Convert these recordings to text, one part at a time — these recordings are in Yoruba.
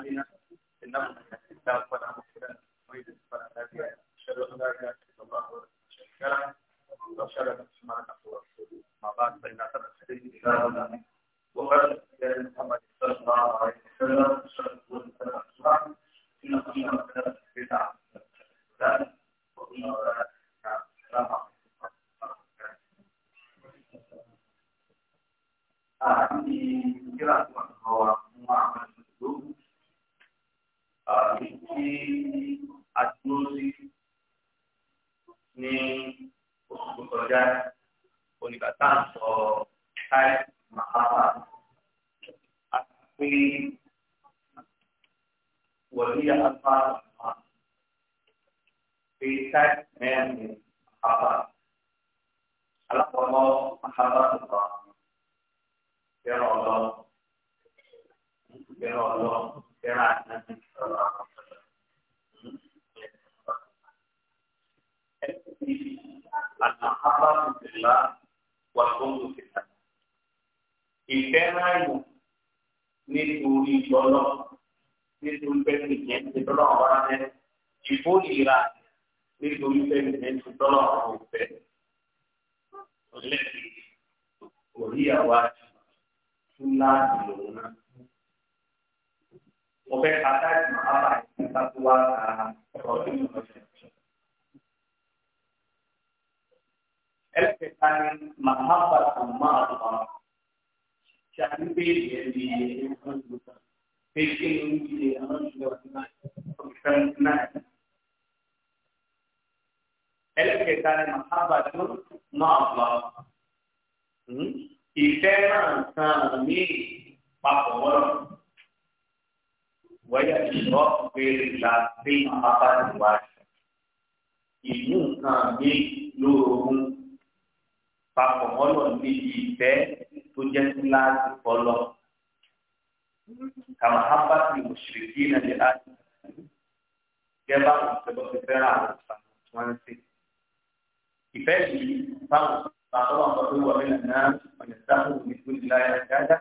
علينا إنه من الإسلام ولا مشكلة ويد فلا نبي أشهد أن لا إله إلا الله ولا شريك له وأشهد أن محمدا عبده ورسوله ما بعد فإن أعتقد الحديث إلى هنا وقال محمد صلى الله عليه وسلم صلى الله عليه وسلم إن كل مكان بدعة وكل بدعة Ah, ini kira-kira bahwa muamalah itu àbí tí a dúró sí ní oṣù tó kọjá oníkàtà ń sọ káì màkàtà àti pé wọlé àpá àpá pé káì mẹ́rin àpá alákọ̀ọ́lọ́ àpá àpá yẹrọ lọ yẹrọ lọ ìfẹ́ràn àti ọ̀rọ̀ àwọn ọ̀rọ̀. المحبة في الله والبغض في الله ìfẹ́ràn nítorí ìjọlọ nítorí pẹ́ẹ́lí yẹn ti tọ́lọ̀ ọ̀rá rẹ ìfòyìra nítorí pẹ́ẹ́lí yẹn ti tọ́lọ̀ ọ̀rá òfẹ́ lẹ́sìn òríyàwó àti fúláàdì lòun náà. 我被他带去马来西亚读啊，我去马来西亚。الثاني محبة المرأة شأن بيت اللي بيت اللي الثاني محبة المرأة إذا كان مي بقول ويشرب بالله خطأ واحد ìlú nǹkan mi lórogún papọ̀ mọ́lọ̀ níbi ìfẹ́ tó jẹ́ kíláàsì fọlọ́ kàmá hábàtì òṣèrèkì náà lè láti gẹ́gbà òṣèlú ti fẹ́ràn àwọn ìsàmù tí wọ́n ń ṣe. ìfẹ́ yìí báwọn bàbá wọn tó wọlé nàá ọ̀nà sáfù nípínlẹ̀ ayájájá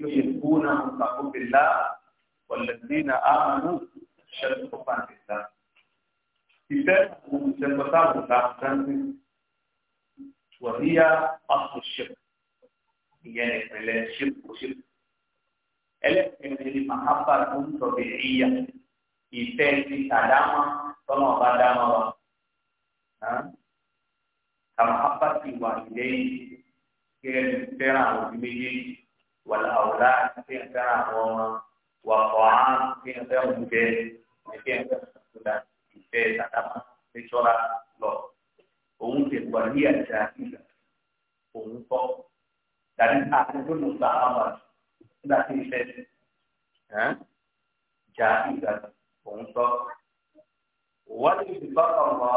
yóò ṣe kú náà kàkó bèlá والذين آمنوا شرط قفان الإسلام كتاب مجلدات الأحسن وهي أصل الشرك يعني فعل الشرك وشرك ألف من المحبة الطبيعية كتاب سلامة ثم بعدما وطعام في أنفسهم مجاهد في أنفسهم ìfẹ́ tàdàmà lẹ́tọ́ra lọ. Òun ti wà ní àjà ìlà. Òun kọ́. Dàbí àtúndùnú gba àmà nígbà tí ìfẹ́ ti. Jà ìlà òun kọ́. Wọ́n ti fi bá ọ̀rọ̀ wá.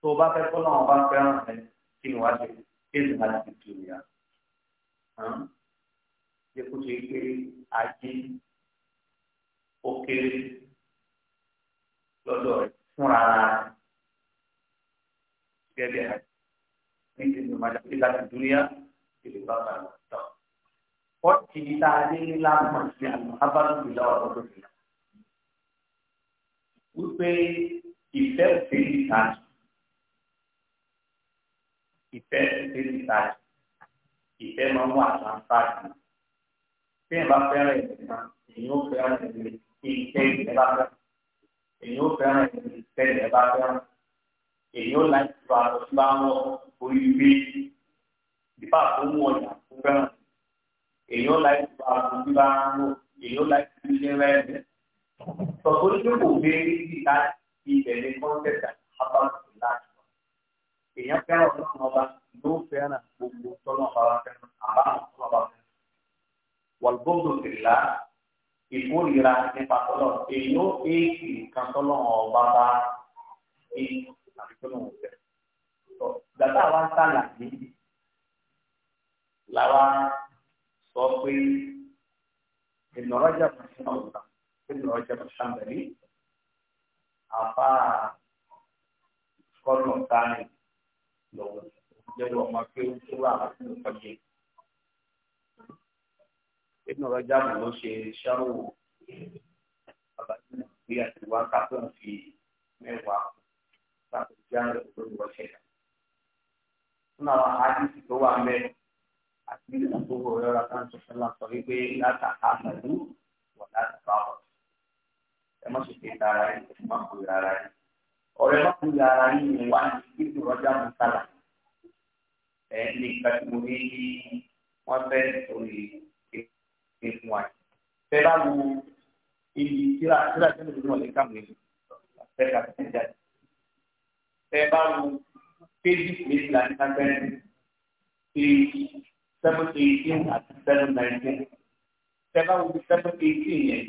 Tó bá fẹ́ kọ́ náà bá fẹ́ràn rẹ̀ kí ni wàá ṣe kí èsì máa ti tù yà kó ṣe pé ajé ó kéré lọ́dọ̀ rẹ̀ fúnra rẹ̀ gẹ́gẹ́ rẹ̀ ní ti ìlú màdà ìlà ìdúnyà ìlú bàbá rẹ̀ tán. wọ́n ti di tá a dé lápá sí àbálù ìlà ọ̀dọ́ tó fi hàn. wípé ìfẹ́ òfin ìtajà ìfẹ́ òfin ìtajà ìfẹ́ máa ń wà sáńsáàtì. Quem vai para a igreja? Senhor para a igreja. Quem tem levar? Senhor para a igreja. Tem levar? Senhor lá para o Islamo, o Ibi, de para o Moia, o Fernando. Senhor lá para o Islamo, Senhor lá para o Islamo. Só por isso que eu vejo que está e ele contesta a palavra de Deus. Quem é que é o nosso nova? Do Fernando, o Tolombalá, a palavra de Deus wàlúbọ́ọ̀dù fìlà ìkórìíra nípa tọ́lọ̀ èyí ó éèkì nǹkan tọ́lọ̀ ọba bá èyí àti tọ́lọ̀ ọ̀fẹ́. Dàtà wa ń sàlàyé làwa sọ pé ìnọ̀rọ̀jà mọ̀ṣánà ọ̀gá ìnọ̀rọ̀jà mọ̀ṣánà rí àfa kọ́nù tánì lọ́wọ́ jẹ́wọ́ ọmọ pé ó wà nínú ọjọ́ yìí. Ibn Rajab ló ṣe ṣẹ́rù àbájáde bí àti wá kápẹ́ fi mẹ́wàá láti já olùwọ́ ṣẹ̀dá. Nínú àwọn àdìsí tó wà mẹ́ àti ìlànà tó wọ ọ̀rẹ́ ọ̀rẹ́ kan tó fẹ́ràn sọ wípé láta àtàlú wà láti bá wọn. Ẹ má ṣe fi tara ẹ̀ ẹ má kú ara ẹ̀. Ọ̀rẹ́ má kú ara yín ni wá ní Ibn Rajab mú sálà. Ẹ ní ìgbà tí mo ní wọ́n fẹ́ pé fún wa fẹ́ bá wo ibi tíra tíra tí mo ti wọlé káwọn èèyàn fẹ́ ká fẹ́ jáde fẹ́ bá wo péjì méjìlá ní abẹ́rẹ́ péjì seven eighteen àti seven nineteen fẹ́ bá wo seven eighteen yẹn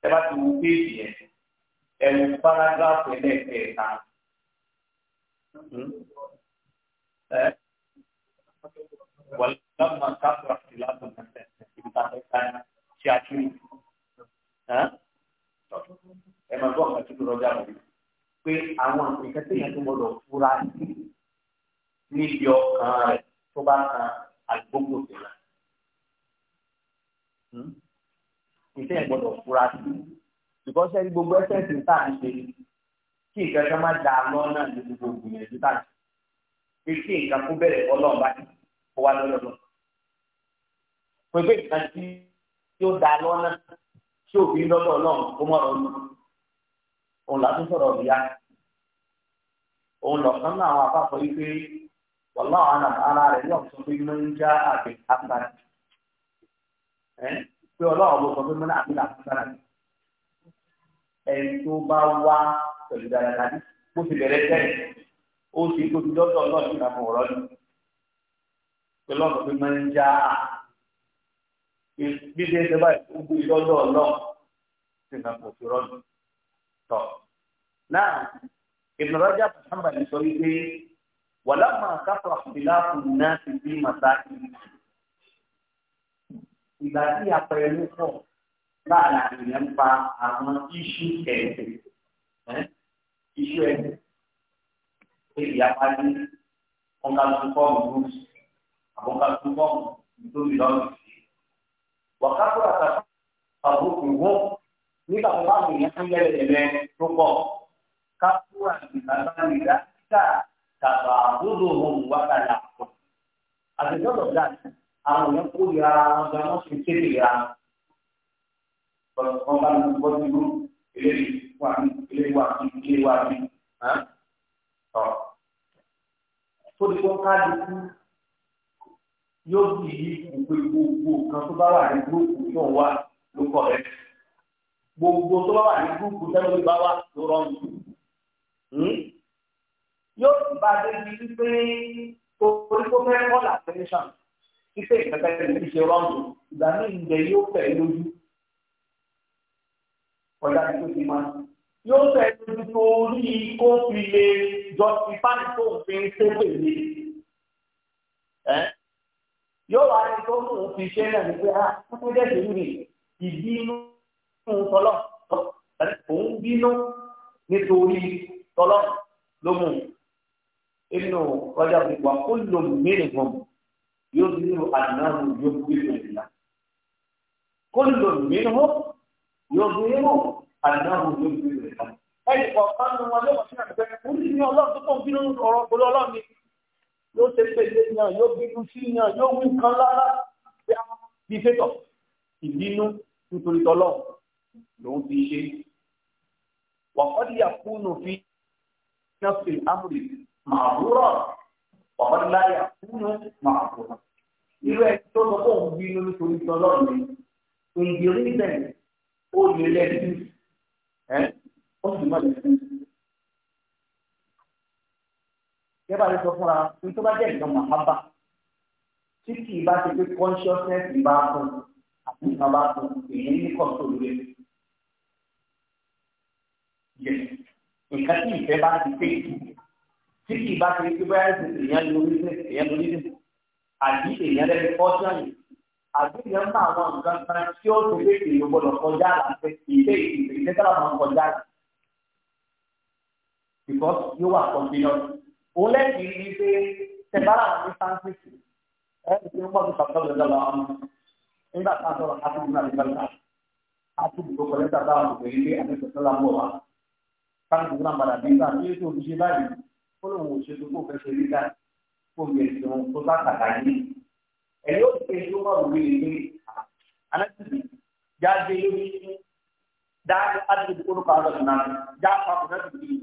fẹ́ bá ti wo yẹn ẹ̀ wò párágráfù ẹlẹ́ẹ̀kẹ́ta hmm? wàlámà káfíńtì lábọ̀ disampaikan Syakir. Ha? Ẹ máa gbọ́ ọ̀gá tuntun lọ́jà rẹ̀ pé àwọn nǹkan tí èèyàn tó gbọdọ̀ fura sí níbi ọkàn rẹ̀ tó bá kan àgbógbò sí náà. Ìṣe ìgbọdọ̀ fura sí. Ìkọ́sẹ́ ní gbogbo ẹsẹ̀ tí tá à ń ṣe kí nǹkan kan má da lọ́nà ní gbogbo ìgbìyànjú pépé nǹkan tí yóò dá lọ́nà tí òfin lọ́dọ̀ ọlọ́run kó mọ̀rọ̀ lù òun là tún sọ̀rọ̀ bíyá òun lọ̀kan náà àwọn àpapọ̀ yìí pé wàlá àwọn ara rẹ̀ yóò sọ pé mo ń já àgbẹ̀ àtàrà pé ọlọ́run ló sọ pé mo ní àbílà àtàrà ẹni tó bá wá pẹ̀lú dáadáa bó ti bẹ̀rẹ̀ tẹ́lẹ̀ ó ṣe é tó lọ́dọ̀ ìgbà fún ọ̀rọ̀ yìí pé lọ́dọ̀ pé mo ń já àgbẹ̀ bí ṣe ṣe báyìí ó gbé lọ́dọ̀ náà sì máa kò fi rọ́ọ̀nù tọ̀. náà Ibn Rajab Hanbali sọ wípé wàlá máa káfọ́ àfìlà fún náà ti bí màtá ìgbà tí àpẹẹrẹ pọ̀ láàrin ìyẹn ń pa àwọn iṣu ẹ̀sìn iṣu ẹ̀sìn pé ìyapa ní ọ̀gá tó fọ́ọ̀mù rúùsì àbọ̀gá tó fọ́ọ̀mù tó lè lọ́rùn wàkàtí wàkà àbùkù wọn nígbà tó bá mi yẹn fún yẹlẹyẹlẹ tó pọ̀ kápúrà ìgbàgbà nìyà kíkà tàbà àbúrò wọn wákà yà pọ àtẹjọdọ dà àwọn yẹn kó yà wọn gan wọn sì tẹlẹ yà wọn bá mi bọ sí irú eléyìí yóò fi ìpè gbogbo kan tó bá wà ní gúrúùpù náà wà ló kọ̀ rẹ̀. gbogbo tó bá wà ní gúrúùpù tẹ́lẹ̀ bá wà ló rọrùn. Hmm? yóò sì bá dé ibi wípé orí tó fẹ́ kọ́ là tẹ́lẹ̀ṣàn títí ìpẹ́tẹ́ ní ṣe rọrùn ìgbà ní ìjẹ yóò fẹ́ lójú. ọ̀dà tí ó ti máa yóò fẹ́ lójú tó rí kó fi lè jọ ìfáàní tó ń fi ń ṣépè ní yóò wá ní tó mú un fi ṣe náà ní pé a ah, kúkú jẹ́sẹ̀ yìí ni ìbínú fún tọ́lọ̀ òun bínú nítorí tọ́lọ̀ ló mú un inú ọjà gbogbo àkólò mìíràn gan yóò ní àdínáàrú yóò kú ìlú ìlà kólò mìíràn yóò ní àdínáàrú yóò kú ìlú ìlà ẹnì kọ̀ọ̀kan ní wọn lọ́wọ́ sí àgbẹ̀ kúrú ní ọlọ́run tó kọ̀ bínú ọ̀rọ̀ ọlọ́run ni yóò ṣe pèsè yàn yóò bínú sí yàn yóò wí nǹkan lára bí fẹ́tọ̀ ìbínú nítorí tọ́lọ́ lòun ti ṣe wàkọ́dí àkúnnù fi nọ́ọ̀sì amúlì màbúrọ̀ wàkọ́dí láyé àkúnnù màbúrọ̀ irú ẹ tó sọ pé òun bínú nítorí tọ́lọ́ ni ìdí oníbẹ̀ ó lè lẹ́sìn ẹ́ ó sì má lè sìn. kẹ́bà ló sọ fúnra pé tó bá jẹ́ ìtàn màhábà tí kì í bá ti pé consciousness bá fún àti ìtàn bá fún èyí ní kọ́ńtò lórí ẹ̀. nǹkan tí ìfẹ́ bá ti pé tí kì í bá ti pé bóyá ẹ̀sìn èèyàn lórí èèyàn lórí àbí èèyàn lẹ́nu fọ́ṣọ́ yìí àbí èèyàn bá àwọn nǹkan kan tí ó ti pé èèyàn gbọdọ̀ kọjá àti ilé ìgbésẹ̀ táwọn kọjá because yóò wà continuous òun lẹ́sìn yìí ni pé tẹ̀bára àwọn ní sáńsìtì ẹ̀ ẹ́ ti ń pọ̀ sí pàtó lọ́dọ̀ lọ́wọ́ nígbà tá a sọ̀rọ̀ àti ìgbà nígbà tá a ti dùn kọ́ lẹ́tà bá àwọn òbí ilé àti ìgbà tó lámọ̀ wá káàdì ìgbà padà bí ìgbà tí yóò ti ṣe báyìí kó lóun ò ṣe tó kó fẹ́ ṣe rí dá kó fi ẹ̀sìn òun tó bá kàkà yìí ẹ̀ yóò ti ṣe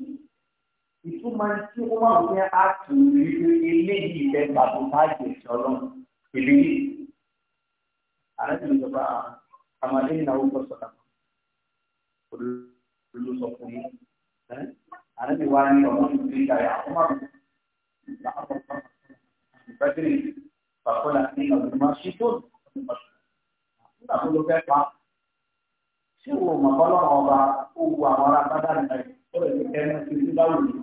tó ìtumọ̀ tí wọ́n máa ń fẹ́ àtúnrí eléyìí rẹ̀ pàtó káàkiri ẹ̀sìn ọlọ́run eléyìí. àlejò ìjọba àmàlé ìnáwó kọ sọ̀rọ̀ olùsọ fún mi. àlejò wa ní ọ̀nà ìdílé ìdáyà ọmọ mi. ìbẹ́tìrì bàbá ní ọ̀nà máa ṣe tó nígbà tó ló fẹ́ pa. ṣé wo màbá ọlọ́run ọba ó wo àwọn ará bá dáadáa yìí ó lè fi báwò yìí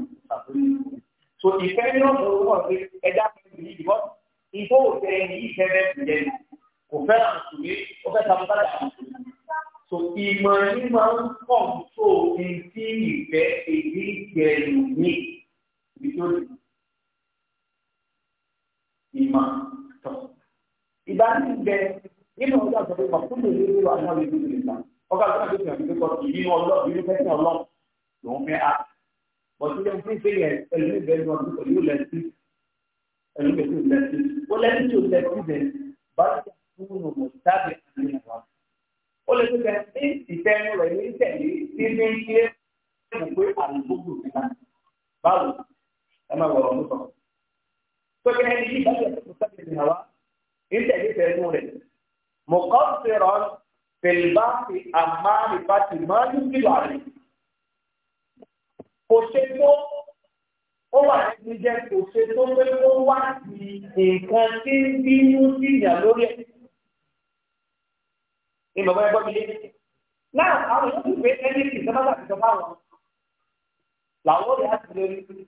so ìfẹ́ ní ọ̀sán owó wọn pé ẹja fẹ́ mi yìí bọ́ ìfọ́ òfẹ́ ẹni yìí fẹ́ bẹ́ẹ̀ fi yẹn kò fẹ́ àtúnṣe ó fẹ́ sabotagé àtúnṣe so ìmọ̀ ẹni máa ń pọ̀ tó ní tí ìfẹ́ èyí jẹ̀lú ní nítorí ìmọ̀ tọ̀ ìgbà tí ń bẹ nínú ọjọ́ àtọ́jú pàtúkù ìlú ìlú àwọn ìlú ìlú ìlú ọgá àti àti ìfẹ́ kọ́ ìbínú ọlọ́ọ̀ ìbínú fẹ́ sí ọlọ́ọ̀ lòún fẹ́ á bọ̀tún lẹ́nu tí ń fẹ́ yẹn pẹ̀lú ìbẹ̀rù ọdún pẹ̀lú lẹ́tí pẹ̀lú pẹ̀lú lẹ́tí ó lẹ́tí tí ó lẹ́tí bẹ̀ bá ti fún un mọ̀ tábì àlẹ́ wa. ó lè tún bẹ ní ìfẹ́nu rẹ̀ ní tẹ̀lé tí ní ilé ẹ̀kọ́ pé àrùn gbogbo ti báwo ẹ máa wọ̀rọ̀ mú sọ. pẹ̀lú ẹni tí ìbáṣẹ̀ tó sábì ti hàn ní tẹ̀lé ìfẹ́nu rẹ̀ mọ̀kọ́ fẹ́ràn pẹ̀lú bá fi àmárìfàtì kò tó ó wà ní jẹ kò tó pé ó wá sí nǹkan tí ń bínú sí lórí ẹ̀. ní bàbá ẹgbẹ́ mi lé náà àwọn yóò fi ẹni tí ìjọba bá ti wọn làwọn yóò ti lè rí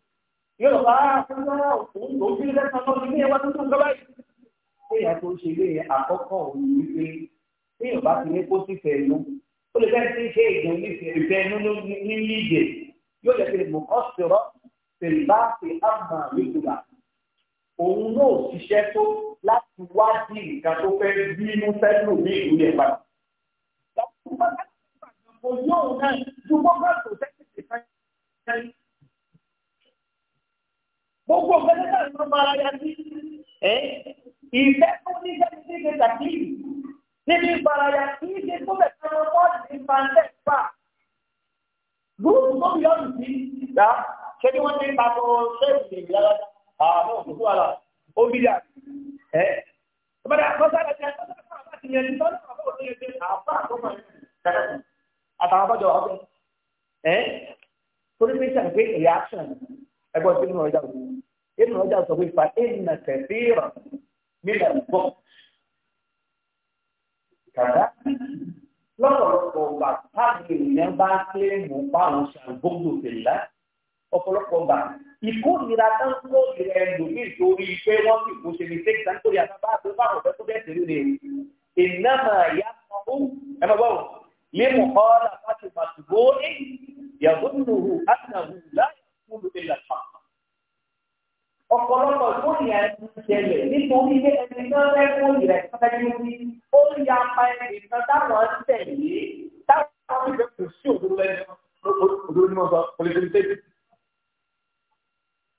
yóò bá ah, òun tó fi lẹ́sàn-án ní ẹwà tuntun gbọ́dọ̀ yìí. pé ìyá ṣe ilé àkọ́kọ́ òun wípé tí ìyọ̀bá ti ní kó sí fẹ̀ẹ́nu ó lè fẹ́ẹ́ sí ṣe ìgbọ̀n yóò yẹ kí ni mọ̀kọ́sọ̀rọ̀ tèlá ti àmà nígbà òun náà ṣiṣẹ́ tó láti wádìí nǹkan tó fẹ́ bí inú fẹ́ lò ní ìlú yẹn padà. Kò yóò náà ju gbogbo àtò tẹ́kìtì fẹ́ gbogbo ọ̀gẹ́dẹ́ náà ló máa ya sí. Ìfẹ́ tó ní sẹ́ni tí kìí tàbí níbi ìfaraya kìí ṣe tó bẹ̀ fẹ́ lọ́wọ́ ní pàǹtẹ́ fà gbogbo yọrù sí ìdá ṣé kí wọ́n ti ń takò ṣéèkì ìgbìyà lọ́jà àwọn òkùnkùn wà lá omi yà ẹ́ ọmọdé àkọsá ẹ̀jẹ̀ àkọsá àbá ti yẹn lọ́dọ̀ àbá òtún yẹn ti àbá àkọ́mọ yẹn àtàwọn abọ́jọ ọ̀bẹ ẹ́ torí pé sàǹgbé reaction ẹgbọ́n tí nínú ọjà wò nínú ọjà sọ pé fa ẹ̀yìnà kẹfì rà mílíọ̀nù bọ́ọ̀ kàdá lọ́pọ̀lọpọ̀ ọgbà táàbì èèyàn bá ń pé mò ń bá àwọn ṣàgbọ́ndò tẹ̀lá ọ̀pọ̀lọpọ̀ ọgbà ìkórìíra tó ń kó ìrẹ ẹlòmíì torí pé wọ́n sì kó ṣe ní sẹ́kì sáńtórì àtàbà àti báwọn ọ̀fẹ́ tó bẹ́ẹ̀ tẹ̀lé rẹ̀ ìnáma ìyá kan ẹ bá bọ̀ lémù kọ́ ọ́ láti pàtùkó ẹ̀ yàgò nùhù àtàwù láì kúlù ilẹ̀ kan ọ̀pọ̀lọpọ̀ ìkórìíra ẹni ṣẹlẹ̀ nítorí pé ẹni náà fẹ́ kórìíra ẹ̀ka fẹ́ kí ó rí ó ń ya apá ẹni kan táwọn ń tẹ̀lé táwọn ń bẹ kò sí òdodo lẹ́nu òdodo ní ọ̀sán kò lè fi tẹ́lẹ̀.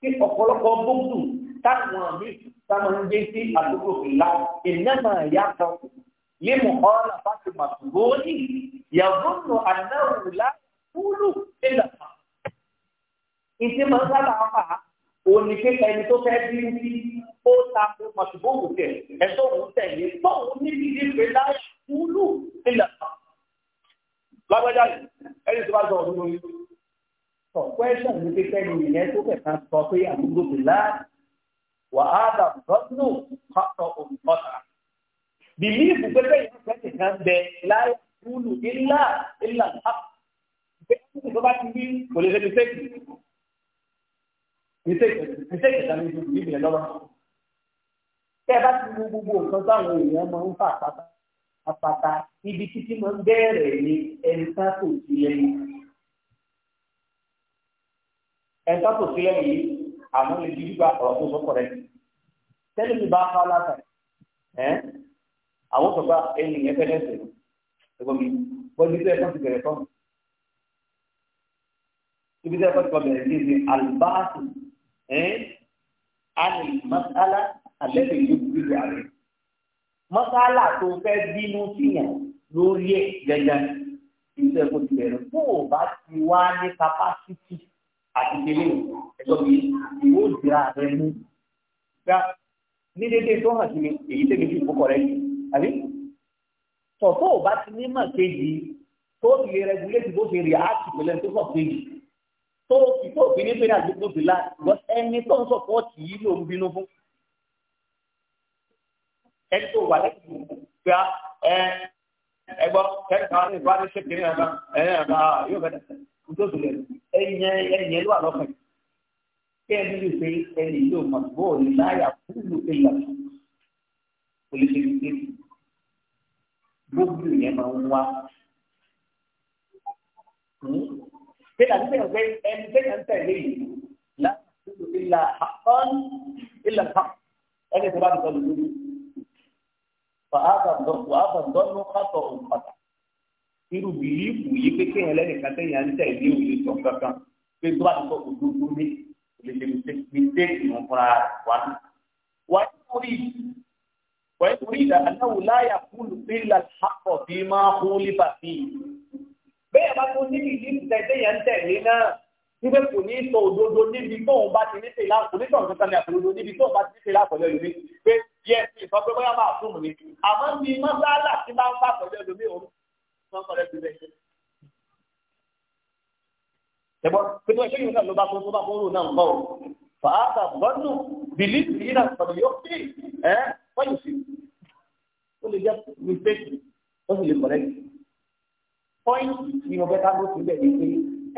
kí ọ̀pọ̀lọpọ̀ gbóòdù táwọn mi táwọn ń gbé sí àdúgbò fìlà ènìyàn náà yàtọ̀ yímu ọ̀rọ̀ àbáṣe màtúgbóòdì yàgòrò àdáwò láì kúlù ìlànà. ìṣe máa ń sábà fà òní kéka ẹni tó fẹ́ bí ń bí ó ta ko màtúbọ̀wò tẹ̀ ẹ̀tọ́ òun tẹ̀lé bọ́ọ̀ níbi ìgbé láyé wúlù nílẹ̀ kan. lágbájá yìí ẹni tó bá sọ ọdún lórí. sọ kwẹ́sàn ní kéka ẹni ìyẹn tó fẹ̀ kan sọ pé àdúgbò ti lá wà á dà bọ́ọ̀nù kọ́tọ̀ òun kọ́tà. bìlíìfù pépé yìí fẹ́ ti kan bẹ láyé wúlù nílà nílà kan. bẹ́ẹ̀ ni mistake ẹ̀ta ní ibi ìbílẹ̀ lọ́wọ́. Tẹ́ ẹ bá ti wo gbogbo nǹkan táwọn èèyàn máa ń fà pátá àpáta ibi títí máa ń bẹ̀rẹ̀ ní ẹ̀ńtá tó ti lẹ́yìn. Ẹ̀ńtá tó ti lẹ́yìn yìí àwọn lè di gbígbà ọ̀rọ̀ tó sọ́kọ̀ rẹ̀. Tẹ́lẹ̀ mi bá fá látà ẹ̀ àwọn sọ̀gbà ẹni yẹn fẹ́ lẹ́sẹ̀ ẹ̀gbọ́n mi bọ́dí tó ẹ̀kọ́ ti bẹ̀rẹ̀ tán. Ibi tó ẹ̀kọ́ ti àmì mọ́sálà àlẹ́bẹ̀ yóò gbìyànjú àárẹ̀ mọ́sálà tó fẹ́ bínú síyàn lórí ẹ̀ gẹ́gẹ́ iṣẹ́ kò ti bẹ̀rẹ̀ tó o bá ti wá ní kapásítì àti délé ẹ̀tọ́ mi ìwé òdìrà rẹ mú gbá ní déédéé tó hàn sí mi èyí tẹ́lẹ̀ fi kókọ̀ rẹ yìí tọ̀tọ̀ ò bá ti ní mọ̀ kéjì tó ti lè rẹgulétì bó ṣe rí àásìkò tó sọ̀ kéjì tó fi tó fi ní pẹ̀lú àdúgbò bìlá ẹni tó ń sọ̀pọ̀tì yìí ló ń bínú fún ẹni tó wà lẹ́yìn gba ẹ ẹgbọ́ kẹ́kọ̀ọ́ àwọn ìbáraẹni ṣe kiri ẹ̀ka ẹ̀yìn ẹ̀ka yóò bẹ̀rẹ̀ tó tó lẹ̀ ẹ̀yìn ẹ̀yìn ló wà lọ́kàn kí ẹni yóò ṣe ẹni yóò mọ̀ bóò ní láyà fúlù ẹ̀yà kò pé tàbí sẹ́yìn pé ẹni sẹ́yìn tẹ̀lé yìí láti ìlà àkọ́n ìlà àkọ́n ẹni tó bá ti sọ̀rọ̀ lórí. wàhálà dọ́nù kátó òǹkàtà irú bìlí kù yí pé kéèyàn lẹ́nìkan sẹ́yìn à ń tẹ̀lé òye sọ kankan pé tó bá ti sọ òdodo ní òlèlè mistake ìwọ̀n fúnra wa. wàá kúrì wàá kúrì ìdá anáwó láyà kúlù ìlà àkọ́ bí máa kú lífà fíì bẹ́ẹ̀ bá tún níbi ìdí tẹ̀sẹ̀ yẹn ń tẹ̀lé náà wípé kò ní sọ òdodo níbi tóun bá ti ní tè láàpù kò ní sọ nǹkan kan ní àpòdodo níbi tóun bá ti ní tè láàpù ọjọ́ ìlú pé díẹ̀ sí ìsọ pé bóyá máa fún mi àmọ́ ní mọ́sálà tí máa ń bá pọ̀jọ́ ìlú mi òun sọ sọ̀rọ̀ ìlú bẹ́ẹ̀. ẹ̀gbọ́n pé tí wọ́n ṣe yìí náà ló bá tó náà ń bọ̀ fàáta bọ́dù bìlíìfì yìí náà sọ̀rọ̀ yóò fi ẹ̀ wọ́n yìí sí ó lè jẹ́ mistake ó sì lè kọ̀rẹ́kì Point ni mo fẹ́ ká ló sílẹ̀ ní pé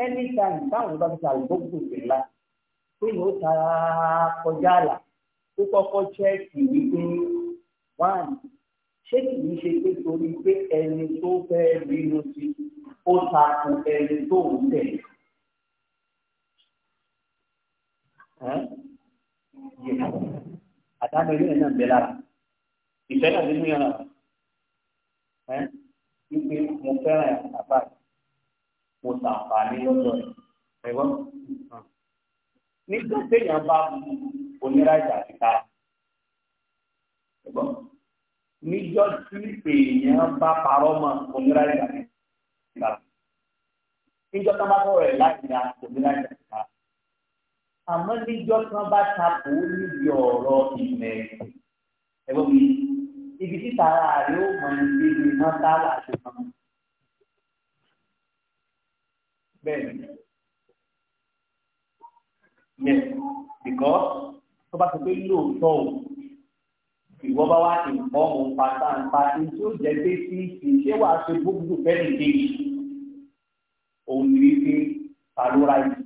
ẹni táyì táwọn bá ti ta àlùbọ́gbò ńlá pé yóò ta kọjá àlà ó kọ́kọ́ chẹ́ẹ̀kì wípé wáàní ṣé kì í ṣe pé torí pé ẹni tó fẹ́ bínú sí ó ta kù ẹni tó ń tẹ̀. àtàwọn ẹni náà bẹ lára ìfẹ́ náà nínú yàrá wípé mo fẹ́ràn àbá mo ṣàǹfààní lọ́dọ̀ rẹ̀ ẹ̀wọ́n. nígbà téèyàn bá onírajà síta ẹ̀wọ́n níjọ́ tí èèyàn bá parọ́ mọ́ onírajà síta níjọ́ tí wọ́n bá bọ̀ rẹ̀ láti ra onírajà síta àmọ́ níjọ́ tí wọ́n bá takò níbi ọ̀rọ̀ ìmẹ̀ ẹ̀wọ́n mi ibi tí tààrà rẹ̀ ó mọ ibi iná sáàlà ṣe mọ́. Bẹ́ẹ̀ni, yẹ bìkọ́ tó bá ti pé lóòótọ́ o, ìwọ bá wá ìfọ́ mo pàtàǹpà tí ó jẹ́ pé tí ìṣe wàá ṣe gbogbo bẹ́ẹ̀ni kejì, òun ni wípé pàlóra yìí.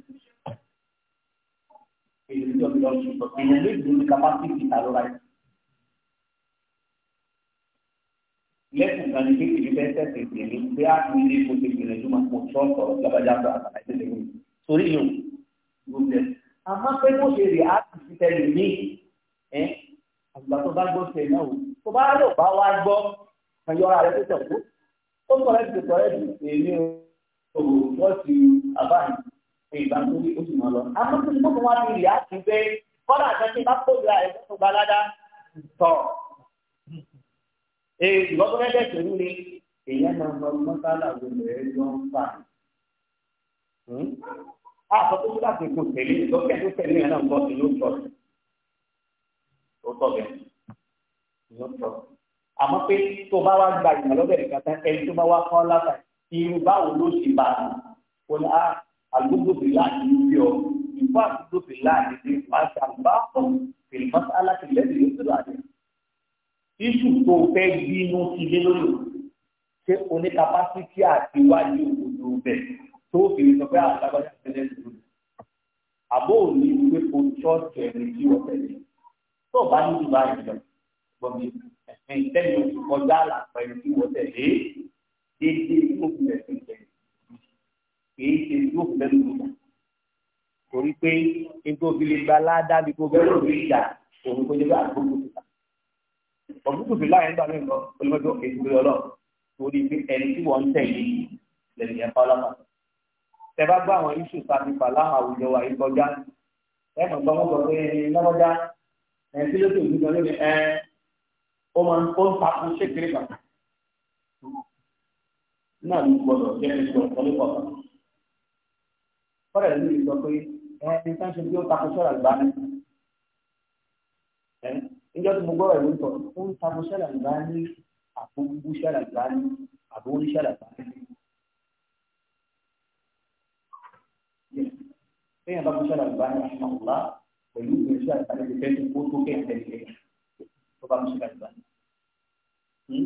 Èyí ló ń lọ sí ìtọ́jú. Èyí ló ń lò ní kapásítì pàlóra yìí. lẹ́kùn kan ní kékeré bẹ́ẹ̀ tẹ̀sẹ̀ tẹ̀lé pé a kì í lé kó tẹ̀lé rẹ̀ jùmọ̀ kó tọ́ sọ̀rọ̀ lábàjá sọ̀rọ̀ àtàkùn tẹ̀lé rẹ̀ torí yòó yóò bẹ̀. àmọ́ pé kó ṣe rè á ti fi tẹ̀lé mí ẹ́ àgbà tó bá gbọ́ tẹ̀ náà o tó bá lò bá wá gbọ́ kan yọra rẹ̀ tó tẹ̀kú ó sọ rẹ̀ ti sọ ti èmi o wọ́n ti àbáyé ìgbà tó ní oṣù mọ́ lọ. àmọ́ tó ti bẹ́ ee ìwọ́n tó fẹ́ tẹ̀sẹ̀ ń le èèyàn máa mọ mọ́sálà wo lẹ́ẹ̀ lọ ń fà. Hmm? a sọ pé kílà ti kò tẹ̀lé lọ́kẹ́ tó tẹ̀lé yẹn náà ń bọ́ sí ló tọ̀ ó tọ̀ bẹ́ẹ̀ ló tọ̀ àmọ́ pé tó bá wá gba ìmọ̀ lọ́bẹ̀ nìkan tán ẹni tó bá wá kọ́ látà irú báwo ló ṣe bá a ó ní àgbógbò bìlá ìlú bí ọ ìfọ àgbógbò bìlá ìdí pàṣẹ àgbà ọ̀ fìlì iṣu tó fẹ́ bínú ti lé lórí ṣé oníkapásítì àti wáyé òdòdó bẹ̀ tó fi sọ pé àgbàgbọ́dá tẹ́lẹ̀ lò àbó òní pé o ṣọ́ọ̀ṣì ẹ̀rí tí wọ́n tẹ̀lé tó bá ní ìlú báyìí lọ gbọ́dọ̀ ẹ̀fẹ́ ìtẹ́lẹ̀ oṣù kọjá àlàpọ̀ ẹ̀rí tí wọ́n tẹ̀lé déédéé tí ó fi ẹ̀sìn tẹ̀lé kìí ṣe fi lẹ́nu lò torí pé nítorí fi lè gba lórí ìjà òun kò ní bá àgbógun ọ̀gbùkù bí láyé nígbà mímọ́ olùmọ́jọ́ ètò ọlọ́ torí pé ẹni tí wọ́n ń tẹ̀lé lẹ́nu yẹn pa ọlọ́mọ. tẹ bá gbọ́ àwọn iṣu sàtìpà láwọn àwùjọ wa yìí kọjá ẹ mọ̀ gbọ́ mọ́tò pé lọ́wọ́já ẹ tí ló tó ìdúgbò lónìí ẹ ó máa ń kó ń takú ṣékeré kan. náà ló gbọdọ̀ jẹ́ ẹ̀ṣọ́ ọ̀pọ̀lọpọ̀ kan. fọ́ọ̀rẹ́ ló ń sọ pé ẹ níjọ́ tí mo gbọ́ ẹ̀rù tọ̀ ó ń takò ṣàlàyé ní àfọwọ́bù ṣàlàyé ní àbówó ní ṣàlàyé. Téèyàn bá kó ṣàlàyé ní àṣìmọ̀lá pẹ̀lú ìwé ṣàlàyé ní fẹ́ẹ́ tó tó kẹ́ ìtẹ̀lẹ́ tó bá kó ṣàlàyé ní.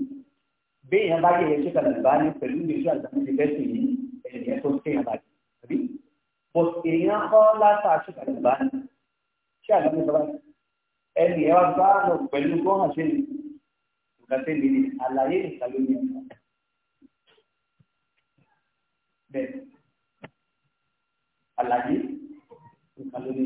Béèyàn bá yẹ ẹ̀ṣẹ́ ṣàlàyé ní pẹ̀lú ìwé ṣàlàyé ní fẹ́ẹ́ tó yìí ẹ̀yẹ̀ tó kéèyàn bá yẹ tàbí. Bọ̀t èèyàn kọ́ látà ṣàlàyé ní ṣàlàyé ní ẹnì ẹ wá bá lọ pẹ̀lú gbọ́hàn ṣe ní nǹkan tẹ́ mi ní àlàyé nìkan ló ní ẹ̀ka. bẹ́ẹ̀ àlàyé nìkan ló ní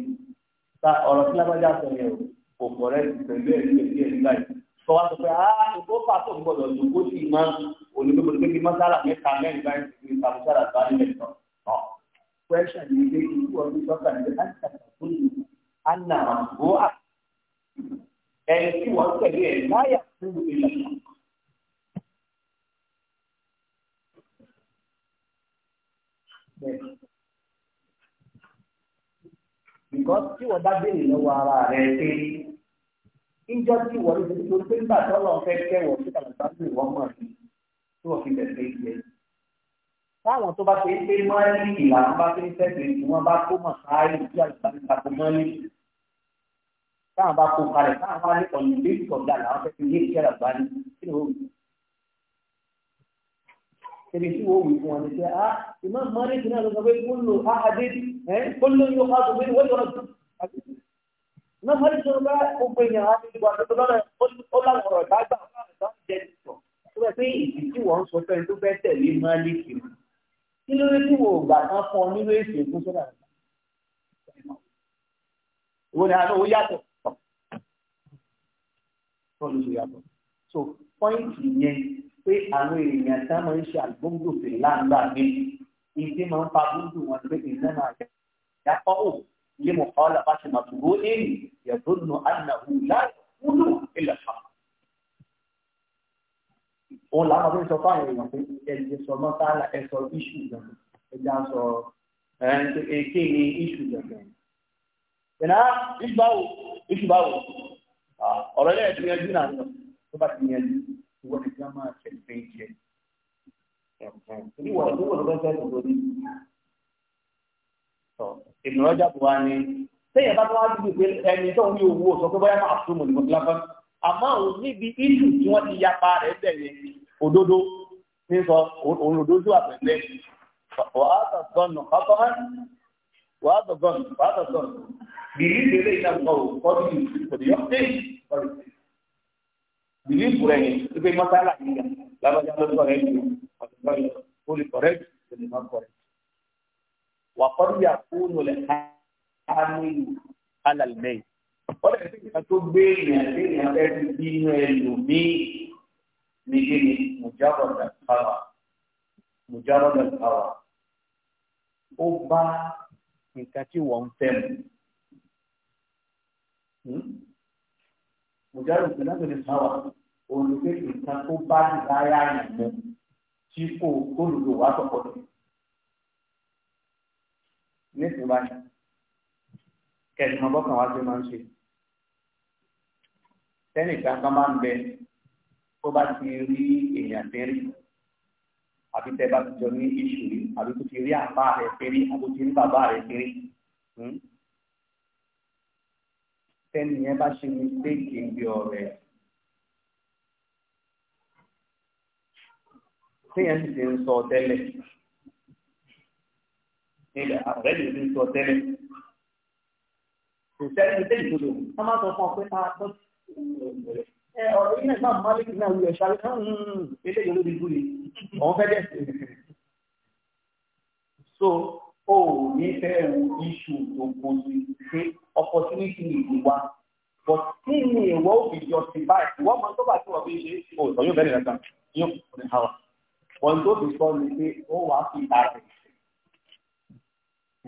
ta ọ̀rọ̀ tí lábájá sọ yẹn o kò pọ̀ rẹ pẹ̀lú ẹ̀rí pẹ̀lú ẹ̀rí báyìí sọ wá sọ pé a tó fà tó ń gbọdọ̀ tó kó sì máa olùdókòwò pé kí mọ́sálà mẹ́ta mẹ́rin báyìí ti fi ìtàkùsára bá nílẹ̀ tán. Kwẹ́sàn ni pé ikú ọdún sọ́kà ní Ansa Kàkúlù, Anna Màgbó Àkùn ẹni tí wọ́n tẹ̀lé ẹ̀ láyà fún ìlànà. Because tí wọ́n bá béèrè lọ́wọ́ ara rẹ̀ pé ìjọ tí wọ́n lè tó pé nígbà tó lọ́ọ́ fẹ́ kẹ́wọ̀ sí àgbàgbà ní ìwọ́n mọ̀ ní tí wọ́n fi bẹ̀rẹ̀ jẹ. Táwọn tó bá ṣe é pé mọ́ẹ́lì ìlànà bá ṣe ń tẹ̀sẹ̀ tí wọ́n bá kó mọ̀ sáárì tí àgbàgbà kó mọ́ẹ́lì táwọn bá kó kalẹ̀ táwọn bá ní ọ̀nà ìlú ìkọ̀dá làwọn fẹ́ fi ilé iṣẹ́ rà bá ní kí ni ó wù. Ṣèbí tí wọ́n wù fún wọn ni pé a ìmọ̀ mọ́rí ti náà ló sọ pé kó lò á adé ẹ̀ kó ló yóò ká tó wọ́n yọ̀rọ̀ tó. Ìmọ̀ mọ́rí sọ pé ó gbé yàn á ní ìgbà tó lọ́nà ó láwọn ọ̀rọ̀ dágbà ọ̀rọ̀ jẹ́ ìsọ̀. Ó bẹ̀ pé ìdí tí wọ́n sọ fẹ́ tó fẹ́ tẹ̀lé máa lé náà ló ṣe yàtọ̀ so pọ́ìntì yẹn pé àwọn èèyàn tá máa ń ṣe àgbóńgbò sí láǹgbà mi ìdí máa ń fa gbóńgbò wọn pé ìdá máa yẹ yàtọ̀ ò lè mọ̀ ọ́ làbá ṣe máa tòró èyí yàtọ̀ nù ànàhù láàrúdù ilẹ̀ fà. òun làwọn fi fáwọn èèyàn pé ẹ̀jẹ̀ sọ mọ́tàlá ẹ̀ sọ iṣu ìjọba ẹ̀jẹ̀ sọ ẹ̀ẹ́dẹ́gbẹ̀ẹ́ kéde iṣu ìjọba. ìná ọ̀rọ̀ yẹn ti yanjú náà lọ tó bá ti yanjú ìwọ ni kí wọ́n máa ṣe ìfẹ́ ìjẹ. Ìwọ tó wọ̀ lọ́wọ́ fẹ́ lòdò ní. Ìmọ̀ràn ọjà bò wá ní. Sẹ́yìn bá tó wá dúdú pé ẹni tó ń rí owó sọ pé bóyá máa fún mọ̀ nípa kíláfẹ́. Àmọ́ òun níbi ìlú tí wọ́n ti yapa rẹ̀ bẹ̀rẹ̀ òdodo ní sọ òun òdodo àpẹẹrẹ. Wàá tọ̀ Believe whether it has now what you use for the update or it is. Believe for any. If a masala is Lava Jala correct you, Masala fully correct, then it's not correct. وقد يكون الحامل على الميت ọ̀rẹ́ tí a tó gbé èèyàn tí èèyàn fẹ́ ti bí inú ẹlòmíì nígbè ní mùjábọ̀dà káwà mùjábọ̀dà káwà ó bá nǹkan tí wọ́n ń fẹ́ mu mùjárù hmm? pé náà lè sá wa olùgbé nǹkan tó bá ìdáyà yẹn mú tí kò olùgbé wa sọ̀kọ̀ tó. nítorí báyìí kẹsìmọ bọkàn wa ṣe máa ń ṣe tẹnìkan kan máa ń bẹ tó bá ti rí èèyàn fẹ́rí àbí tẹ́ bá ti jọ ní ìṣòrí àbí tó ti rí àbá rẹ̀ fẹ́rí àbí tó ti rí bàbá rẹ̀ fẹ́rí hmm? tẹ́ni yẹn bá ṣe mistake níbi ọ̀rẹ́ téèyàn sì ti ń sọ tẹ́lẹ̀ nílẹ̀ àbúrẹ́ yìí ti ń sọ tẹ́lẹ̀ kò sẹ́ni tẹ́lẹ̀ tó lò wọ́n máa sọ fún ọ pé a ah, tó ẹ ọ̀rọ̀ yìí náà máa lè náà wúlò ṣáré náà ń eléyìí ló di gúlì ọ̀hún fẹ́ so o ò ní fẹ́ wo iṣu tó kojú ṣe opportunity ní ìlú wa but kí ni ìwọ ò fi justify ìwọ máa ń tọ́ba tí wọ́n fi ṣe o sọ yóò bẹ̀rẹ̀ nàta yóò kò ní hàwà wọn tó fi sọ ni pé ó wà á fi ara rẹ̀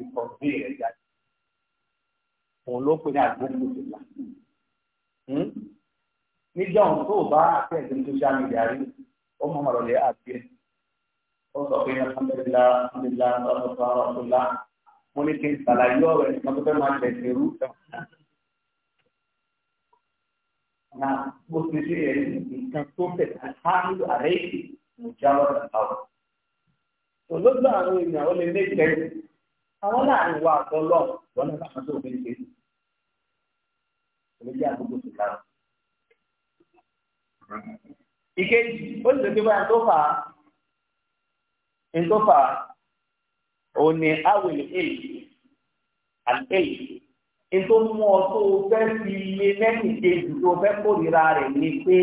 ìkọ̀ bí rẹ̀ jáde òun ló pe ní àgbóńgbò tó gbà hmm? níjọ́ tó bá àpẹẹ̀dẹ̀ social media rí ó mọ̀ mọ̀ lọ́lẹ̀ àbí ẹ̀ ó sọ pé alhamdulilá alhamdulilá ọlọ́sọ̀tọ̀ ọlọ́sọ̀lá mo ní kí n ṣàlàyé ọ̀rọ̀ ẹnìkan tó fẹ́ máa tẹ̀sí irú na bó ti ṣe yẹ nǹkan tó fẹ́ alhamdu àrẹ́yìn ìjáwọ́ ìtàwọ̀. olóògbé àwọn èèyàn ó lè ní ìtẹ́jú àwọn láàrin wa àtọ́lọ́ wọn náà kàn tó fi ṣe olóògbé àgbègbè tó ká. ìkejì ó lè gbé báyìí tó fà á ntọ́fà òní awèlè èyí àtẹ̀yí ntọ́mú ọ tó o fẹ́ fi lé lẹ́yìn kejì tó o fẹ́ kórìíra rẹ̀ ni pé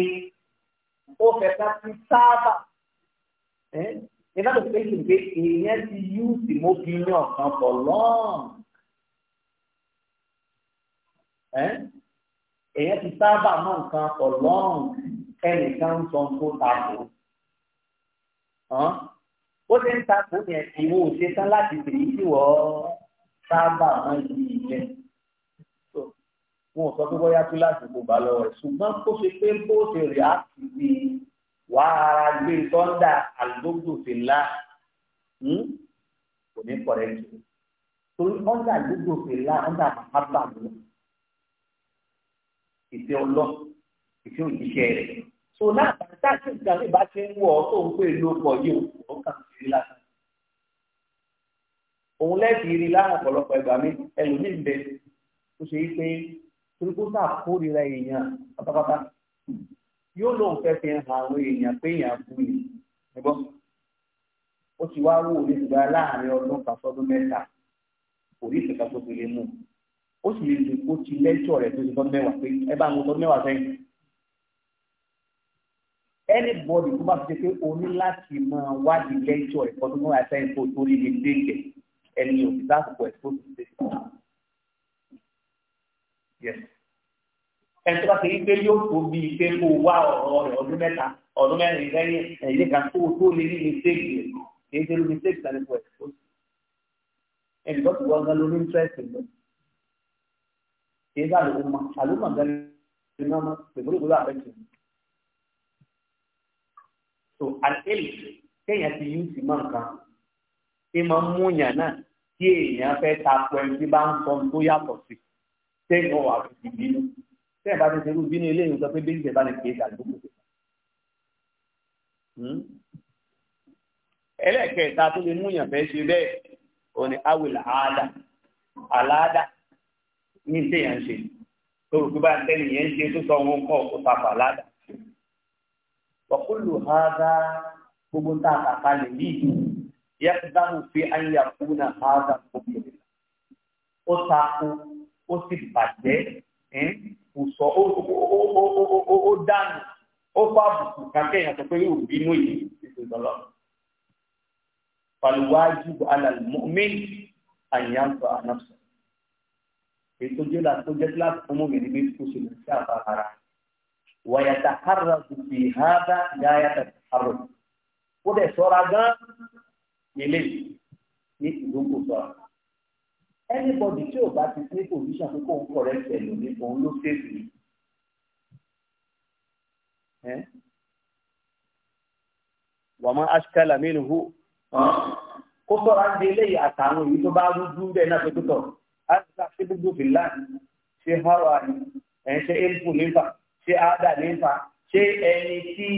ó fẹ́ ká ti sábà ìdájọ́ pé kìí pé èèyàn ti yú ìmọ̀bí ní for long. lọ́n èèyàn ti sábà mọ nǹkan For lọ́n ẹnìkan ń sọ tó ta ó ṣe ń ta fún yẹn ìwọ ò ṣe tán láti tèmi tí wọ́n sábà máa ń yí ilẹ̀ wọn ò sọ pé bóyá kíláàsì kò bá lọ rẹ̀ ṣùgbọ́n kó ṣe pé bó ṣe rí àti wà á gbé tọ́ndà àlùdógbò hmm? kò ní kọ̀rẹ́ jù torí ọ̀ndà àlùdógbò ọ̀ndà àbá mi ìfẹ́ ọlọ́ọ̀ ìfẹ́ òjíṣẹ́ rẹ̀ so láti táàtì ìgbà mi bá ti ń wọ̀ ọ́ tó ń pè ló pọ̀ yìí ó kàn sí lásán. òun lẹ́ẹ̀kì rí láwọn ọ̀pọ̀lọpọ̀ ẹgbà mi ẹlòmíì ń bẹ tó ṣe pé tìrìbùnà kórìíra èèyàn pátápátá yóò lóun fẹ́ fi hàn àwọn èèyàn pé èèyàn kú ni ẹgbọ́n ó ti wá wò ní ìgbà láàrin ọdún kan sọdún mẹ́ta kò rí ìṣèkà tó fi lè mú ó sì lè dùn kó ti lẹ́jọ́ rẹ̀ tó ti tọ́ mẹ́wàá pé ẹ bá mo tọ́ mẹ́wàá sẹ́yìn anybody tó bá fi ṣe pé o ní láti máa wádìí lẹ́jọ́ ẹ̀kọ́ tó múra ẹ̀sẹ̀ ìfò torí lè déjẹ̀ ẹni òbí dáàbòbò ẹ̀kọ́ tó ṣe sọ. ẹni tó bá ṣe wípé yóò tó bí i pé kó o wá ọ̀rọ̀ rẹ̀ ọdún mẹ́ta ọdún mẹ́rin lẹ́yìn ẹ̀yìn kan tó o tó lè ní mistake rẹ̀ kì í ṣe ló mistake tàbí ẹ̀kọ́ ẹ̀kọ́ ẹni tó ti wọ́n gan ló ní interest rẹ̀ kì í sáà ló máa àlùmọ̀ gan ni wọ́n máa so àlẹ́lì kéèyàn ti yú sí mọ́ nǹkan tí máa ń múyàn náà kí èèyàn fẹ́ ta pọ̀ ẹni tí bá ń sọ tó yàtọ̀ sí téèyàn wà fún ti bínú téèyàn bá ti ṣerú bínú eléyìí sọ pé bí ìṣẹ̀bá ni kì í ṣàgbọ́n kò ẹlẹ́ẹ̀kẹta tó lè múyàn fẹ́ ṣe bẹ́ẹ̀ ò ní àádá àláádá ní téèyàn ṣe tó rò pé bá tẹ́lẹ̀ yẹn ń ṣe tó sọ wọn kọ́ kó wàkúlù hàdá gbogbo ń tà kàkà lè yíyí yẹ́kùdáhù fi àyà kúnà hàdá gbogbo ìlà ó takò ó sì bàjẹ́ kò sọ ó dànù ó fà bùkù kàkẹ́ yàtọ̀ pé yóò bínú yìí ìṣèjọlọ. Fàlùwájú alàlùmọ́mí àyànfọ̀ ànáfọ̀. Èyí tó jẹ́ láti tó jẹ́ láti fún ويتحرك في هذا غاية التحرك وده سورة eléyìí ní ìdókò sọ̀rọ̀ anybody tí ò bá ti ní position kókó ń kọ̀ rẹ̀ pẹ̀lú ní òun ló fèsì wọ́n máa aṣkálà mínú hù kó sọ̀rọ̀ á ń di eléyìí àtàwọn èyí tó bá rújú bẹ́ẹ̀ náà pé tó tọ̀ á ti sá gbogbo fìlà ṣe hàrọ̀ àyè ẹ̀ ṣe éèpù nípa ṣé áádà nípa ṣé ẹni tí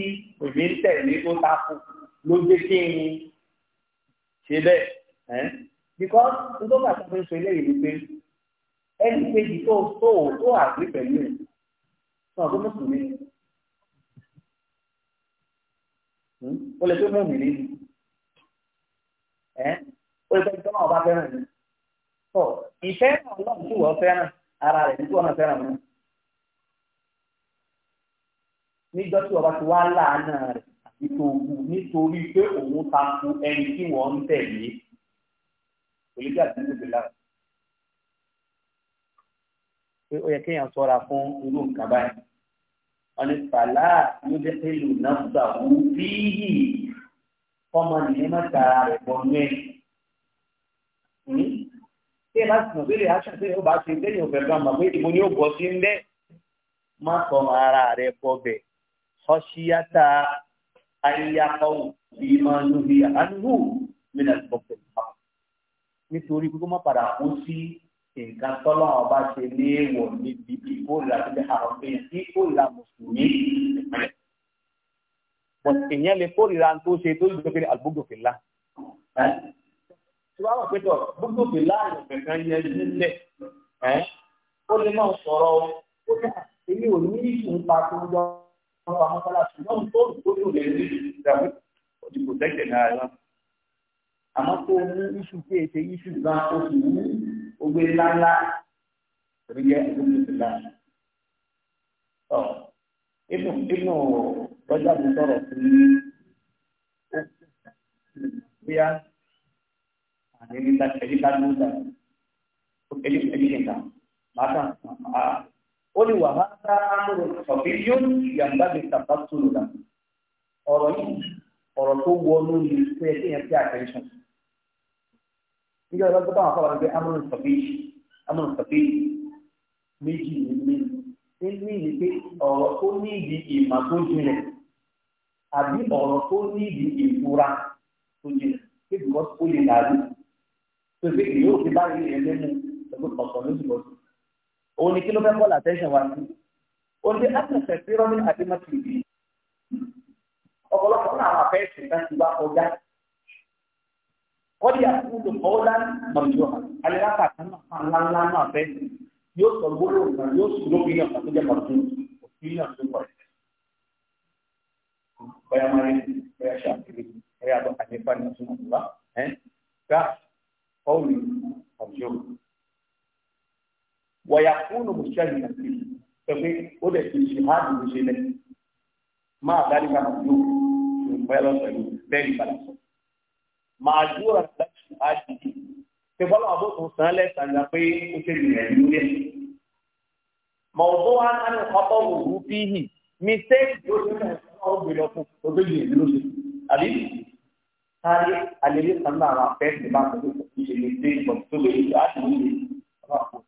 èmi ń tẹ̀lé tó takò ló gbé kí n ṣe bẹ́ẹ̀. because nítorí àtúntò ń sọ eléyìí ni pé ẹni kejì tó tó tó àgbé pẹ̀lú ẹ̀ sọ àgbé mùsùlùmí. o hmm? lè tó mú mi nínú ẹ o lè tó tó náà ọba fẹ́ràn mi. ìfẹ́ náà lọ́nà tí wọ́n fẹ́ràn ara rẹ̀ nítorí wọn fẹ́ràn mi níjọ́ tí ọba ti wá láàánà rẹ̀ ìtòògùn nítorí pé òun ta ku ẹni tí wọ́n ń tẹ̀lé olùdíje àti ìdíje lára pé ó yẹ kéèyàn ṣọ́ra fún irú nǹkan báyìí wọ́n ní fàlà ló jẹ́ pé lù náà gbà wú fíyì kọ́mọ nìyẹn má tara rẹ̀ bọ́nú ẹ̀ hmm? tí ẹ bá sì mọ̀ aṣọ àti ó bá ṣe lẹ́yìn òfẹ́ gbàmọ̀ pé ìbò ni ó bọ̀ sí ń bẹ́ẹ̀ má sọ ara rẹ̀ bọ̀ bẹ́ẹ̀ kọ́ṣíyàtà ayakọ̀wò bíi máa ń lórí àánú nínú ẹ̀sọ́pẹ̀ ìfà nítorí pé kó má padà kú sí nǹkan tọ́lọ́ ọba ṣe léèwọ̀ níbi ìkórìíra tó jẹ́ àwọn èèyàn tí ìkórìíra mùsùlùmí bọ̀t èèyàn lè kórìíra tó ṣe tó yẹ kí àgbógbòfìlà tí wàá wà pé tọ̀ gbógbòfìlà àyàn kankan yẹn nílẹ̀ ó lè máa sọ̀rọ̀ ó dà èmi ò ní ìṣùn tó ń jọ ọkọ̀ amọ́kọ́lá ṣùgbọ́n tó gbójú lè rí ìdàgbé òdì kò tẹ́kẹ̀ náà lọ. àmọ́ tó mú iṣu tí ètè iṣu gan ó sì mú ogbe ńláńlá rí yẹ ogbe ńlá. inú inú lọ́jà mi sọ̀rọ̀ sí bóyá àdéhùn ẹ̀díkà ló ń dà ẹ̀díkà màá kàn án ó lè wà máa ọ̀bí yóò yàgbá mi tàbá sùn orang ọ̀rọ̀ yìí ọ̀rọ̀ tó wọnú ni tó yẹ kí yẹn pay attention nígbà tó bá wọn fọwọ́ pé amúnú tàbí amúnú tàbí méjì ní ní ní ní pé ọ̀rọ̀ tó ní ìdí ìmà tó jinlẹ̀ àbí ọ̀rọ̀ tó ní ìdí ìfura tó jinlẹ̀ pé bìkọ́ ó lè dàrú tó fi èyí òun ni kí ló fẹ́ kọ́ làtẹ́sán wa sí òun ni àtẹ̀sẹ̀ sí rọ́mí àti mọ́tìrì ọ̀pọ̀lọpọ̀ náà àwọn afẹ́sẹ̀ náà ti wá kọjá kọ́dí àkúndùn kọ́ọ́lá mọ̀jọ́ alẹ́lápá kan náà ńláńlá náà fẹ́sẹ̀ yóò sọ gbólóhùn kan yóò sùn lóbi náà tó jẹ́ mọ̀tún òfin náà tó pọ̀ bóyá máa rí bóyá ṣàkiri bóyá àbọ̀ àdéfà ní ọ̀tún ọ̀tún wa ẹ̀ gbà kọ́ọ̀lù mọ̀jọ́ wọ̀yàkúnù mùsùlùmí nàbí pẹ̀lú ó lè fi ṣèhádùn ló ṣe lẹ̀ máa dárí ká máa yóò ṣe ń bẹ́ẹ̀ lọ́sẹ̀lú bẹ́ẹ̀ ní balà sọ. máa dúró rà láti ṣèhádùn yìí ṣe bọ́lá àbó tó sàn lẹ́sàn án pé ó ṣe nìyẹn lórí ẹ̀. mọ̀ọ́dún wa náà ní ọ̀pọ̀ òwú fíhì mi ṣe ìdókòwò náà ó gbé lọ fún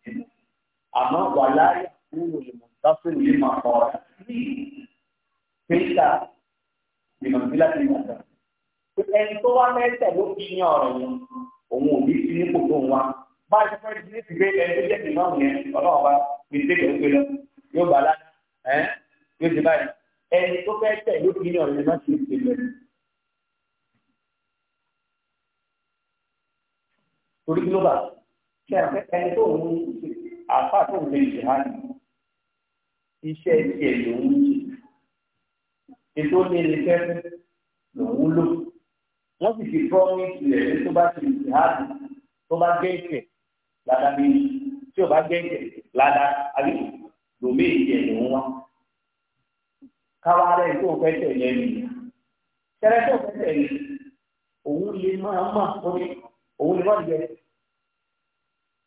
ọdún àmọ́ wà láyé nínú ìmọ̀tásùn ní màá kọ́ ọ̀rẹ́ pétà ìmọ̀tílá ti mọ̀ ọ̀dà ẹni tó wá mẹ́tẹ̀ ló fi yan ọ̀rọ̀ yẹn òun ò ní sí nípò tó ń wá bá a ti fẹ́ di nípò pé ẹni tó jẹ́ ìmọ̀ọ̀mù yẹn ọlọ́run bá mi tẹ́lẹ̀ ó gbé lọ yóò bá lá ẹ́ yóò ti báyìí ẹni tó fẹ́ tẹ̀ ló fi yan ọ̀rọ̀ yẹn má ṣe lẹ́nu. torí kí ló bá kí ẹni tó ń ṣe àfa tó ń lè jihadi iṣẹ́ tiẹ̀ lòun jì ètò onílé fẹ́ lòun lò wọ́n sì fi promise rẹ̀ pé tó bá ti jihadi tó bá gé ẹ̀kẹ́ ládàá méjì tí ò bá gé ẹ̀kẹ́ ládàá àbí lòmé ìjẹ̀ lòun wá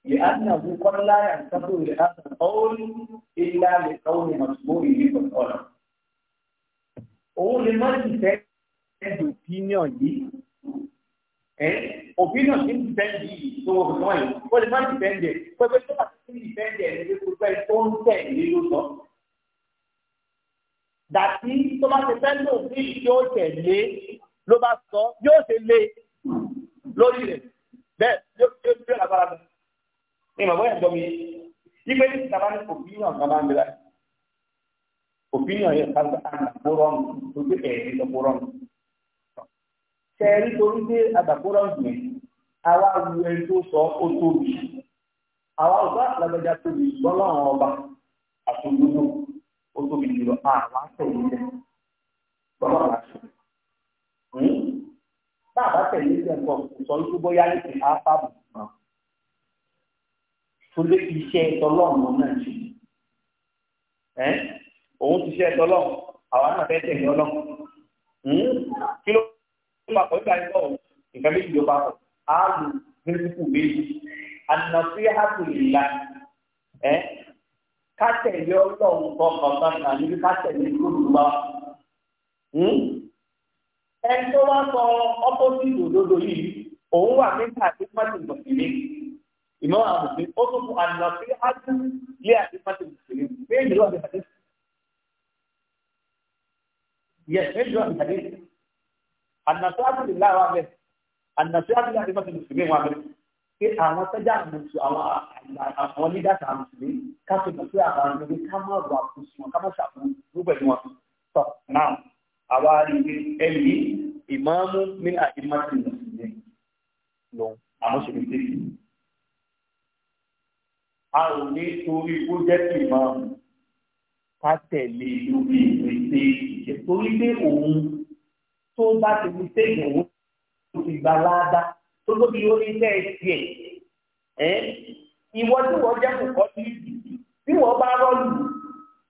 لأنه قد لا ينتظر لهذا القول إلا لقول مسؤوله بالقلم. òun lè má ti fẹ́ ẹ̀dù opinion yìí ẹ̀ opinion ti ń dìbẹ́ndì yìí tó wọ́n fún ẹ̀ ó lè má ti dìbẹ́ndì ẹ̀ pẹ́pẹ́ tó bá ti ń dìbẹ́ndì ẹ̀ ní pé pẹ́ tó ń tẹ̀ ní sọ. dàtí tó bá ti fẹ́ lò sí yóò tẹ̀lé ló bá sọ yóò ṣe lé lórí rẹ̀ bẹ́ẹ̀ yóò ṣe bí agbára mi ní ìmọ̀ bóyá ìjọba yìí ìgbẹ́ ní ìjọba ní opinion kan máa ń bẹ̀rẹ̀ opinion yẹn kan bá ń kóró ń tó gbé ẹ̀rí lọ kóró ń sẹ́ẹ̀rí torí dé àgbàkóró ń gbìn àwa wu ẹni tó sọ ó tóbi àwa ọ̀gá àgbàgbàjà tóbi gbọ́láhàn ọba àtòjúdú ó tóbi jùlọ àwa tẹ̀lé tẹ̀ bọ́lá àṣẹ hmm? bá a bá tẹ̀lé tẹ̀ kọ̀ sọ ní kú ní ti fáàbù kan torí iṣẹ́ tọlọ́mù náà ṣe ẹ́ òun ti ṣe tọlọ́mù àwa náà fẹ́ tẹ̀lé ọlọ́mù hmm? kí ló ń bá pọ̀ nígbà yẹn lọ́wọ́ nǹkan méjì ló bá pọ̀ áàlù pírísìpù méjì ànàfí àtùlìlà ẹ́ ká tẹ̀lé ọlọ́mù kọ̀ọ̀kan náà níbi ká tẹ̀lé olùgbà hmm? ẹni tó wá sọ ọ́pọ́sìtì òdodo yìí òun wà nígbà tí wọ́n ti mọ̀ sílé ìmọ̀ àwọn mùsùlùmí ó tún fún àná sí ájú ilé àti pàṣẹ mùsùlùmí méjì ló wà ní àdé. yẹ méjì ló wà ní àdé. àná sí ájú ìlà wa bẹ àná sí ájú ìlà pàṣẹ mùsùlùmí wa bẹ pé àwọn sẹ́jà mùsùlùmí àwọn àwọn nígbàtà mùsùlùmí ká fi mọ̀ sí àwọn ọmọdé ká má rọ àkóso wọn ká a ò ní torí kó jẹ́ kí ìmáàmù ká tẹ̀lé lórí ìgbésẹ̀ ìjẹ́ torí pé òun tó bá ti fi séèyàn wó tó fi gba láàdá tó tó fi orí ilé ẹsẹ̀ ẹ̀ ìwọ tí wọ́n jẹ́ kò kọ́ sí bí wọ́n bá rọ́ọ̀lù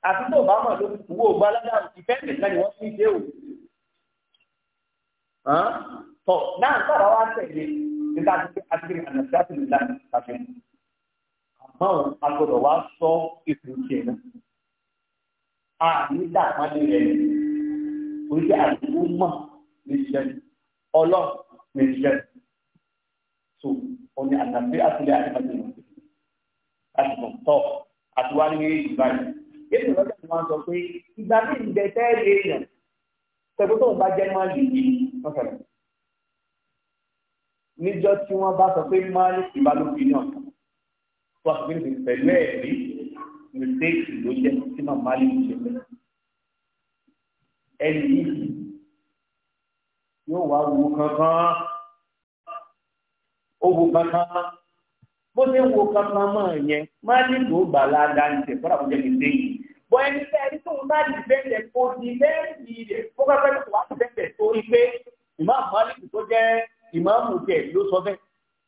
àti tó bá mọ̀ ló fi kúwó gba láàdá ìfẹ́ nìkan ni wọ́n fi dé o. tọ̀ náà sábà wá tẹ̀lé nígbà àti àti àti àti àti àti àti àti àti àti àti báwọn agbọ́dọ̀ wá sọ ipò tiẹ̀ náà a ní dàpọ́nlé rẹ̀ orí àdúgbò mọ̀ ní ṣẹ́ni ọlọ́run ní ṣẹ́ni tó oní àtàgbé àtúlẹ̀ àtìmọ́tò àtìmọ́tò àtiwárí ní ìbáyìí yéèdè lọ́jà ni wọ́n sọ pé ìgbà mí ń bẹ tẹ́ẹ̀lì èèyàn pẹ̀lú tó ń bá jẹ́ máa lè yí lọ́sọ̀rọ̀ níjọ́ tí wọ́n bá sọ pé máa ní ìbálòpọ̀ náà tó àgbèrè pẹ̀lú ẹ̀rí mistake ló jẹ́ tí màmá lè ṣe bẹ́ẹ̀. ẹni yìí yóò wá wo kankan ó wo kankan bó ṣe ń wo kankan mọ́ yẹn má ní tó gbà ládàá ní tẹ̀ fọ́nà kó jẹ́ mistake bọ́ ẹni tẹ́ ẹni tó ń bá lè bẹ́ẹ̀ kó di lẹ́yìn rẹ̀ kó kápẹ́ tó wá ti bẹ́ẹ̀ tó rí pé ìmáàmù Malik tó jẹ́ ìmáàmù tẹ̀ ló sọ bẹ́ẹ̀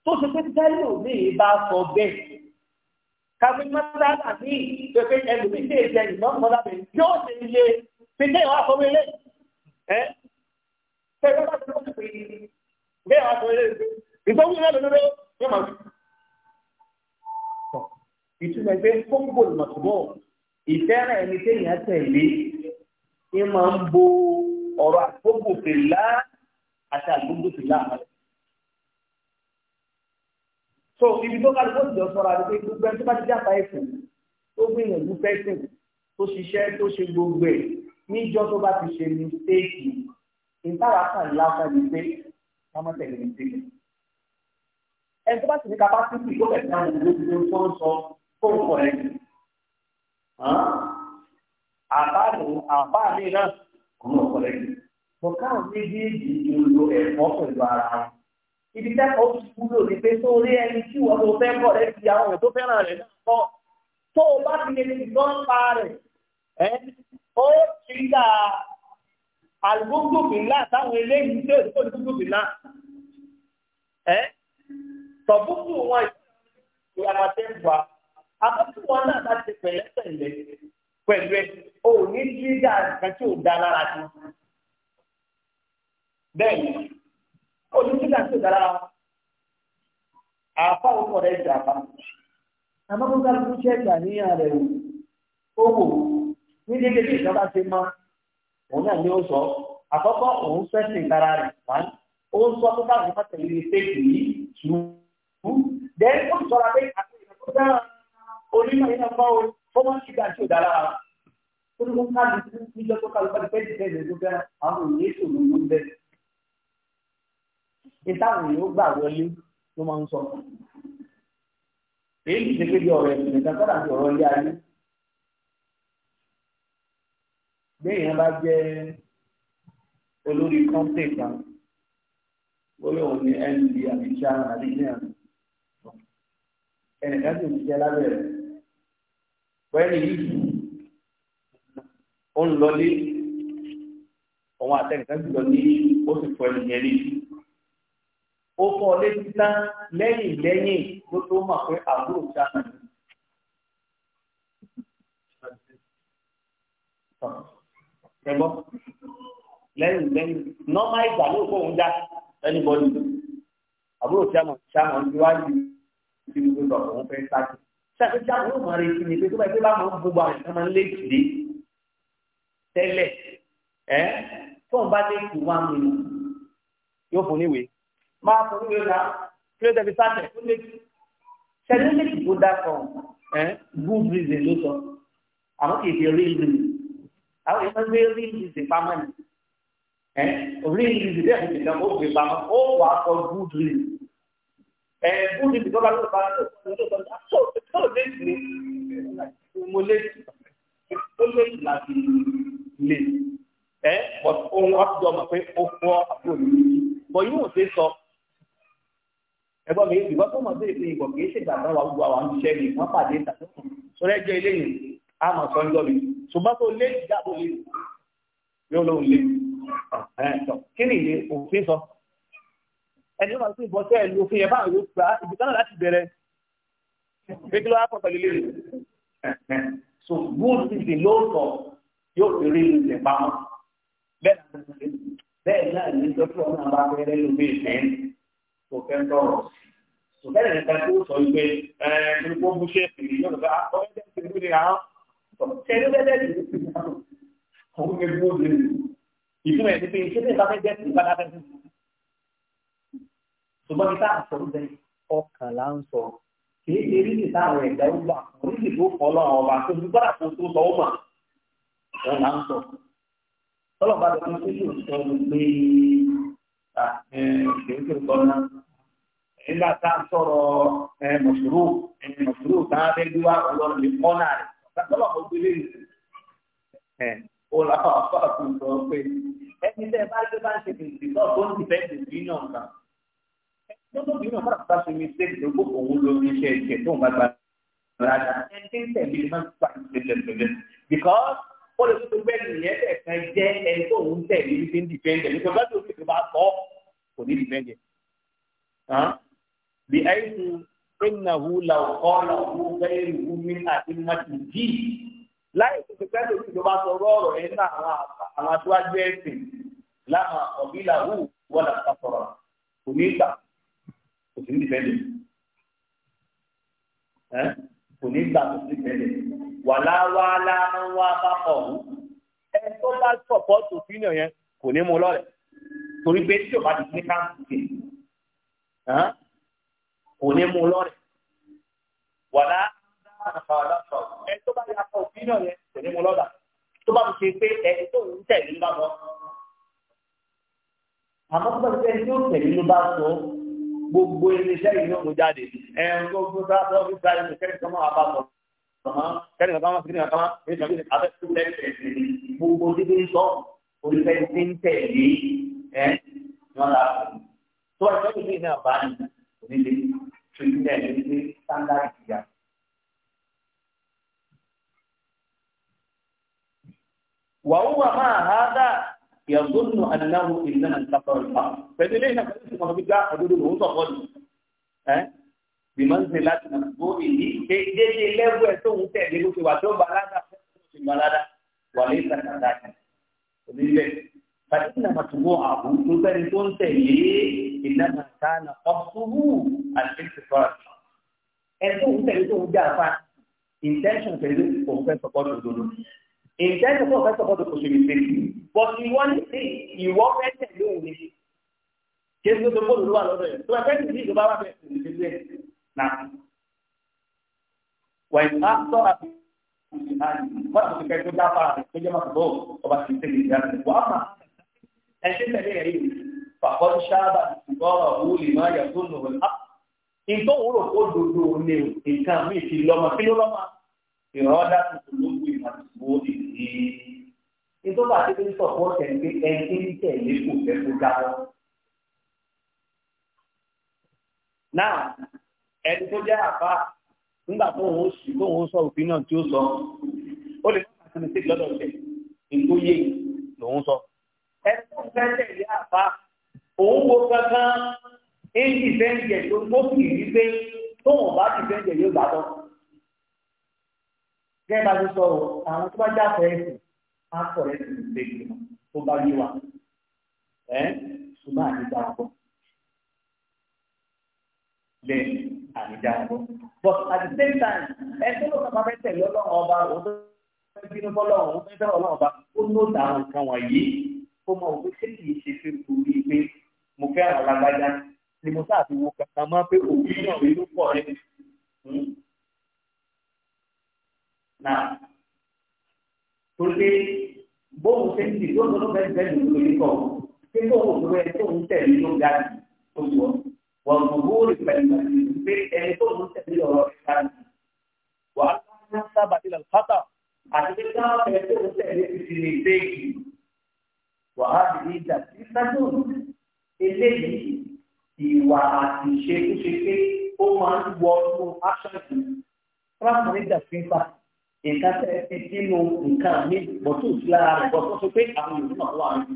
tó ṣe pé tí káyọ̀ ní ìbá sọ bẹ́ẹ̀ Kami mọ́tà àti pépé ẹlòmíì ṣe ìṣe ìmọ̀ mọ́tà pé yóò ṣe iye pété ìwà àfọwé lé ẹ pépé bá ti lọ́wọ́ pé bẹ́ẹ̀ wà àfọwé lé ìgbọ́wé náà lọ́dọ́dọ́ yóò máa wí. ìtumọ̀ ẹgbẹ́ fọ́nbó lọ́tùbọ̀ ìfẹ́ràn ẹni téèyàn tẹ̀lé ń máa ń bo ọ̀rọ̀ àgbógbò fèlá àti àgbógbò fèlá so ibi tó kálukó ti lọ sọ̀rọ̀ àti pé gbogbo ẹni tó bá ti dáta ẹ̀sìn tó gbìyànjú fẹ́sìn tó ṣiṣẹ́ tó ṣe gbogbo ẹ̀ níjọ́ tó bá ti ṣe mistake ìtara kan lásán ni pé ká má tẹ̀lé mistake. ẹni tó bá ti ní capacity tó bẹ̀rẹ̀ náà ló ti ló tó ń sọ tó ń kọ̀ ẹ̀. àbálò àbáàlì náà kò ní ọ̀pọ̀lẹ́jì. bọ̀ká méjèèjì ló lo ẹ̀kọ́ pẹ̀lú ara wọn ibi tẹ́kọ̀ọ́ ti wúlò ní pé tó rí ẹni tí wọ́n tó fẹ́ kọ̀ rẹ̀ ti àwọn ọ̀rẹ́ tó fẹ́ràn rẹ̀ náà tó o bá ti lè ti gbọ́n pa rẹ̀ ẹ́ ó ti ń dà àlùkùkù bìlà táwọn eléyìí tí òṣìṣẹ́ òṣìṣẹ́ bìlà ẹ́ tọ̀bùkù wọn ìyàwó àtẹ́gbà àbọ̀tún wọn náà bá ti pẹ̀lẹ́ pẹ̀lẹ́ pẹ̀lú ẹ̀ o ní tírígà kan tí ò dá lára tó bẹ́ẹ̀ onídìgbà tó dára àfa òkò rẹ̀ jàmbá àmọ́kọ́kọ́ ṣẹ́ẹ̀kì àníyàn rẹ̀ o wò ní déédéé ìjọba ti mọ òun náà ni ó sọ àkọ́kọ́ òun fẹ́sìn dára rẹ̀ wá ó ń sọ pípa àwọn ìfọ̀tẹ̀ yìí ṣéèkì yìí tù ú dẹ́ ó ń sọra pé àti ìrìnàkó dára onímọ̀ yìí náà fọ́ o fọ́mọ́ ìgbà tó dára ó ní kó káàdì níjọ́ tó ìtàwọn yóò gbà wọlé ló máa ń sọ èyí ti pé bí ọ̀rọ̀ ẹ̀sìn nìkan kọ́dà ti ọ̀rọ̀ ilé ayé béèyàn bá jẹ́ olórí kọ́ńté kan bóyá òun ni nd àbí sáà àbí ní àná ẹnìkan sì ń ṣiṣẹ́ lábẹ́ rẹ̀ bóyá ní yìí ó ń lọlé òun àtẹnìkan sì lọ ní ó sì fọ ẹnìyẹn ní ó fọ́ létí tán lẹ́yìn lẹ́yìn ló tó mọ̀ pé àbúrò ti àná. ẹ gbọ́ lẹ́yìn lẹ́yìn nọ́mà ìgbà ló kó òun já ni. àbúrò ti àmọ̀ ti àmọ̀ ju wájú ti ní gbogbo ọ̀pọ̀ òun fẹ́ sáájú. ṣáàtú tí àbúrò máa retí ni pé tó bá yẹ pé bá máa ń gbogbo àwọn ìtàn máa ń lé ìdílé tẹ́lẹ̀ ẹ́ fóun bá lè kú wá mi yóò fún níwèé máa sọ wíwé náà kí ló tẹ̀lé sáfẹ̀ ó lé sẹ́ni lè kó dá kan good reason ló sọ àwọn kì í ṣe real reason àwọn èèyàn gbé real reason pamọ́ ni real reason bẹ́ẹ̀ ni ìjọba ó gbé pamọ́ ó wàá sọ good reason good reason tó bá ló bá ló sọ tó tó lé sí mo lé sí lé láti lé ẹ but ohun ọ̀dọ́ mọ̀ pé ó fọ́ àbúrò mi bọ̀ yóò ṣe sọ ẹgbọ́n mi ìgbọ́ tó mọ̀ sí ìpín ìbọ̀ kì í ṣe ìgbàgbọ́ wa gbogbo àwọn iṣẹ́ mi wọ́n pàdé ìtàkùn sórí ẹjọ́ eléyìí a mọ̀ sọ ńjọ́ mi ṣùgbọ́n tó lé ìjábọ̀ lé yóò lóun lé kí ni ìlé òfin sọ ẹni wọn sì bọ́ sẹ́ẹ̀ lu òfin yẹn báwọn yóò gbà ibi kan láti bẹ̀rẹ̀ pé kí ló wá pọ̀ pẹ̀lú lé so good thinking ló sọ yóò fi rí ilẹ̀ pamọ́ bẹ́ẹ̀ náà ní sọ́kùn ọ̀nà àbáfẹ́rẹ́ kò fẹ́ tọrọ kò fẹ́ ẹ̀ka tó sọ wípé ẹ ẹ kó bú ṣéèpì yóò lọ ah, ọ̀rẹ́ tẹ̀ sí ìlú ni àwọn ṣẹlẹ̀ bẹ́ẹ̀ tẹ̀ sí ìlú náà òun ni bó lè ìtumọ̀ ẹ̀ ní pé ṣé bẹ́ẹ̀ bá fẹ́ jẹ́ sí ìbára fẹ́ sí ṣùgbọ́n nípa àtọ̀rọ̀dẹ ọkàn là ń sọ kìí ṣe rí níta àwọn ẹ̀dá ó wà orí ìlú ọlọ́ ọba tó ti gbọ́dọ̀ tó sọ ó mà òun là ń sọ tọ́lọ̀ bá lọ sí ìlú sọ pé ah, kìí ṣe sọ náà nígbà tá a sọ̀rọ̀ mọ̀ṣúrù mọ̀ṣúrù tá a fẹ́ gbé wá ọlọ́run lè mọ́ náà rẹ̀ sàtọ́lọ̀ kò gbélé rẹ̀ ó la wà fún àkùnkọ̀ pé ẹni tẹ́ bá gbé bá ń ṣe bèbè náà tó ń dìbẹ́ bèbè náà kan tó tó bèbè náà fún àkùnkọ̀ ṣe mi ṣe gbogbo òun ló ní iṣẹ́ ìṣẹ́ tó ń bá gba rárá ẹni tí ń tẹ̀lé máa gbà ìṣẹ̀lẹ̀ ó lè tó gbẹ́ni ìyẹn tẹ̀ kan jẹ́ ẹni tó ń tẹ̀lé ní ti ń dìbẹ́ndẹ̀ nítorí bá tó fi bí àìsí ìnáwó làwùkọ́ làwùkọ́ bẹ́ẹ̀ ìlú mi àti màtìjì láì tó ti pẹ́lú ìjọba sọ̀rọ̀ ọ̀rọ̀ yẹn náà àwọn aṣáájú ẹ̀sìn láwọn ọ̀bí làwù wọ́n làkà sọ̀rọ̀ kò ní gbà kò sí ní ìfẹ́lẹ̀ kò ní gbà kò bá ọ̀hún ẹ yẹn kò ní mú lọ́rẹ̀ torí pé tí o bá ti ní káàkiri kò ní mú lọ́rẹ̀ wàlá ẹ tó bá yà kọ òfin náà yẹn kò ní mú lọ́dà tó bá fi ṣe pé ẹ tó ń tẹ̀lé ló bá lọ. àmọ́ tó bá ti tẹ̀lé tó tẹ̀lé ló bá sọ gbogbo iléeṣẹ́ yìí ló mú jáde ẹ ń gbogbo tó bá fi gba ẹni kẹ́ni kan máa bá sọ kẹ́ni kan máa kẹ́ni kan máa kẹ́ni kan máa abẹ́ tó lẹ́sẹ̀ gbogbo dídí ń sọ olùfẹ́ ti ń tẹ̀lé ẹ ní wọn làá tó bá ti tẹ̀lé náà bá ní onílé tìrìnà ẹni ní sáńdáàdì ìyá. وهو ما هذا يظن انه انما استقر الحق فدليل هنا في ما بيجا حدود الوسط قول ها بمنزله مقبوله دي دي ليفو اتو تي دي لو في واتو بلادا في بلادا وليس كذلك دي فإن مطبوعه نبرد تليه إنما كان قصده الانتصار ẹ̀tọ́ ń tẹ̀lé tó ń jà fa intention tẹ̀lé òun fẹ́ sọpọ́tò òdodo intention fún òfẹ́ sọpọ́tò kò ṣe lè ṣe but ìwọ ní sí ìwọ fẹ́ tẹ̀lé òun ni kí ẹni tó bọ́ọ̀lù wà lọ́dọ̀ yẹn tó bá fẹ́ tẹ̀lé ìjọba wà fẹ́ Nah, ìjọba yẹn nà. wà ìfà sọ àti ìfà kọ́nà tó ti fẹ́ tó já fa àti tó jẹ́ ẹṣin tẹ̀lé ẹ̀rí mi fàkọ́ ṣáàbà ìgbọ́rọ̀ wù lè má yẹ ah! tó nù ọ̀la. ìtò òwúrò kó dodo ní nǹkan mi ti lọ́mọ kí ló lọ́mọ ìrọ́dá tuntun ló wù ìmọ̀ ìdí. ìtò bá ti ń sọ̀kọ́ tẹ̀lé ẹni ń tẹ̀lé kò fẹ́ kó dáwọ́. náà ẹni tó jẹ́ àbá nígbà tó ń sì tó ń sọ òfin náà tí ó sọ ó lè má kàtúntì ẹni tó fẹ́ àbá òun wo kankan èyí ìfẹ́ǹjẹ̀ kó sì rí pé tóun bá ti yóò gbà tọ́. gẹ́gẹ́ bá ti sọ̀rọ̀ àwọn tó bá já fẹ́ ẹ̀sìn á sọ rẹ̀ sí tó bá yé wa ẹ̀ ṣùgbọ́n àdìgbà àbọ̀ lẹ́yìn àdìgbà àbọ̀ but at the same time ẹ̀ tó lọ́kàn fẹ́ tẹ̀lé ọlọ́run ọba òun tó fẹ́ bínú bọ́lọ́run òun fẹ́ fẹ́ràn ọlọ́run ọba ó ló dà kó mọ òwe ṣé kìí ṣe fi torí pé mo fẹ́ àwọn lágbájá ni mo sáà fi wo kàkà mọ́ pé òwe náà rí ló pọ̀ rẹ̀. Hmm. Nà torí bóun ṣe ń di lóun ló bẹ́ẹ̀ bẹ́ẹ̀ lòdì lórí kọ̀ pé kó o lọ ẹni tó ń tẹ̀lé ló ga jù tó jù ọ́. Wọ́n mú bóòlù pẹ̀lú pé ẹni tó ń tẹ̀lé ọ̀rọ̀ rẹ̀ ga jù. Wàá sábà ilẹ̀ lọ́tà àti pé káwọn ẹni tó ń tẹ̀lé ti ti lè dé yìí wàhálà ìjà sí sẹ́dùn eléyìí ìwà àti ìṣekúṣe pé ó máa ń wọ inú aṣáájú tíráàmù nígbà fífa nǹkan tẹ́ ẹ fi sínú nǹkan mi bọ́tù sí lára rẹ̀ bọ́tù sọ pé àwọn ìlú náà wà ní.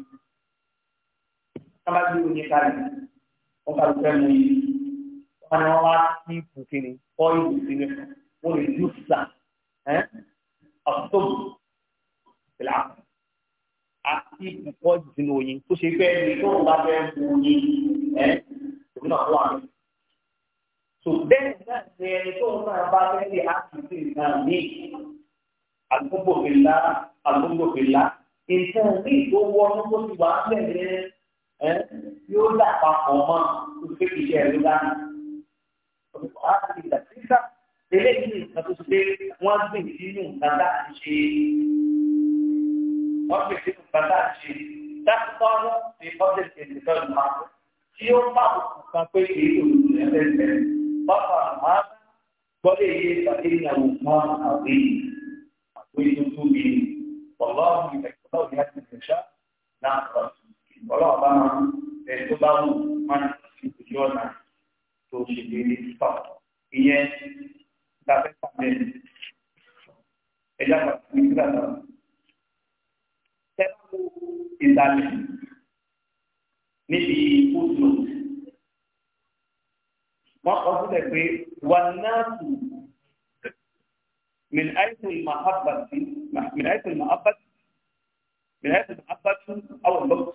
sábà gbé oyin kalẹ̀ wọ́n bá lùfẹ́ mu yìí wọ́n ní wọ́n wá sí ìfúkìnì kọ́ ìlú sílẹ̀ lè dùn sísà ẹ́ ọ̀tún ìlànà àti ìbùkọ́ ìdùnnú oyin tó ṣe fẹ́ ní tó ń bá fẹ́ bu oyin ẹ òun náà wà mí. so bẹ́ẹ̀ náà ṣe ẹni tó ń náà bá fẹ́ lè àtúntì náà ní àgbógbòfìlà àgbógbòfìlà nǹkan ní ìdówó ọdún tó ti wà bẹ̀rẹ̀ ẹ yóò dà papọ̀ mọ́ òfin ìṣẹ́ rẹ̀ lánàá. eléyìí nǹkan tó ṣe wọ́n gbìn sínú nǹkan dá ṣe المرض بدأت تخطر في فضل الانتقال المعقول tí ó bá òkú kan pé kì í lòlù lẹ́sẹ̀ẹ́sẹ̀ bàbá àmà gbọ́dọ̀ yé ìpàdé ìyàwó kan àbí àbí tuntun mi ọlọ́run ìgbàgbọ́ ní àti ìgbẹ̀ṣà náà kọ́ ọlọ́run bá máa ẹ̀ tó bá wù máa fi ojú ọ̀nà tó ṣe déédéé títà ìyẹn gbàgbẹ́ pàmẹ́ ẹ̀dá pàtàkì nígbà náà ìsàlẹ̀ níbi footnote wọ́n kọ sílẹ̀ pé wọn náà tù من حيث المحبة من حيث المحبة من حيث المحبة أو البغض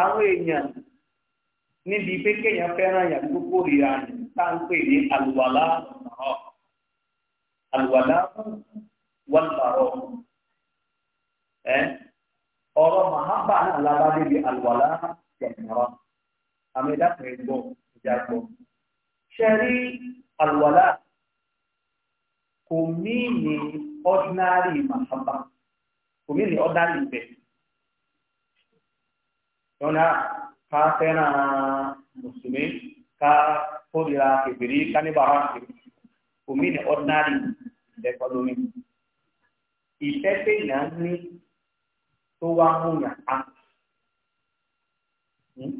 àwọn èèyàn níbi pé kéèyàn fẹ́ràn yàn gbogbo ìrà yàn tá ń pè ní àlùwàlá ọ̀nàrọ̀ àlùwàlá wàlùbàrọ̀ ẹ́ ọ̀rọ̀ mahaba náà labadé bi alùwàlá yẹmọ̀rọ̀ àmìlá kìí gbọ́ ìjà gbọ́. ṣẹ́rí alùwàlá kò mí ní ordinary mahaba kò mí ní ordinary ìfẹ́. lọ́nà ká fẹ́ràn mùsùlùmí ká kórìíra kébìrì ká ní bàbá kò mí ní ordinary ìfẹ́ kọ́ lómi. ìfẹ́ pé ìyá ń ní tó wá mú yàn pa hmm?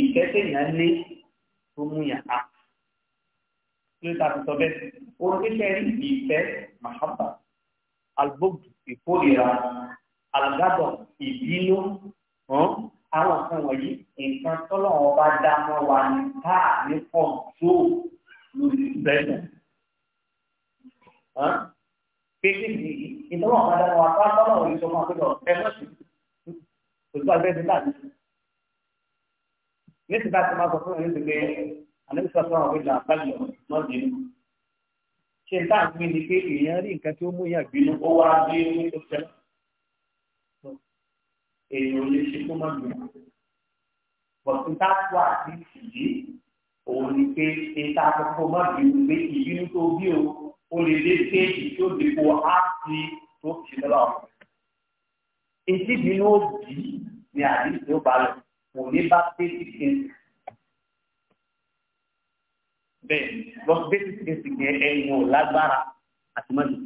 ìfẹ́ tèèyàn lé tó mú yàn pa ló ta fi sọ bẹ́ẹ̀ oríṣẹ́ rí ìfẹ́ mahaba albog ìkórìíra alagado ìbínú hmm? àwọn nǹkan wọ̀nyí nǹkan tọ́lọ́wọ́ bá dá mọ́ wa ní káà ní pọ̀ tó lórí bẹ́ẹ̀ kékeré ìtọ́wọ́ ọ̀gá dáná wa káà tọ́lọ̀ òye sọmọ àtọ́jọ ẹ̀fọ́ sí òtún àgbẹ̀dẹ láti. ní ti dáa ti máa sọ fún ẹni pé ànábi sọ fún àwọn ìlà àbájọ náà dé nù. ṣé táà ń gbé ni pé èèyàn rí nǹkan tí ó mú yàn bínú ó wá dé ní tó ṣẹlẹ̀. èèyàn lè ṣe tó má bínú. bọ̀tún tá a wà ìdí òun ni pé ètò àkọ́kọ́ má bínú pé ìbínú tó bí o o lè dé kéèjì tí ó dìbò á sí tó fi lọ́la ọ̀hún. Etí bí ló bì í ni àdìsí ó bá lọ, kò ní bá kéèjì kéèjì. Bẹ́ẹ̀ lọ kéèjì kéèjì yẹn ẹ̀yìn ò lágbára àti mọ́jú.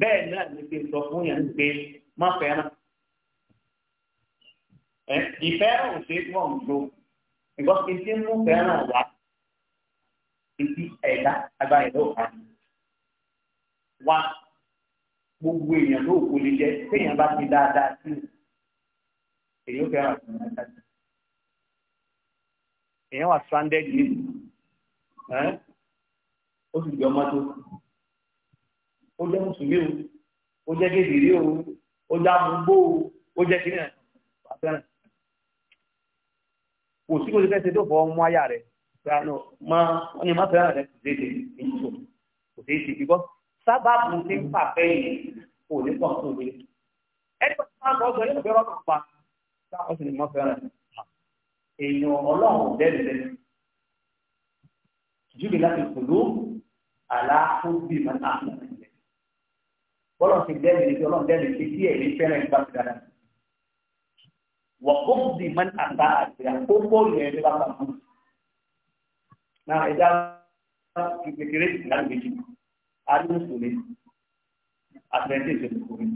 Bẹ́ẹ̀ náà ni kí n sọ fún yẹn pé má fẹ́ràn. Ìfẹ́ràn ò ṣe é fún ọ̀hún tó. Ìgbọ́sí ti mú fẹ́ràn wá etí ẹ̀dá agbára ẹ̀dá ọ̀ka ni. wá gbogbo èèyàn tó kò lè jẹ téèyàn bá ti dáadáa sí i èyí ó fẹ́ràn àti ìrìn àjò. èèyàn wà stranded yìí ó sì gbé ọmọ tó ó jẹ́ mùsùlùmí o ó jẹ́ kékeré o ó jẹ́ amúgbó o ó jẹ́ kíní àti àfẹ́ràn. kò sí kò sí fẹ́ ṣe tó fọ ọmọ ayá rẹ̀ ìyànà máa wọ́n ní máa fẹ́ràn rẹ̀ kò déédé èyí tó kò déédé bíbọ́ sábàbù ti ń fà fẹ́ yìí kò ní pọ̀ tó lé ẹni tó máa gbọ́ sọ yóò fẹ́ràn kan pa táwọn sì ní máa fẹ́ràn rẹ̀ èèyàn ọlọ́run dẹ́rù rẹ̀ júbi láti kùlú àlàáfù bí màtà bọ́lọ̀ ti dẹ́rù rẹ̀ ọlọ́run dẹ́rù rẹ̀ kí ẹ̀ ní fẹ́ràn ìgbà tó dára wọ́n kó di mọ́tà àti àkókò yẹn Now, ẹja kékeré ìlànà méjì, a ní mùsùlùmí, àtẹ̀yìntì ìṣe mùsùlùmí,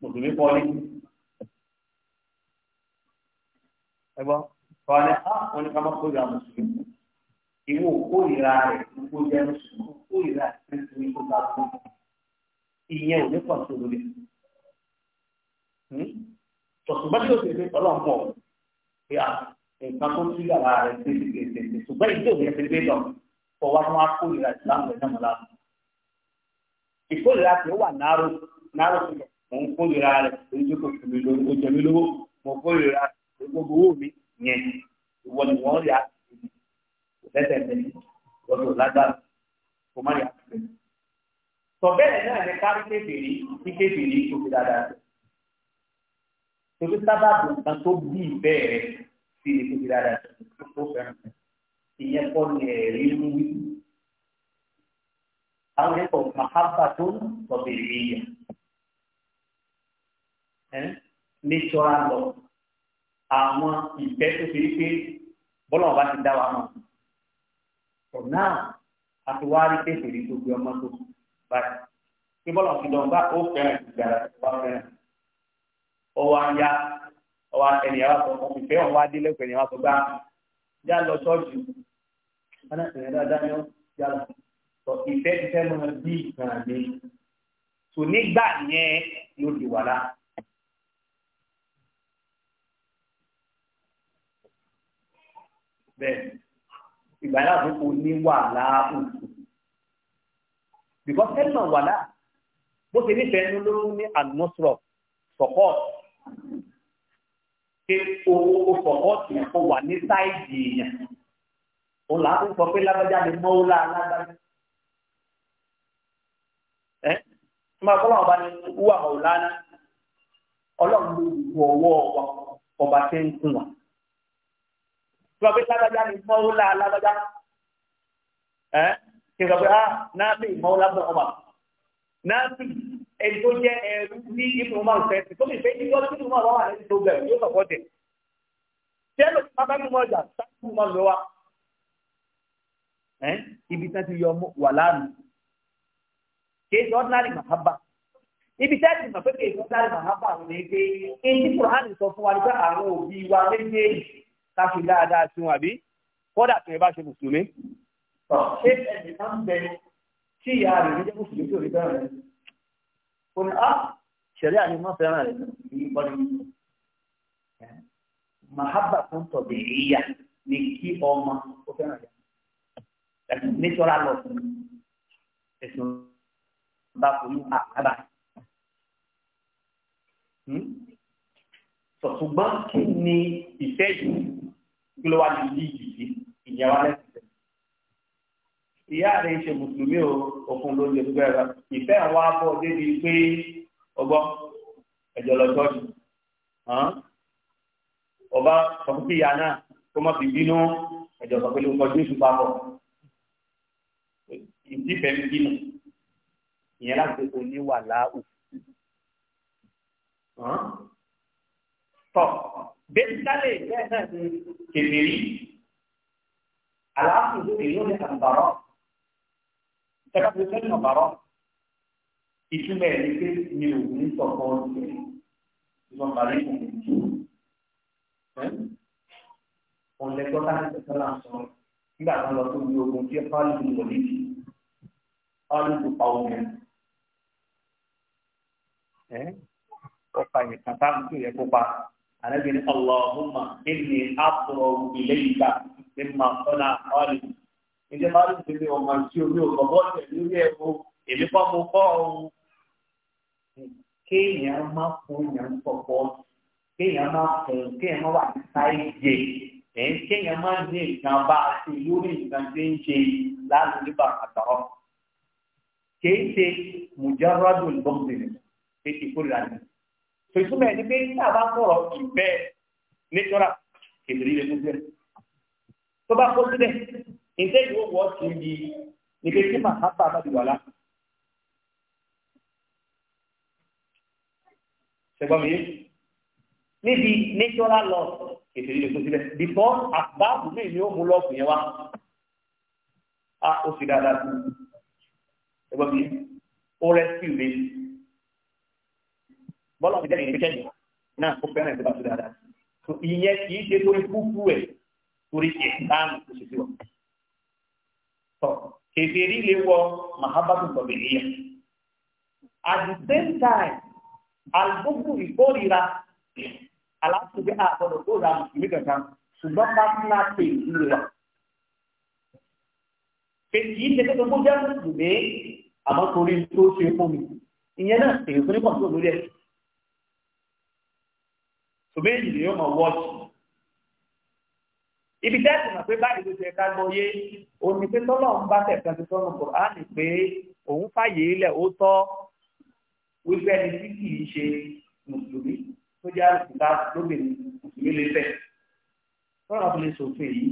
mùsùlùmí pọ́lí. Ẹgbọ́n, kọ́ ni a ah, wọ́n ní ká má kó ìlà mùsùlùmí. Ìwọ kórìíra rẹ̀ kó jẹ́ mùsùlùmí, kórìíra rẹ̀ kó ní kó bá fún un. Ìyẹn ò ní pọ̀ sí olórí. Hmm? Tọ̀sùn bá tí o ṣe ṣe ọlọ́run pọ̀ pé a. Ah, nǹkan tó tún yàrá rẹ̀ tètè ṣùgbọ́n ìdí òun ti gbé lọ kọ wá fún akórira ìsìlámù rẹ̀ náà lánàá. ìkórira tí ó wà náró náró tó lọ mò ń kórira rẹ̀ ojú kò fún mi lórí ojú mi lówó mò ń kórira gbogbo owó mi yẹn ìwọ ni wọ́n rí àtìlẹ́yìn kò lẹ́sẹ̀ mẹ́lì lọ́dọ̀ lágbára kò má rí àtìlẹ́yìn. sọ̀bẹ́ẹ̀ náà ni kárí kébèrè kí kébèrè tó fi dáadáa. torí sábàbù nǹkan tó bí ìfẹ́ rẹ̀ tí èso ti dáadáa tó tó fẹ́ràn rẹ̀ ìyẹn kọ́ ni ẹ̀rí mú wí. àwọn ẹ̀kọ́ màhábà tó ń sọ̀bẹ̀ ìrìyà nítorá lọ àwọn ìfẹ́ tó fi pé bọ́lá ọba ti dá wa mọ̀ ọ̀nà àtiwárí kékeré tó gbé ọmọ tó báyìí kí bọ́lá ọ̀sìn lọ́nba ó fẹ́ràn ìgbàlá tó ọwọ́ ẹni yàrá sọ fún ìfẹ́ ọ̀hún wá dé lẹ́kọ̀ọ́ ẹni yàrá sọ gbá já lọ ṣọ́ọ̀ṣì ọ̀nàkùnrin dáadáa ni ó já lọ sọ ìfẹ́ ti fẹ́ mọ́ bí ìkan àgbẹ̀ tò nígbà yẹn ló di wàhálà. bẹ́ẹ̀ ìgbà yàrá tó kò ní wàhálà òkú bìkọ́ fẹ́ràn wàhálà bó ṣe nífẹ̀ẹ́ ló ló ní àdúmọ́sọ̀rọ̀ support pé owó ó fọwọ́ tì kó wà ní sáìdì èèyàn òun là á tún sọ pé lágbájá ni mọ́wúlá alágbájá ẹ tí máa kọ́lá ọba ni wúwà mọ̀wúlá ná ọlọ́run ló wù ọwọ́ wa ọba tẹ́ ń kún wa tí wọ́n pé lágbájá ni mọ́wúlá alágbájá ẹ kí sọ pé ah náà bí mọ́wúlá bọ̀ ọba náà bí ẹni tó jẹ́ ẹrú ní ibùdó máa ń fẹ́ sí tó lè fẹ́ yíyọ́ tí ibùdó máa wà wà lẹ́yìn tó bẹ̀rẹ̀ yóò sọ̀kọ́ tẹ̀. ṣé ló ti máa bá gbọ́mọ ọjà sáàtì máa lọ wa. ibi tí wọ́n ti yọ wà lánàá kéèsì ordinary mahaba ibi tí wọ́n ti mọ̀ pé kéèsì ordinary mahaba rẹ̀ pé èyí kùránì sọ fún wa ni pé àwọn òbí wa méjèèjì ká fi dáadáa sí wọn àbí kódà tí wọ́n bá ṣe mùsùlùmí. ṣé ẹnì kan bẹ tí ìyá rẹ̀ ní mùsùlùmí ó ní á ah, ṣẹ̀rí àní mọ́ fẹ́ràn rẹ̀ ní kọ́ni mahaba tó ń tọ̀dẹ̀ ìyá ni kí ọmọ ó fẹ́ràn rẹ̀ nítorá lọ fún ẹ̀sùn bá fojú àbá hmm? ṣùgbọ́n kí ni ìfẹ́ yìí kí ló wá ní ìdí ìdí ìyẹn wá ìyá rẹ̀ ń ṣe mùsùlùmí o òfun ló ń lè gbẹ rẹ ìfẹ́ àwọn abọ́ débi pé ọgbọ́ ẹ̀jọ̀ lọ tọ́jú ọba sọfún sí ìyá náà kó má fi bínú ẹ̀jọ̀ sọ pé ló ń kọjú oṣù papọ̀ ìdífẹ́ mi bínú ìyẹn láti ṣe oníwà láàbù tọ́ bẹ́ẹ̀ náà ni aláàfin ló lè lórí àgbàrọ̀ tẹ́lá fi sẹ́yìn ọ̀bàrọ̀ ìtumọ̀ ẹ̀ ní pé mi ò ní sọ̀kọ́ ọ̀sẹ̀ ìwọ̀n parí kò ní tù ọ̀n lẹ́tọ́ táwọn ìṣẹ̀ṣẹ̀ là ń sọ nígbà tó ń lọ tó ní ogun tí ẹ̀fọ́ àlùkò wọlé jù àlùkò pa omi ọ̀pá ìyẹ̀kan táwọn tó yẹ kó pa ànágbé ní ọlọ́ọ̀húnmá ẹ̀mí àbúrò ìlẹ́yìn gbà ní màá sọ́nà ọ̀lùkò ilé máa ń tẹ̀lé ọmọ tí omi ò kọ́ bọ́ọ̀lù lórí ẹ̀kọ́ èmi kọ́ mo kọ́ ọ̀hún. kéèyàn má fún yàn pọ̀pọ̀ kéèyàn má fún kéèyàn má wà ní sáìjẹ kéèyàn má ní nǹkan bá a ṣe lórí nǹkan tí ń ṣe láàrin nígbà àtàwọn. kìí ṣe mùjárádù ìbọ̀mùsìlẹ̀ ṣe ìkórìíra ni. ìtumọ̀ ẹni pé tá a bá sọ̀rọ̀ ìfẹ́ nítorá kèbèrè ilé tó bá kó sílẹ̀ ǹjẹ́ ìwọ wọ́ sí ibi ìdè tí màhábà bá ti wà lá. ṣẹgbọ́n mi níbi natural law ètò ìlú tó síbẹ̀ because àbáàbù mi ni ó mú lọ́ọ̀kù yẹn wá a ó sì dáadáa sí ṣẹgbọ́n mi ó rescue mi bọ́lá mi jẹ́ ìrìnkẹ́ni náà ó fẹ́ràn ìjọba tó dáadáa ìyẹn kì í ṣe torí kúkú ẹ̀ torí ẹ̀ka mi kò wọn kèfèrí lè wọ mahabatu tọ̀bìnìyà at the same time alùpùpù ìkórira aláṣubí àgbọ̀dọ̀ tó ra mùsùlùmí kankan ṣùgbọ́n pátínà pè ní wa pé kì í ṣe pé gbogbo jẹ́ mùsùlùmí àmọ́ torí tó ṣe fún mi ìyẹn náà èyí tó ní pọ̀ tó lórí ẹ̀ ṣùgbọ́n èyí ni yóò mọ̀ wọ́ọ̀tì ibi tẹ́sí mọ̀ pé báyìí ló ṣe ká gbọ́ yé òní pé tọ́lọ́run bá tẹ̀ kan ti sọ́nù kùránì pé òun fàyè lẹ̀ ó tọ́ wípé ẹni tí kì í ṣe mùsùlùmí tó jẹ́ àlùkùtà lóbìnrin mùsùlùmí lè fẹ́ tọ́lọ́run fi lè ṣòfin yìí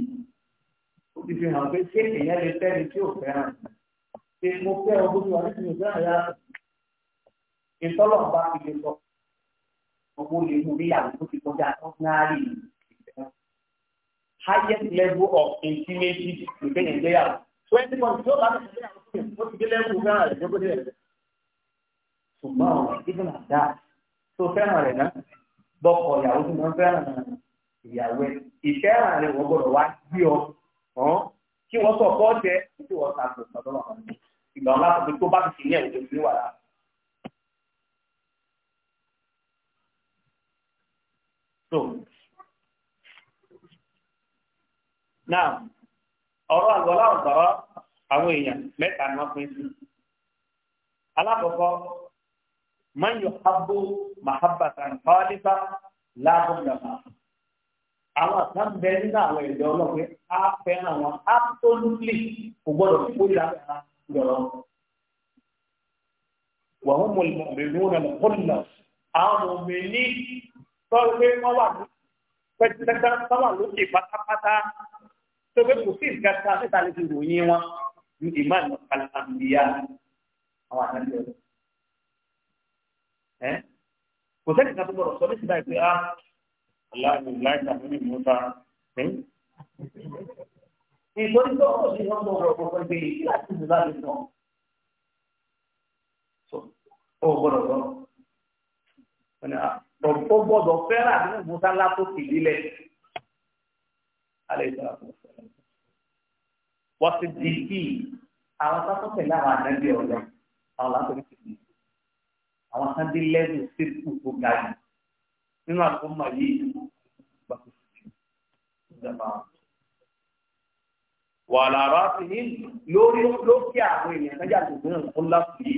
ó ti fi hàn pé ṣé èèyàn lè fẹ́ ni tí ò fẹ́ràn ṣe mo fẹ́ ọ bójú wa ní ìlú ìfẹ́ àyà ìtọ́lọ́run bá fi lè sọ ọmọ olè mú níyàwó tó ti kọjá tó ń highest level of intimacy ìgbéyìn ìgbéyàwó twenty point two bá ti gbéyàwó fún mi ó ti dé lẹ́kùn fún ààrẹ tó gbé rẹ̀. ṣùgbọ́n even at that tó fẹ́ràn rẹ̀ náà bọ́kọ̀ ìyàwó tó máa ń fẹ́ràn ìyàwó ẹ̀ ìfẹ́ràn rẹ̀ wọ́n gbọ́dọ̀ wá gbé ọ kí wọ́n sọ kọ́ jẹ́ kí wọ́n ta kò sọ́dọ̀ wọn ìgbà wọn láti tó bá ti fi ní ẹ̀wọ̀n tó wà láà. So náà ọ̀rọ̀ àgbọ̀lá ọ̀sọ̀rọ̀ àwọn èèyàn mẹ́ta ni wọ́n pín sí. alákọ̀ọ́kọ́ man yóò habbo mahabbatan kọ́lífà láàbùn dàmà. àwọn kan bẹ nínú àwọn ẹ̀dọ́ ọlọ́pẹ́ á fẹ́ràn wọn absolutely kò gbọ́dọ̀ kó ìlànà ìjọba wàhùn mọ̀lẹ́mọ̀lẹ́mọ̀lẹ́ lọ́kọ́lá àwọn ọmọ ní sọ́ọ́ pé wọ́n wà lókè pátápátá tó pé kò sí ìgbàta níta lè fi ròyìn wọn ní ìmáà ní kàlàkàndìyà àwọn àtàlẹ́ ọ̀dọ́. ẹ kò sẹ́ni kan tó bọ̀rọ̀ sọ ní sídà ìpè á aláàbò láìka nínú ìmúta ẹ̀yìn. ìtọ́jú tó ọ̀rọ̀ sí wọn bọ̀ ọ̀rọ̀ kọ̀ọ̀kan pé kí láti ṣe láti sọ. ó gbọ́dọ̀ sọ ó ah, gbọ́dọ̀ fẹ́ràn nínú ìmúta látó fìdílẹ̀ alẹ́ ìsọ̀rọ̀ wọ́sí di kí àwọn sáfọ́tẹ̀ láwọn ànábì ọ̀lọ́ àwọn látọ̀rí ti di àwọn sáńdé lẹ́nu sípò tó ga jù nínú àkómọ yìí gbà tó ti di ìjọba wà lára sí ní lórí lókè àwọn èèyàn sájà tó gbé náà fún láti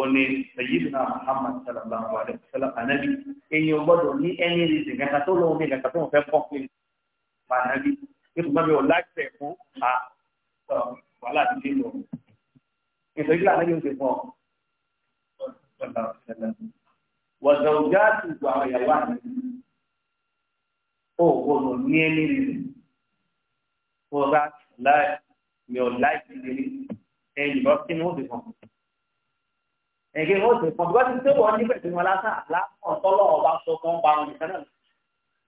òní sayyidina Muhammad sallallahu alaihi wasallam ànábì èèyàn gbọ́dọ̀ ní ẹni rìndì kankan tó lóun ní kankan tó ń fẹ́ pọ́ńpé mànábì nítorí wọn bí wọn láti tẹ̀ fún a wàhálà ti dé lọ ìtọ́jú làwọn yóò ṣe fún ọ. wọ̀sán ọjà àtúntò àwọn ìyàwó àná ó gbọdọ̀ ní ẹni rírì fọlá láì mi ò láì ti délé ẹ̀yìn bá kí ni ó ti fún ọ ẹ̀gẹ́ wọ́n ti pọ̀ bá ti tó wọ́n níbẹ̀ tí wọ́n lásán àlá ọ̀tọ́lọ́ ọba sọ fún ọba òǹkà náà.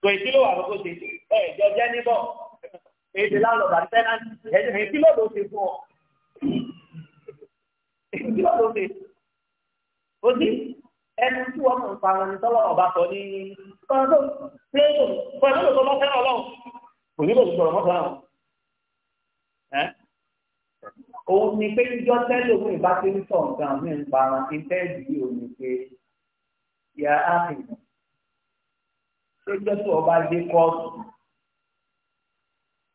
tòun ìdílé wà lóko ṣe ẹ̀ẹ́dẹ́gbẹ́ níbọ̀ èdè láńlọ́ọ̀dù àti tẹ́nàtì ẹ̀jẹ̀ mi kí ló ló ṣe fún ọ. kí ló ló ṣe o sí ẹni tí wọ́n mọ̀ nípa wọn tọ́wọ́ ọba sọ ní pẹ̀lú pẹ̀lú tó bá fẹ́ràn ọlọ́run kò nílò ìṣòro mọ́ fẹ́ràn ẹ́ òun ni pé níjọ́ tẹ́lẹ̀ òun ìbá ti ń sọ nǹkan mi nípa wọn ti tẹ́ẹ̀dì yìí òun ni pé yà á fi ṣé jọ́sọ̀ ọba dé kọ́ọ̀tù.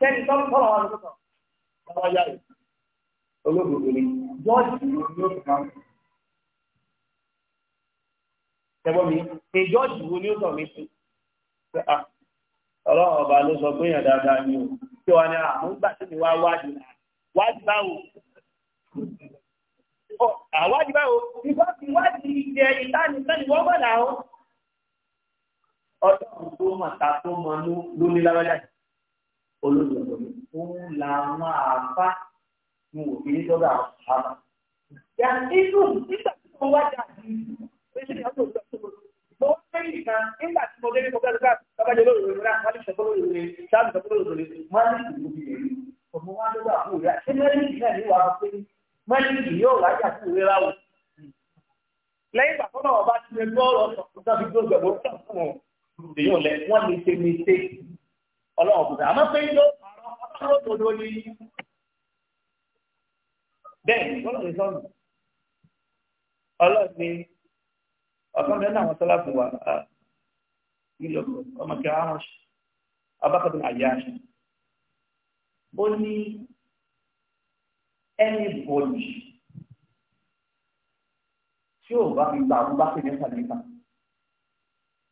sẹ́ni tọ́lú tọ́lọ̀ wà lóko kan lọ́wọ́ yá rẹ̀ olódodo ni jọ́ọ̀jì wo ni ó sọ máa ń sọ. Ṣẹ́gbọ́n mi, pé jọ́ọ̀jì wo ni ó sọ mí sí? Ah, Ọlọ́run ọba ló sọ pé èèyàn dáadáa ni o. Ṣé wàá ní àmú ah, gbà tí mi wá wádìí náà? Wádìí báwo? Àwádìí báwo? Ìfọ́ ti wádìí ìjẹ ìtànìtànì wọ́n gbọ́dọ̀ àwọn. Ọjọ́ ìgbó màtà tó mọ ló ní lábájáde olódodo ni òun làwọn àbá ń wò bí nítorí àbá. Yà inú nígbà tí mo wá jà ní oṣù tí a tó lọ sí mo wá fẹ́ nìkan nígbà tí mo délé mo fẹ́ lọ́gbà lọ́gbàjọ lóòrò rẹ̀ náà wọ́n ti sọ̀kọ́ lóòrò rẹ̀ sáàbì sọ̀kọ́ lóòrò rẹ̀ ní ìlú bí rẹ̀ ọmọ wa ló wà rẹ̀ àti mẹ́rin náà ní wàá pé mẹ́rin yóò wá jà fún rẹ̀ Lẹ́yìn ìgbà tó náà ọba ti ọlọ́run kò sọ àmọ́ pé yóò ọlọ́run òdodo ni bẹ́ẹ̀ ni ọlọ́run sọ̀rọ̀ ọlọ́run ni ọ̀sán bẹ́ẹ̀ náà wọ́n sọ́lá fún wa nílò ọmọ kí wọ́n ṣe abákàtún àyà ṣe ó ní ẹni bọ̀lì tí ò bá fi gbà wọn bá pè ní sàlẹ́fà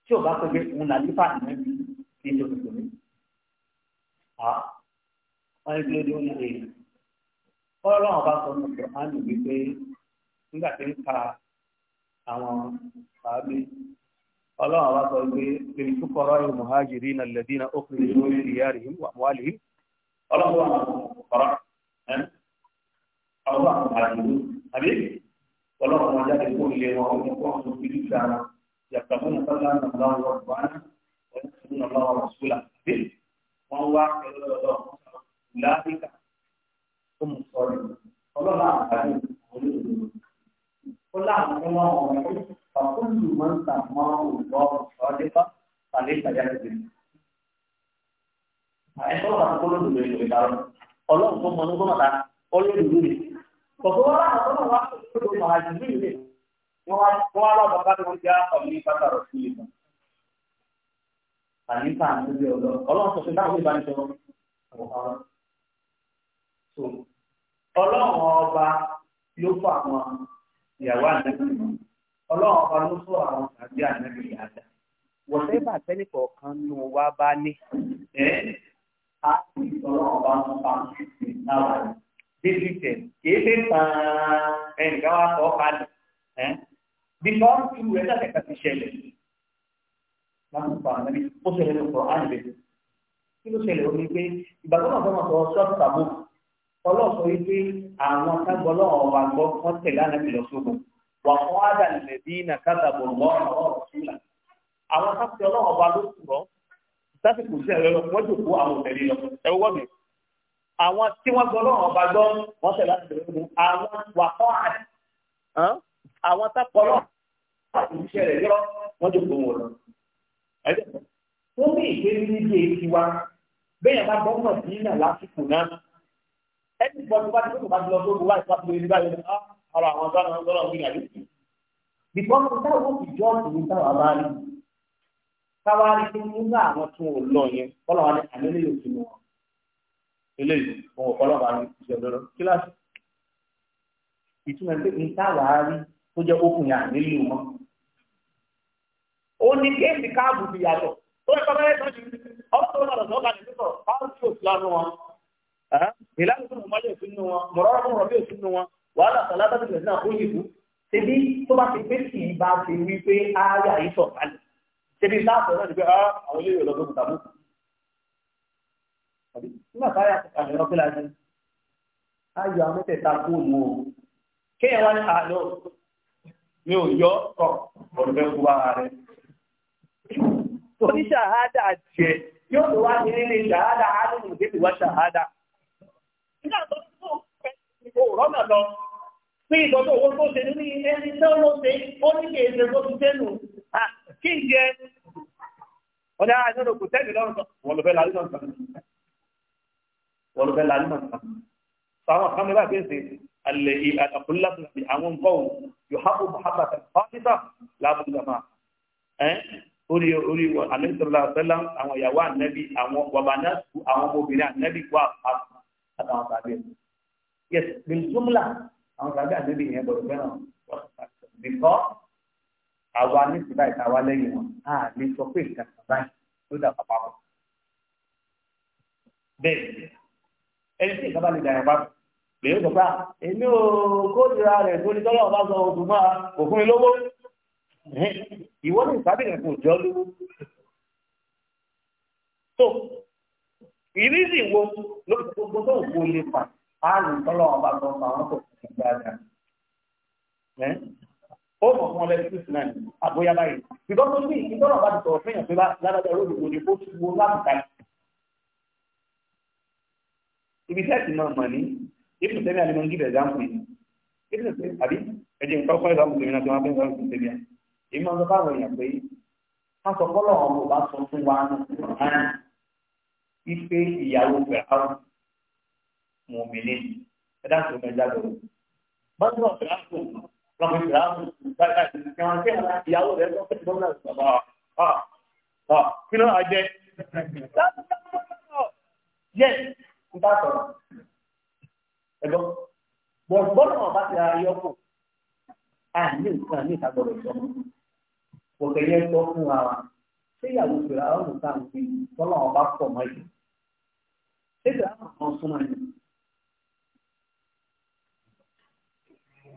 tí ò bá pè pé òun làlífà nìyẹn ní ìjọba ìjọba wọ́n ní kílódé wọ́n ní èyí ọ̀rọ̀ àwọn bá sọ ní ọ̀pọ̀ á nì wípé nígbà tí ń ka àwọn sàábé ọlọ́run àwọn sọ pé lèyí tó kọ́rọ́ yìí mọ̀hájìrì náà lẹ́dí náà ó fi lè lórí ìyá rẹ̀ wà wálé ọlọ́run wà kọ́rọ́ ẹ̀ àwọn àwọn àjùlù àbí ọlọ́run wọn jáde kó lè wọn ó ní kó wọn fi dúkìá wọn yàtọ̀ fún ìtọ́jú àwọn ọlọ́run wọn bá wọn ó ní sùn wọ́n wá pẹ̀lú ọlọ́run láfíríkà ó mú sọ̀rọ̀ ọlọ́run àgbáyé olóògbé ó láàmú ní wọn wọn wọn fàkóńdù máa ń tà mọ́ òwúrọ̀ ọ̀dẹ́fà tàlẹ́ ìtajà lẹ́sẹ̀. ẹ̀fọ́ wà ní kóló lòlò ìlú ìdáwọ́ ọlọ́run tó mọ ní gómìnà olóògbé rẹ̀ kọ̀ọ̀kan wọn láwọn tó wà lọ́wọ́ àjùmí rẹ̀ wọ́n wá lọ́wọ́ bàbá tó ń já ọ̀gbìn bàtà rọ̀ sí ìlú àníkà àtúndì ọlọ́run sọ ọba ló fọ àwọn ìyàwó ọlọ́run ọba ló fọ àwọn wọ́n bá tẹ́lẹ̀ kọ̀ọ̀kan nù wá bá ọlọ́run ọba ń pa tẹ̀ kìí ẹnìkan wá sọ ọ́ kalẹ̀ láti pa ànábì ó ṣẹlẹ̀ ló kọ̀ áyì bẹ́ẹ̀ kí ló ṣẹlẹ̀ ó ní pé ìgbà tó náà sọ ṣọ́ọ̀tù tàbó ọlọ́ọ̀sọ yìí pé àwọn tágbọ́ lọ́wọ́ wa gbọ́ wọ́n tẹ̀lé ànábì lọ sógun wà fún ádàlì lẹ́bí iná kábàbọ̀ lọ́wọ́ ọ̀rọ̀ sílà àwọn tágbọ́ lọ́wọ́ wa ló kù lọ lọ́wọ́ wa gbọ́ wọ́n tẹ̀lé fún àdì àwọn wọ́n ní ìgbé níbi èsì wa bẹ́ẹ̀ bá gbọ́ mọ̀ sí náà lásìkò náà ẹni bọ́ tó bá ti tó bá ti lọ tó bá ti pàtó ẹni báyìí ní ah, ara àwọn tó àwọn tó lọ́wọ́ ìyàwó sí. bìkọ́sì táwọn ò fi jọ́ ọ̀sìn táwọn bá rí táwọn rí tó nínú àwọn tó ń lọ yẹn kọ́lọ́ wọn ni àmì eléyìí ò sí mọ́ eléyìí òun ò wọn ni ìṣẹ̀lẹ̀ ó ni kéèsì káàbù ti yàtọ̀ tó ẹ̀kọ́ mẹ́rẹ́ tó ju ọ̀tọ̀ ọ̀nà tó kàdé sísọ báwo tí òsì lánú wọn ìlànà tó mọ̀mọ́lé òsì nínú wọn mọ̀rọ́rọ́ mọ̀ rọ̀bí òsì nínú wọn wàhálà sàlá bá tẹ̀lé náà fún yìí ṣebí tó bá ti pé kì í bá ti wí pé ááyà yìí sọ̀ kalẹ̀ ṣebí láàbọ̀ náà ti pé ah, àwọn ilé ìwé lọ́gbọ̀n ah, mi ò yọ ọ̀ ọ̀rọ̀ fẹ́ kú ara rẹ̀ oníṣàhádà jẹ yóò tó wá sí nílé ṣàhádà ádùn ìdílé wá ṣàhádà. nígbà tó ń bọ̀ ìbò rọ́nà lọ pé ìtọ́jú owó tó ṣe ní ẹni tó ló ṣe ó ní kí èdè tó ti sẹ́nu kí n jẹ. wọ́n ní àìsàn ló tẹ́lẹ̀ lọ́rùn sọ wọ́n fẹ́ wọ́n fẹ́ kan orí orí alẹ́sọ̀rọ̀lá sẹ́lá àwọn ìyàwó ànẹ́bí àwọn wàbàná àwọn ọmọbìnrin ànẹ́bí wà àtàwọn tàbí yes biljumla àwọn tàbí ànẹ́bí yẹn gbọdọ̀ fẹ́ràn bìkọ́ àwa ní sùdá ìta wa lẹ́yìn wọn a lè sọ pé nǹkan kan báyìí ló dà pàpà pọ̀ bẹ́ẹ̀ ẹni tí ìjọba lè dà yẹn papọ̀ lèyìn sọ pé èmi ò kó ìdíra rẹ̀ tó ní tọ́lọ́ ìwọ ní ìsábì kan kò jọ lówó tó ìrísí wo ló ti gbogbo tó ń wọlé pa àrùn tọ́lọ́ ọba kan pa àwọn tó ti dáadáa ó mọ̀ fún ọlẹ́bí kristu náà ní àbóyá báyìí ṣùgbọ́n tó ní ìtọ́nà bá ti sọ̀rọ̀ fẹ́yàn pé lábàjá olóògbé ni ó ti wo láti ta ibi tẹ́ẹ̀tì náà mọ̀ ní ibi tẹ́ẹ̀tì àti mọ̀ ń gíbẹ̀ ẹ̀dá ń pè é ibi tẹ́ẹ̀tì àbí ẹ̀jẹ̀ nǹkan kọ́ ẹ̀dá ń pè é náà tí wọ́n fẹ́ ń ìmọ̀ tó bá wọ̀nyàn pé káṣọ kọ́lọ̀ ọ̀hún kò bá sọ fún wa náà ife ìyàwó fẹ̀rẹ̀ mọ̀mìnì ẹ̀dá tó ń jáde o. bọ́sùn ọ̀fẹ̀rẹ̀ àpò lọ́mọ ìfẹ̀rẹ̀ àpò báyìí ẹ̀wọ̀n kí ẹ̀wọ̀n ìyàwó rẹ̀ tó fẹ́ gbọ́n náà bàbá ọ̀ ọ̀ kí ló àjẹ. yẹ n ta sọ̀rọ̀ ẹ̀gbọ́n bọ̀dọ̀ bọ́dọ̀ bá ti ra yọkù àìní nǹkan ní ìta gbọ́dọ̀ sọ kọ̀kẹ́yẹ sọ fún wa wa ṣé ìyàwó fèrè àwọn ọ̀sán àwọn tí tọ́lá wọn bá pọ̀ mọ́ yìí ṣé ìgbà àwọn kan súnmọ́ yìí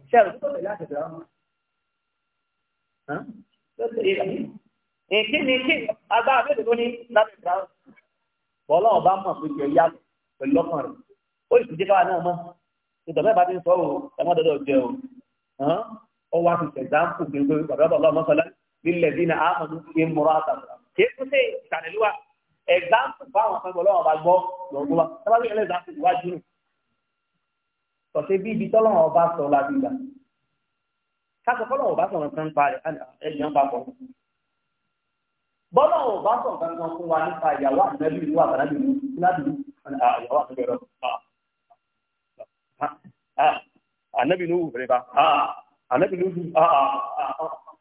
ṣé àwọn ni èké agbára mélòó ló ní lábẹ́ ìgbà bọ́lá ọba mọ̀ pé kì í yá pẹ̀lú ọkàn rẹ̀ ó sì jẹ́ káwa náà mọ̀ ìtọ́jú ìbá ti ń sọ ọ́ ẹ̀wọ́n dọ́dọ̀ jẹ́ o ọwọ́ àti ṣẹ̀dá ń kù gbẹgbẹ bàbá bàbá ọmọ sọlá lílẹ̀dínà àmàlú ṣe ń múra àtàkùn. kì í kún sí ìtànilúwa ẹ̀gbáǹpù báwọn kan gbọ́dọ̀ ọba gbọ́ lọ́gbọ́n wa sábà bí ẹlẹ́gbàǹpù wájú nù. sọ̀tẹ́ bí ibi tọ́lọ́ ọba sọ láti gbà. káṣọ fọlọ́ ọba sọ̀rọ̀ nǹkan pa rẹ̀ ẹ̀jẹ̀ ń papọ̀. bọ́lọ̀ ọba sọ̀rọ̀ nǹkan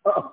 kan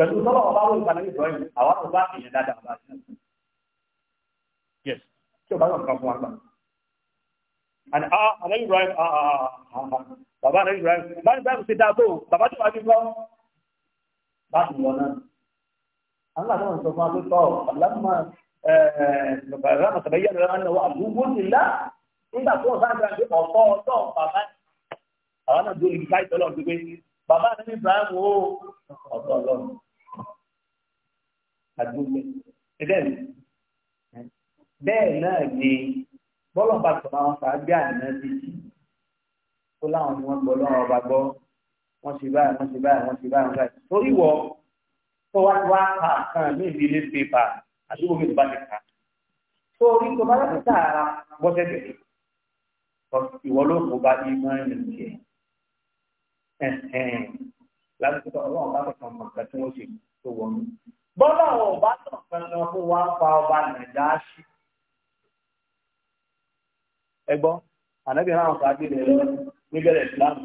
pẹ̀lú sọ́lọ́ ọba wo ìpàdé ìbọ̀rẹ́ yìí àwa kò bá èèyàn dáadáa ọba sí náà. yes tí o bá yàn kan fún wa gbà. and ah anabi ibrahim ah ah ah baba ah, anabi ah. ibrahim baba ibrahim ṣe dáa bó o baba tí wàá fi gbọ́. bá a ti lọ náà àwọn àti wọn sọ fún wa pé tọ́ ọ̀làmà ẹ̀ẹ́dẹ̀gbẹ̀rẹ̀ màtàbí yẹn lọ́wọ́ ní ọwọ́ àdúgbò nílá nígbà tó ọ̀sán àgbà pé ọ̀tọ̀ ọ̀tọ̀ bàbá àwọn náà dúró ibi káyọ̀ bàbá anabi ibrahim ọ̀tọ̀ ọlọ́run àdúgbò ẹgbẹ́ mi bẹ́ẹ̀ náà ni bọ́lọ̀ bá sọ̀rọ̀ àwọn sàábíà náà ti jì tó láwọn ni wọ́n gbọ́ lọ́wọ́ ọba gbọ́ wọ́n ṣe báyìí wọ́n ṣe báyìí wọ́n ṣe báyìí wọ́n ṣe báyìí torí wọ́ tó wá wá kà kan ní ìdílé pépà àdúgbò mi tó bá ti kà torí tó bá láti sàárà gbọ́sẹ̀ bẹ̀rẹ̀ ìwọ ló kó bá ní mọ́ ẹ̀yìn tiẹ̀ lásìkò ọlọ́run bá kọ̀ọ̀kan mọ̀ọ́ká tí wọ́n ṣe tó wọ́n mú bọ́lá àwọn ọba tàn kan lọ fún wa pa ọba nàìjà ṣí. ẹ gbọ́ ànábì náà fà á gbé lẹ́yìn lọ níbẹ̀rẹ̀ ìsìlámù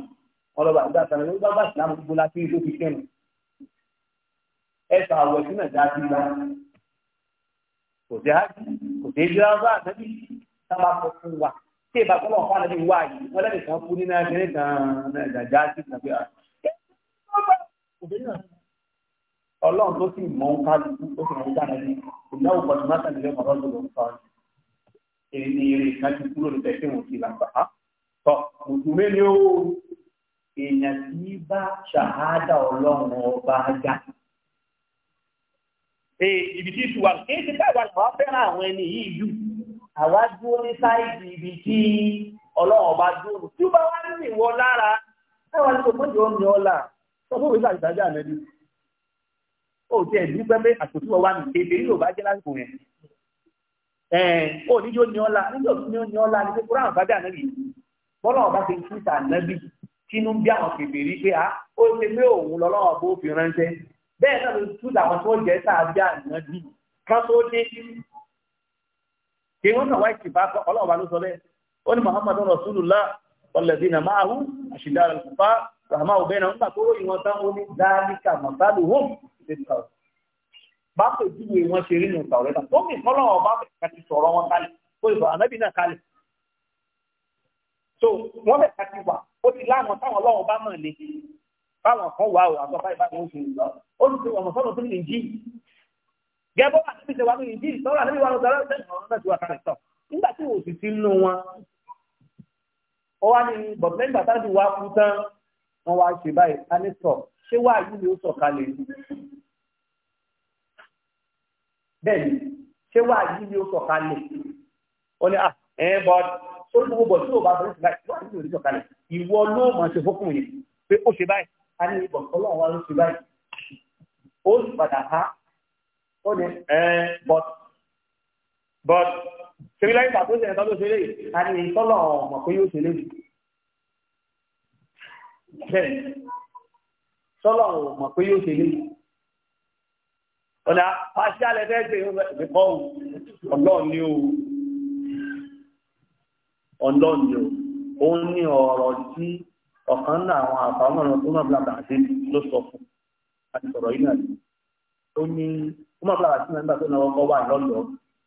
ọlọ́ba àti àtàlẹ́ ló bá bá ìsìlámù gbogbo láti ìlú fi kẹ́nu. ẹ sọ àwọ̀ sí nàìjà sí gbà kò sí ájì kò sí ìdílé ọba ànábì sábà kọ fún wa tí ìbá kọ́ lọ́wọ́ fún ànábì wá yìí wọ́n lẹ́nu kan kú nínú ẹgbẹ́ nìkan nàìjà sí nàìjà ọlọ́run tó sì mọ ń kájú tó sì mọ ń jáde ní ìdáwó pọ̀jù má sàlẹ̀ lẹ́mọ̀ lọ́dún ló ń sọ ọ́ èrè ni èrè kan ti kúrò nípa ẹ̀sìn òun ti làǹfà á ah, tọ́ mùsùlùmí ni ó èèyàn tí bá ṣàhádà ọlọ́run ọba ajá ibi tí ìtura kìí ṣe bẹ́ẹ̀ wà ní wọ́n fẹ́ràn àwọn ẹni yìí jù àwa dúró ní sáìdì ibi tí ọlọ́run ọba dúró tí ó bá wá ní ìwọ lára ẹ wà kò mọ́jọ́ ó ti ẹ̀ dúpẹ́ pé àpótí wọn wà ní ebèrè ló bá jẹ́ lásìkò yẹn ó níjó ní ọ́la níjó ní ó ní ọ́la ní pé kúrò àwọn bábí ànábì bọ́lá ọba ti ń tún ìta ànábì tínú bí àwọn kèbèrè pé a ah, ó ṣe pé òun lọ́lọ́wọ́ bó fi ránṣẹ́ bẹ́ẹ̀ náà ló tún làwọn tó jẹ́ sáàbí ànábì kan tó dé kí wọ́n náà wáyé tìbá ọlọ́ọ̀bá ló sọ bẹ́ẹ̀ ó ní Muhammadu Rasulullah والذين معه أشداء الكفار رحماء بينهم تقولوا إن وطنهم ذلك مثلهم six thousand. bá tó dúró wọn ṣe rí nù tàwọn ẹ̀ta tó mì kọ́lọ́ ọba bẹ̀rẹ̀ ti sọ̀rọ̀ wọn kalẹ̀ ó lè sọ ànábì náà kalẹ̀. so wọ́n bẹ̀rẹ̀ ti wà ó ti láwọn táwọn ọlọ́run bá mọ̀ ní báwọn kan wà ó àtọ́ báyìí báyìí ó fi lọ ó lù pé ọmọ sọ́nà tó ní jí gẹ́gbọ́n àti ṣe wà ní jí sọ́nà àti wà lọ́dọ̀ ọ̀rọ̀ náà ti wà kalẹ̀ sọ nígbà tí òsì ti ń ó wá ní bọ̀dé nígbà táwọn ti wá kú tán wọ́n wá ṣe báyìí á ní sọ ṣé wáyé ni ó sọ kalẹ̀ bẹ́ẹ̀ ni ṣé wàá yí ni ó sọ̀kalẹ̀ ó ní ah, ẹ bọ́ ó ní gbogbo tí o bá fẹ́ sílẹ̀ wàá yí ni ó ní sọ̀kalẹ̀ ìwọ ló mọ̀ ṣe fókùn yẹn pé ó ṣe báyìí a ní ìbọ̀ ọlọ́run wa ló ṣe báyìí ó sì padà há ó ní ẹ bọ́ bọ́ ṣe láyé pàtó ṣe ẹ̀tọ́ ló ṣe léyìí a ní ìtọ́lọ̀ ọmọ pé yóò ṣe léyìí bẹ́ẹ̀ sọ́lọ̀ ọmọ pé yóò ṣe léyìí ọ̀nà pàṣálẹ̀ fẹ́ẹ̀sẹ̀ ìkọ́ ọlọ́ọ̀ni o ọlọ́ọ̀ni o ó ní ọ̀rọ̀ tí ọ̀kan náà àwọn àfàmọ́ràn tó máa blabla àti ló sọ fún àti sọ̀rọ̀ yìí náà ó ní ó máa blabla sí nígbà tó náà wọ́n wà lọ́lọ́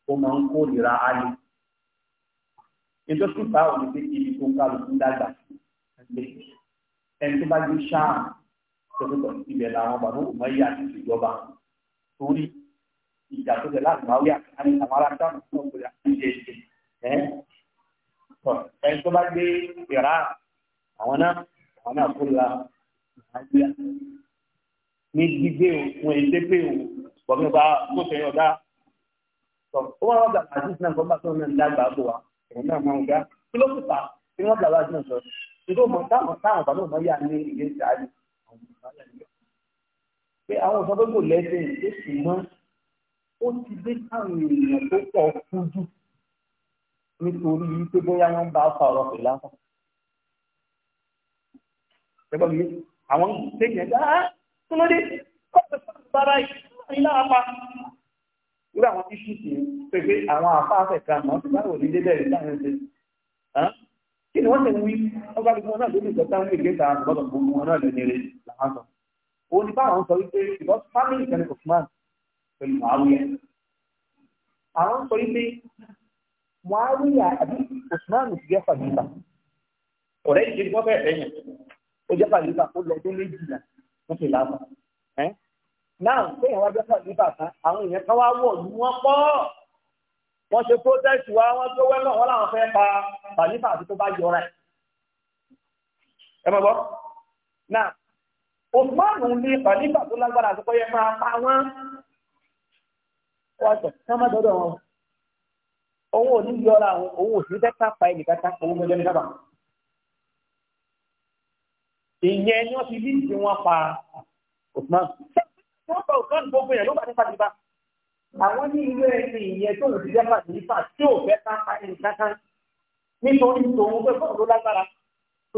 ó máa ń kórìíra ayé ìjọsìn báwo ni pé ibi tó kálukú dàgbà ẹni tó bá gbé ṣáà tó tó tọ̀ ibẹ̀ làwọn bàbá òun máa yà àti ìjọba torí ìjà jatuh tẹ̀ láti máa wí àti àwọn ará sáà tó ń pè á ti jẹ ìjẹ ẹ ẹni tó bá gbé ìrà àwọn náà àwọn náà kó la nàìjíríà ní gbígbé òkun ẹgbẹ́ pé o bọ̀mí ọba kó sẹ́yìn ọ̀gá ó wá wọ́n gbà àti sinam kọ́ bá tó náà ń dàgbà bò wá ẹ̀rọ náà máa ń gbà kí ló kù pa kí wọ́n gbà wá sí náà sọ ṣùgbọ́n táwọn táwọn pé àwọn ọ̀sán tó kò lẹ́sìn tó sì mọ́ ó ti dé káwọn èèyàn tó pọ̀ kú jù nítorí pé bóyá wọ́n ń bá fa ọ̀rọ̀ pè lásán. ẹgbẹ́ mi àwọn tẹ̀yìn dá ah, kí ló dé kọ́ọ̀tù sára iná apá. irú àwọn iṣu sì ń pè pé àwọn afáfẹ́ kan mọ̀ sí báwo ní débẹ̀ rí sáà ń ṣe. kí ni wọ́n ti ń wí wọ́n bá gbogbo wọn náà lórí ìtọ́ta ń gbègbè ta àgbọ̀dọ̀ gbogbo wọn náà lónìí rẹ̀ làwọn sọ òun ni báwọn sọ wípé because family kan Usman pẹ̀lú Muawiya àwọn sọ wípé Muawiya àbí Usman ti jẹ́ fàlífà ọ̀rẹ́ ìṣe ni wọ́n fẹ́ rẹ̀ yẹn ó jẹ́ fàlífà ó lọ ọdún méjìlá wọ́n fi láàbà náà kéèyàn wá jẹ́ fàlífà kan àwọn èèyàn kan wá wọ̀ ní wọ́n pọ̀ wọ́n ṣe protest wa wọ́n tó wẹ́lọ̀ wọ́n làwọn fẹ́ pa fàlífà àti tó bá yọra ẹ̀ ẹ mọ̀ bọ́ náà. Osmanu ní Bàlífà tó lágbára àti pẹ́yẹ máa pa wọ́n. Wọ́n sọ, dọ́dọ̀ wọn. Òun ní yọra àwọn òun ò pa ẹnì kata òun mẹ́jọ ní sábà. Ìyẹn ni wọ́n fi bí ìdí wọn pa Osman. Àwọn ní ilé ẹni ìyẹn tó ń ti dẹ́ka Bàlífà tí ò fẹ́ ká pa ẹnì kata nítorí tòun pé fóònù lágbára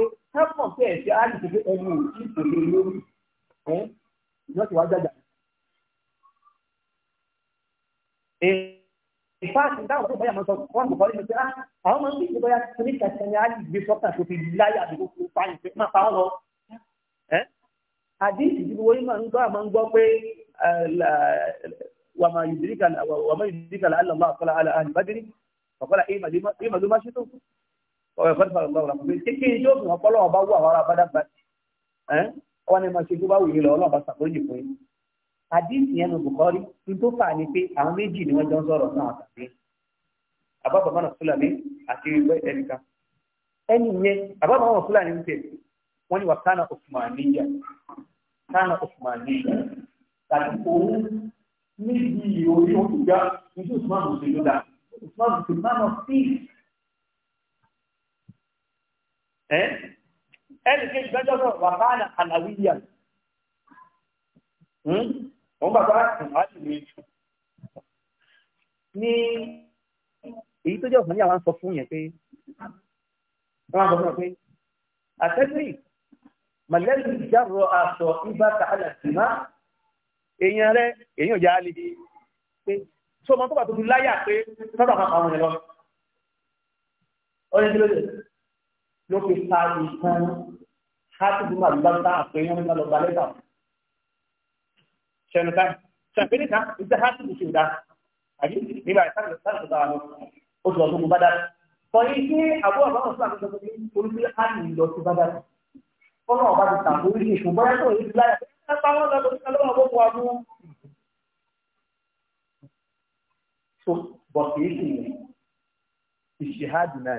pé sẹ́mọ̀ pé ẹ̀ṣẹ̀ á ti fi ẹnu òjì ìpèlè lórí ẹ̀ ìjọ ti wá jàjà. ìfáàsì táwọn tó báyà máa sọ wọn kò kọ́lé mi pé ah, àwọn máa ń bí ìjọba three kẹsàn-án ni á lè gbé sọ́kà tó fi láyà àdúgbò tó fáyìn pé má pa wọn lọ. àdéhùn ìdílé wọlé máa ń gbọ́ àmọ́ ń gbọ́ pé وما يدريك وما يدريك لعل الله اطلع على اهل بدر فقال اعملوا ọ̀rẹ́ fẹ́ fà lọ́wọ́ làkùnfẹ́ kéèké yóò fi hàn pọ́lọ́ ọba wú àwọn ará bàdàgbà ẹ́ wọ́n ní ma ṣe tó bá wù yín lọ ọlọ́ọ̀bá sàkóyè fún yín. àdìsí yẹn nu bùkọ́rí ní tó fà ní pé àwọn méjì ni wọ́n jọ ń sọ̀rọ̀ sáwọn tàbí àbábà mọ́nà fúlàní àti ẹgbẹ́ ẹ̀ríkà ẹni yẹn àbábà mọ́nà fúlàní ń tẹ̀ wọ́n ní wà kánà òfùmàníyà kánà òfùmàníyà tàbí òun níbi ìròyìn òkúta ní tí òsùmánù ṣe ló dà òsùmánù Eh? ẹnì kejì lọ́jọ́ náà wà bá àná àlàwíyà hmm? òun bàbá àti mi ní èyí tó jẹ́ ọ̀sán ní àwọn sọ fún yẹn pé wọ́n á sọ fún yẹn pé àtẹ́sí màlẹ́sì jábọ̀ aṣọ ibà tààlà tìmá èèyàn rẹ èèyàn ò já lè pé tó ọmọ tó bá tó fi láyà pé sọ́dọ̀ kan àwọn yẹn lọ. kí ló dé ló fi ka ìtàn hátìbùmọ̀ àdúgbàtà àpéyàn nínú ọlọ́gbà lẹ́gbà ṣẹ̀nù táì ṣàpé níta ìṣe hátìbù ṣe dá àbí nígbà ìsáàlù sáàlù bá wọn oṣù ọdún bá dá kọ̀yí sí àbúrò àbáwọn fún àgbẹ̀dọ̀ pé orí àmì lọ sí bá dá fọ́nà ọba ti tà lórí ìṣùn bọ́yá tó yẹ láyà ẹ bá wọn lọ lórí ọlọ́wọ́ gbogbo àbú. so bọ̀ kì í sì ìṣèhádùn náà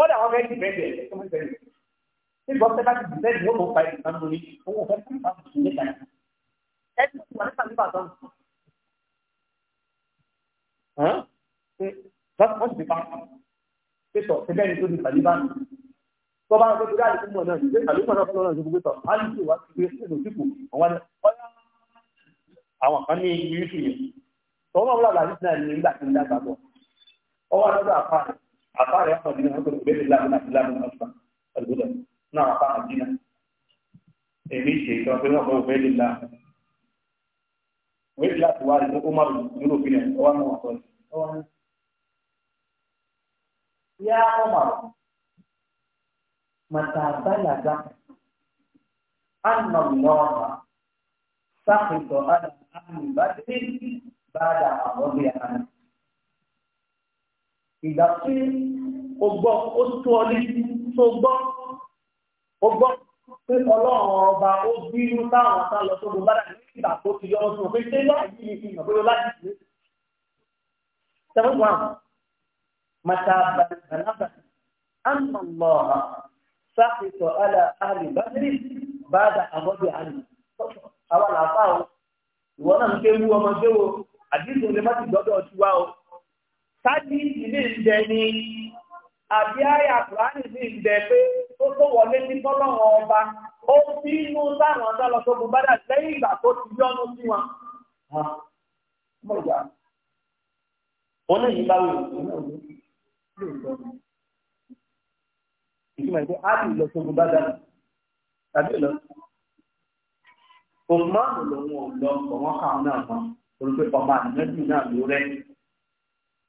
kódà wọn fẹ́ẹ́ dìbẹ́ bẹ̀ ẹ̀ tó ń bẹ̀rẹ̀ ní ìgbọ́ pé láti dìbẹ́ yóò tó pa ìgbà lórí owó fẹ́ fún ìgbà tó níta ẹ̀ ẹ̀ tó wà nípa nípa tó ń sọ. wọ́n sì pa pétọ̀ síbẹ̀ ní tó di kàlíbà nù. tó bá gbé gbé àlùkò mọ̀ náà ìgbé àlùkò náà fọlọ́ náà ti gbé tọ̀ á ní kí ti gbé sínú sípò àwọn àwọn kan ní irú yẹn. tọ́wọ́n wọn làbàá nígbà tí ń dàgbà bọ̀ ọwọ́ àdọ́dọ̀ àpá rẹ̀ عطاء يحفظ من هذا البيت الله من لا من أصلا الهدى نعم عطاء الدين إيه شيء كما قلنا هو بيت الله بيت الله توارد عمر يقولوا فينا هو ما وصل يا عمر متى بلغ أن الله سخط على أهل بدر بعد أن رضي عنه ìgbà tí ó gbọ́ ó tó ọ létí tó gbọ́ ó gbọ́ pé ọlọ́run ọba ó bínú táwọn tá lọ sógun bá dàgbé nígbà tó ti yọ ọdún pé ṣé láàyè yìí fi hàn bóyá láti ṣe. seven one mata banaba anamọba sáfìtọ ala ali badiri bada abọbi ali àwọn làbá o ìwọ náà ń ké wú ọmọ gbé wo àdìsùn lè má ti gbọ́dọ̀ ọtí wá o sáàdì ìdílé ń bẹ ní àbí àyà kùránì sí ń bẹ pé tó tó wọlé ní tọ́lọ́wọ́ ọba ó fi inú táwọn ọ̀dọ́ lọ sógun bádà lẹ́yìn ìgbà tó ti yọ́nú sí wọn. wọn náà yí báwo ìtumọ̀ ìpé á lè lọ sógun bádà tàbí lọ. òun máa ń lò wọn lọ ọ̀wọ́n kàwọn náà mọ́ torí pé ọmọ àdìmẹ́bì náà ló rẹ́.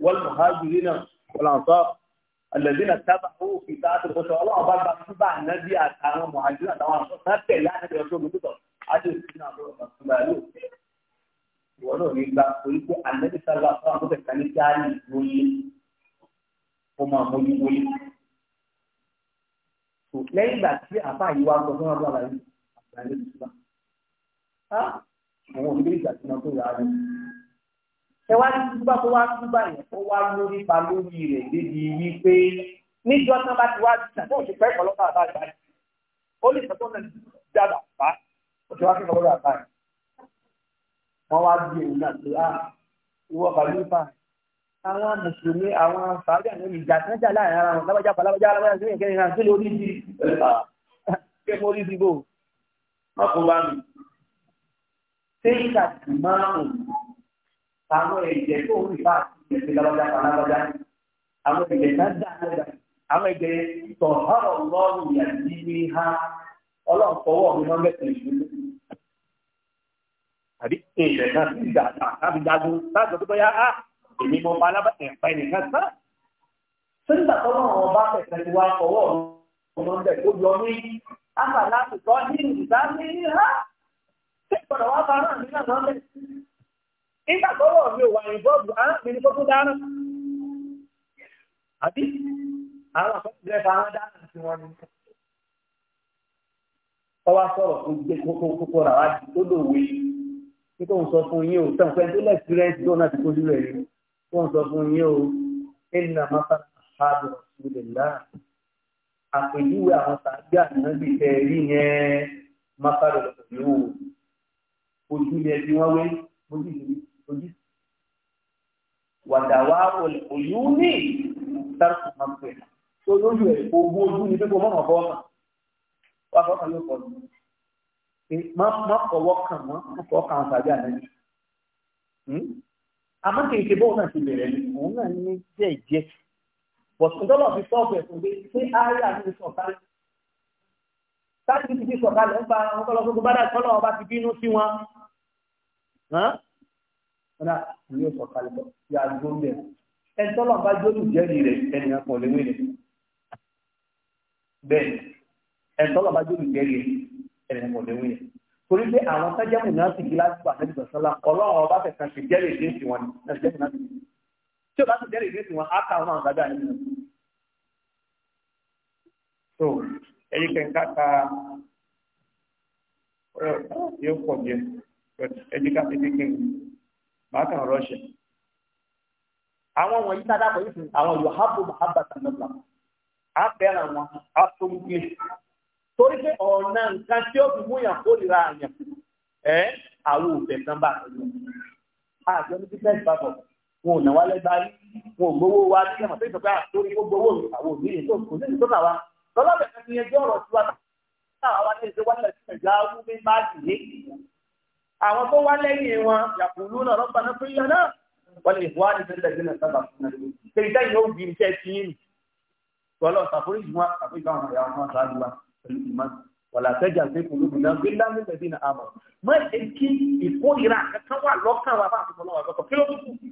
والمهاجرين والأنصار الذين اتبعوا في ساعة الخشوع الله أبارك بأتباع النبي أتعامى مهاجرين أتعامى أنصار حتى لا نبي رسول من تطور عجل سيدنا عبد الله سبحانه wọ́n náà ní gba torí pé àlẹ́bí sábà fún àwọn kẹ̀kẹ́ ní jáàlì lóye ó máa mójú wọlé. lẹ́yìn ìgbà tí àbá yìí wá sọ fún àbúrò àlàyé àbúrò àlàyé tó bá. àwọn òbí ìgbà tí wọ́n tó yà á lọ ẹ wá ní túbá tó wá túbá yẹn ó wá lórí pa lórí rẹ̀ débi wípé níjọ́ tán bá ti wá dùn àti òṣèpẹ ìkọlọpàá àbá àgbà yìí ó lè sọ tó ń dàgbà pa ó ti wá kí ìkọlọpàá àbá yìí wọn wá bí èyí náà pé ah ìwọ kàlífà àwọn mùsùlùmí àwọn fàájà ní ìjà tí wọn jà láàrin ara wọn lábàjá pa lábàjá lábàjá sí ìkẹyìn náà sí lórí ti ké mo rí dìbò wọn bá mi àwọn ẹ̀jẹ̀ tó ń bá ẹ̀sìn lọ́jà alábọ́jà àwọn ẹ̀jẹ̀ náà dá lọ́jà àwọn ẹ̀jẹ̀ tọ̀ ọ̀rọ̀ lọ́rùn yàtí ní ha ọlọ́run fọwọ́ mi máa ń bẹ̀sẹ̀ ìṣúná. àbí ẹ̀jẹ̀ náà ti dà tàbí dágún láti ọdún bóyá á èmi mọ alábàtẹ̀ ẹ̀fà ẹnìkan sá. sígbà tọ́lọ́run ọba fẹ̀sẹ̀ ti wá fọwọ́ mi máa ń bẹ̀ yọ mí àgbà láti tọ́ nígbà tọ́lọ̀ mi ò wà ní bọ́ọ̀bù á mi ní kókó dáná àbí àwọn àkọsílẹ̀ fà wọn dáná sí wọn ní. ọwọ́ sọ̀rọ̀ kó gbé kókó kókó rà wá sí tó lòwe kí tó ń sọ fún yín o tán pé tó lẹ́sìrẹ́sì tó náà ti kó o ẹnìyàn máa fà sáàbù sílẹ̀ náà àpèjúwe àwọn sàájú àná bíi tẹ̀ rí yẹn máa fà lọ́dọ̀ pẹ̀lú òjúlẹ̀ tí wọ́n wé mo sì ojú. Wàdàwà òyú ní ìtàkùn máa ń pè é. Tó lójú ẹ̀ ogún ojú ni pípọ̀ mọ́mọ́ bọ́ ọ̀nà. Wà fọ́ kan ló pọ̀ jù. Má fọwọ́ kàn mọ́, má fọwọ́ kàn tàbí àdájú. Àmọ́ kì í ṣe bóun náà ti bẹ̀rẹ̀ ni, òun náà ní jẹ́ẹ̀jẹ́. Bọ̀sùndọ́lọ̀ fi sọ́ọ̀bù ẹ̀sùn pé ṣé ayé àti ìṣọ̀kan táàbí ti fi sọ̀kalẹ̀ ń pa ọ̀nà ìlú yóò sọ̀kalẹ̀ bọ̀ yà á gbó bẹ̀. ẹ tọ́lọ̀ bá jólù jẹ́rìí rẹ̀ ẹnìyàn kan lè wéde. bẹ́ẹ̀ ẹ tọ́lọ̀ bá jólù jẹ́rìí rẹ̀ ẹnìyàn kan lè wéde. torí pé àwọn sájẹ́mù náà ti gíláàsì pa àtẹ́bí sọ̀sọ́lá ọlọ́run ọba fẹ̀ka ṣe jẹ́rìí ìdí ìsìn wọn ní sájẹ́mù náà ti tí o bá ti jẹ́rìí ìdí ìsìn wọn á ká so èyí kẹ̀kẹ́ ká yóò pọ̀ jẹ́ ẹ̀dí bákan rọ́ṣẹ̀. àwọn wọ̀nyí tá a dábọ̀ yìí fún àwọn yóò hábò mọ̀hábà tì lọ́la á fẹ́ràn wọn á tóbi torí pé ọ̀nà nǹkan tí ó fi mú yàn kórìíra àyàn ẹ̀ àwọn òfẹ́ kan bá pẹ̀lú àjọ ní business bàbọ̀ wọn ò náwó alẹ́ báyìí wọn ò gbowó wa sí ẹ̀mọ̀ tó ìtọ́ka àtórí ó gbowó àwọn òbí yìí kò ní ìtọ́ka wa lọ́lọ́bẹ̀ ti yẹn jọ́ ọ̀rọ̀ àwọn tó wá lẹ́yìn wọn yàkùlú náà rọ́pà náà fún ìyànà wọ́n lè wá ní tẹ́lẹ̀ tẹ́lẹ̀ sábà fún náà lórí tẹ́lẹ̀ tẹ́lẹ̀ yóò bí iṣẹ́ tí yín tọ́lọ̀ sàfúrí ìwọ̀n àfihàn àwọn àyà wọn sáájú wa pẹ̀lú ìmọ̀ wàlà tẹ́jà sí kùlú nìyàn gbé lámú bẹ̀bí na àmọ̀ mọ́ ẹ̀ kí ìkórira kankan wà lọ́kàn wa bá àtúntò lọ́wọ́ àgbẹ̀kọ̀ kí ló tún kù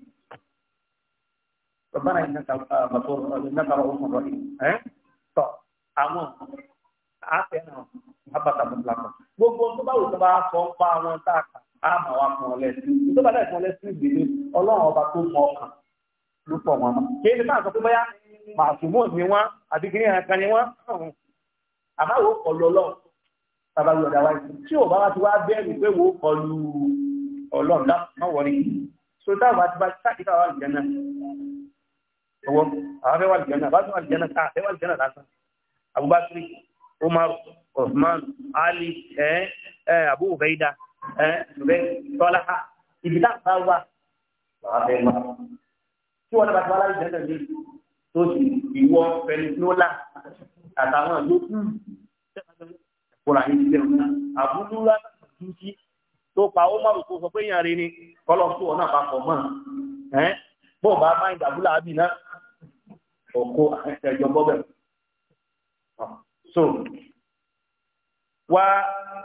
á fẹ́ràn apáta mọ̀tìlákọ̀. gbogbo tó bá wù tó bá sọ ń pa àwọn tá a kà á mọ̀ wá fún ọ lẹ́sìn tó bá dẹ̀ fún ọ lẹ́sìn ìgbèlè ọlọ́run ọba tó mọ ọkàn ló pọ̀ wọn kí ni máa sọ pé bóyá màsùmọ́ ni wọ́n àbí kí ni ẹ̀ka ni wọ́n àbáwò kọlu ọlọ́run bàbá wù ọ̀dà wáyé tí ò bá wá ti wá bẹ́ẹ̀rù pé wò ó kọlu ọlọ́run náà wọ́n rí so táwọn àti bá sáàkìtà wà lùjẹ́ náà ọwọ́ àwọn fẹ́ wà lùjẹ́ náà bá tún wà lùjẹ́ náà sáà fẹ́ náà lásán àbúbá tírì Umar Osman Ali ẹ ẹ Abu Ubaida ẹ Zubẹ Tọ́lá ibi tá a bá wà bàbá bẹ́ẹ̀ máa tí wọ́n bá ti wá láyé jẹ́jẹ́ mi tó sì ìwọ pẹ̀lúpẹ̀lúlá àtàwọn yòókù fúnra yìí ti dẹ̀rù náà àbúrú láti tún sí tó pa ó tó sọ pé èèyàn rẹ ni kọ́lọ́ tó ọ̀nà àpapọ̀ mọ́ ẹ́ bó bá bá ń dàbúlà ábì náà ọkọ ẹ̀jọ̀ bọ́bẹ̀ so wa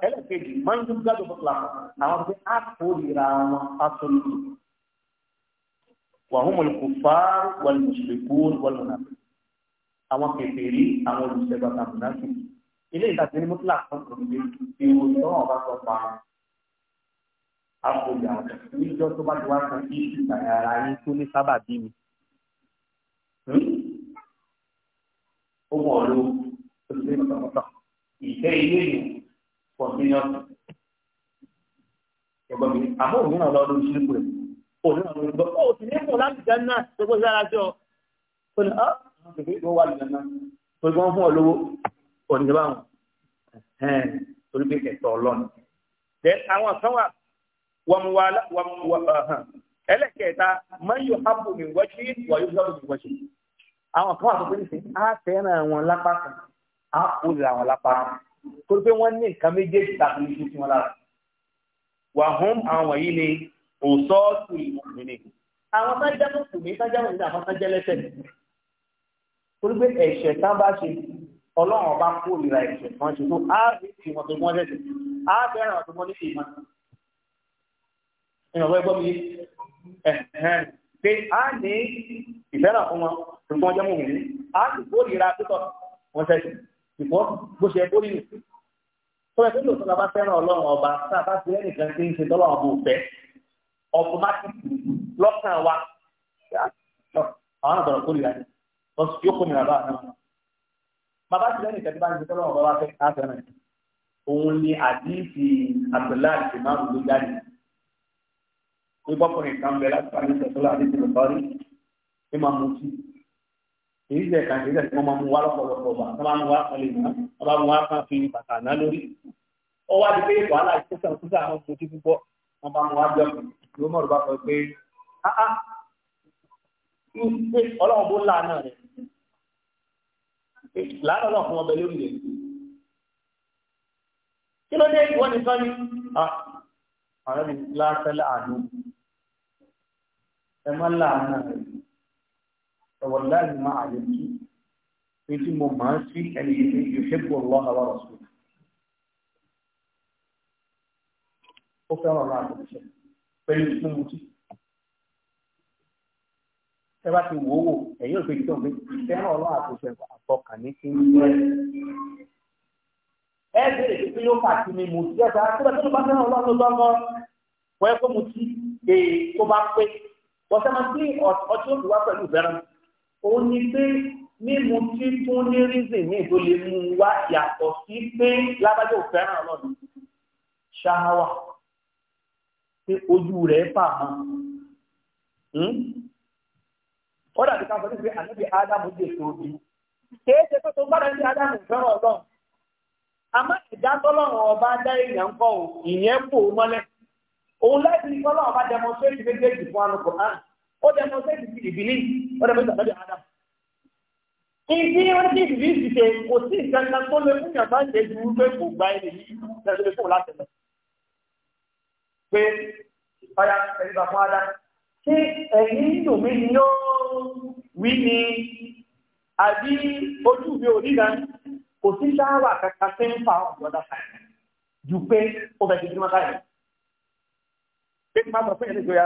ẹlẹ́kejì máa ń dún gbádùn fúnra àwọn tó á kórìíra wọn á tó lù wà hùmọ̀ lùkù fáárù wà lùmùsùlùkù wà lùmùnàfẹ́ àwọn kèfèrí àwọn olùsẹ̀gbà tàbùnàfẹ́ ilé ìtajà ní mọ́tò làkàn tó ń gbé ìwò tó wọn bá sọ pa á kórìíra wọn tó bá ti wá san ìṣù tàyàrà yín tó ní sábàbí mi. Hmm? ó mọ̀ ọ́ lóko ṣe pátápátá ìfẹ́ ilé yìí pọ̀ sí ní ọ̀sán ẹ̀gbọ́n mi àmọ́ òun náà lọ́ọ́ lórí sílíkù rẹ̀ òun náà lórí gbọ́ ó sì ní kò láti jẹ́ náà tó kó sára jọ ó ní ọ́ kèké ló wà lùdàn náà pé wọ́n fún ọ lówó òníjọba wọn torí pé ẹ̀tọ́ ọlọ́run dẹ àwọn kan wà wàmúwàlá wàmúwàlá ẹlẹ́kẹ̀ẹ́ta máa tó pé ní sè é á kó lè àwọn lápá torí pé wọ́n ní nǹkan méjèèjì tàbí iṣu tí wọ́n lára wà hún àwọn yìí ni òsọ́ọ̀tù ìmọ̀mìnì àwọn sájà tó kù mí sájà wọn ní àwọn sájà lẹ́sẹ̀ torí pé ẹ̀ṣẹ̀ tán bá ṣe ọlọ́run ọba kó lè ra ẹ̀ṣẹ̀ kan ṣe tó á rí ti tó wọ́n lẹ́sẹ̀ á fẹ́ràn wọn tó wọ́n ní ìmọ̀ ìrànwọ́ ẹgbọ́n mi pé a ní ìfẹ́ràn fún wọn tó wọ́n jẹ́ mọ̀mìnì á sì kó lè ra pípọ̀ wọn sẹ́sẹ̀ ìfọ́ bó ṣe kó nínú. Sọ yẹ kí lóòótọ́ la bá fẹ́ràn ọlọ́run ọba tá a bá ti lẹ́nìkan tí ń ṣe tọ́lọ́run ọba òfẹ́ ọ̀tọ́mátìkì lọ́kàn wa. Àwọn àgbọ̀rọ̀ kórìíra ni yóò kó nira bá a náà. Bàbá ti lẹ́nìkan tí bá ń ṣe tọ́lọ́run ọba fẹ́ á fẹ́ràn ẹ̀. Òun ni àdìsí Abdullahi Imam Lugani. Wípọ́kùnrin kan bẹ̀rẹ̀ láti parí ìṣẹ̀tọ́lá àdìsí Bùkọ́rí. Ìmọ̀ àmúti èyí jẹ kàn sí ẹsẹ ọmọ mu wá lọ́pọ̀lọpọ̀ bá ọba mu wá kọlẹ mọ ọba mu wá kàn fi bàtà náà lórí ọwọ́ àti pé wàhálà ìṣẹ̀ṣẹ̀ òkúta àwọn ojú púpọ̀ ọba mu wá jọ ló mọ ọba sọ pé áá ah, ah. pé Ọlọ́run bó là náà rẹ làánà náà fún ọbẹ lórí rẹ kí ló dé ìwọ nìkan ni ah, àwọn ẹni láṣẹ láàánú ẹ má làánà rẹ wallahi ma àyẹ̀kí pé tí mo máa ń sí ẹni yìí ní yuhibbu Allah wa rasuluhu. ó fẹ́ràn ọ̀la àtẹ̀ṣẹ́ pẹ̀lú ìpín mutí. ẹ bá ti wò ó wò ẹ̀yìn òfin tó ń gbé fẹ́ràn ọ̀la àtẹ̀ṣẹ́ àtọkàn ní kí n yẹ. ẹ bèrè pé kí sí mi mutí ẹ bá tó bá tó bá fẹ́ràn wọ́n ẹ kó mutí èè tó bá pé wọ́n sẹ́wọ́n sí ọtí ó ti wá òun ni pé mímu tí tún ní rízìn ní ìbò lè mú un wá yàtọ̀ sí pé lábájá ò fẹ́ràn ọlọ́ọ̀ni ṣáwà pé ojú rẹ̀ fà mọ́ hmm? ó dàbí ká sọ pé ànábì ádámù dè tóbi kìí ṣe pé tó gbọ́dọ̀ sí ádámù fẹ́ràn ọlọ́run àmọ́ ìdá tọ́lọ́run ọba dá èèyàn kọ́ ìyẹn bò mọ́lẹ̀ òun láti ní tọ́lọ́run ọba demonstrate méjèèjì fún anukọ̀ náà ó dẹ́nu ọ̀sẹ̀ ti ti ìbílí ó dẹ́nu ọ̀sẹ̀ àbẹ́bẹ̀ adam. ìdí wọn ti ìbílí ti ṣe kò sí ìkẹta tó lè fún yàtọ̀ àti ẹ̀jú pé kò gba ẹni yìí lẹ́sẹ̀ lè fún láti lọ. pé ọ̀yà ẹ̀rí bàbá adam ṣé ẹ̀yìn ìlú mi ni ó wí ni àbí ojú mi ò nígbà kò sí sáwà kankan tí ń fa ọ̀dọ́ ju pé ó fẹ́ ti dúró mọ́tà yìí. pé kí n bá sọ fún yẹn nígbà yà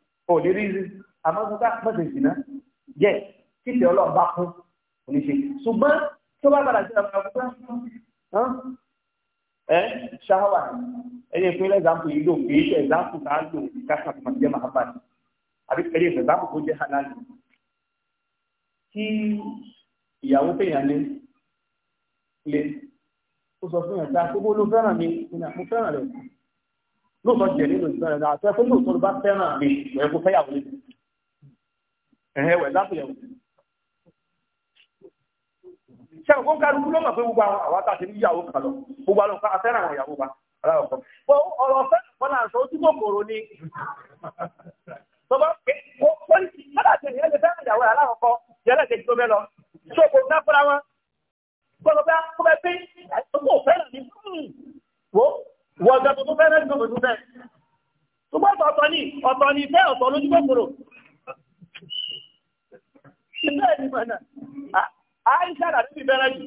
ò lè rí rí àmọ́ tó bá pèsè ìsìná yẹ títí ọlọ́run bá kún oníṣe ṣùgbọ́n tó bá padà sí ọ̀gá ọ̀gá ẹ ṣáwà ẹni ìpínlẹ̀ ẹ̀zámpù yìí lò kì í ṣe ẹ̀zámpù tá a lò káṣà tó máa jẹ́ mahabad àbí ẹni ẹ̀zámpù tó jẹ́ halal kí ìyàwó téèyàn lé lé ó sọ fún yàtá ah, gbogbo ló fẹ́ràn mi mo fẹ́ràn rẹ̀ lóòótọ́ jẹ nínú ìgbọ́n ẹ̀dá àti ẹ̀fọ́ lóòótọ́ bá fẹ́ràn mi ìwẹ̀ fẹ́yàwó níbi ẹ̀hẹ́ wẹ̀ lápẹ̀yàwó. ṣé o ká lóko lọ́mọ̀ pé gbogbo àwọn àwọn àti ìyàwó kan gbogbo àwọn ọ̀kan àwọn ìyàwó wa aláwọ̀kọ́. ọ̀rọ̀ ọ̀fẹ́ kọ́lá àṣọ ojú tó mẹ́ ni wọ́n wọ́n gan tó fẹ́rẹ́ nǹkan tó fẹ́ ṣùgbọ́n ọ̀tọ̀ ni ọ̀tọ̀ ni ìfẹ́ ọ̀tọ̀ lójú kòkòrò ìfẹ́ ni mọ̀nà àìsà àti ti fẹ́rẹ́ jù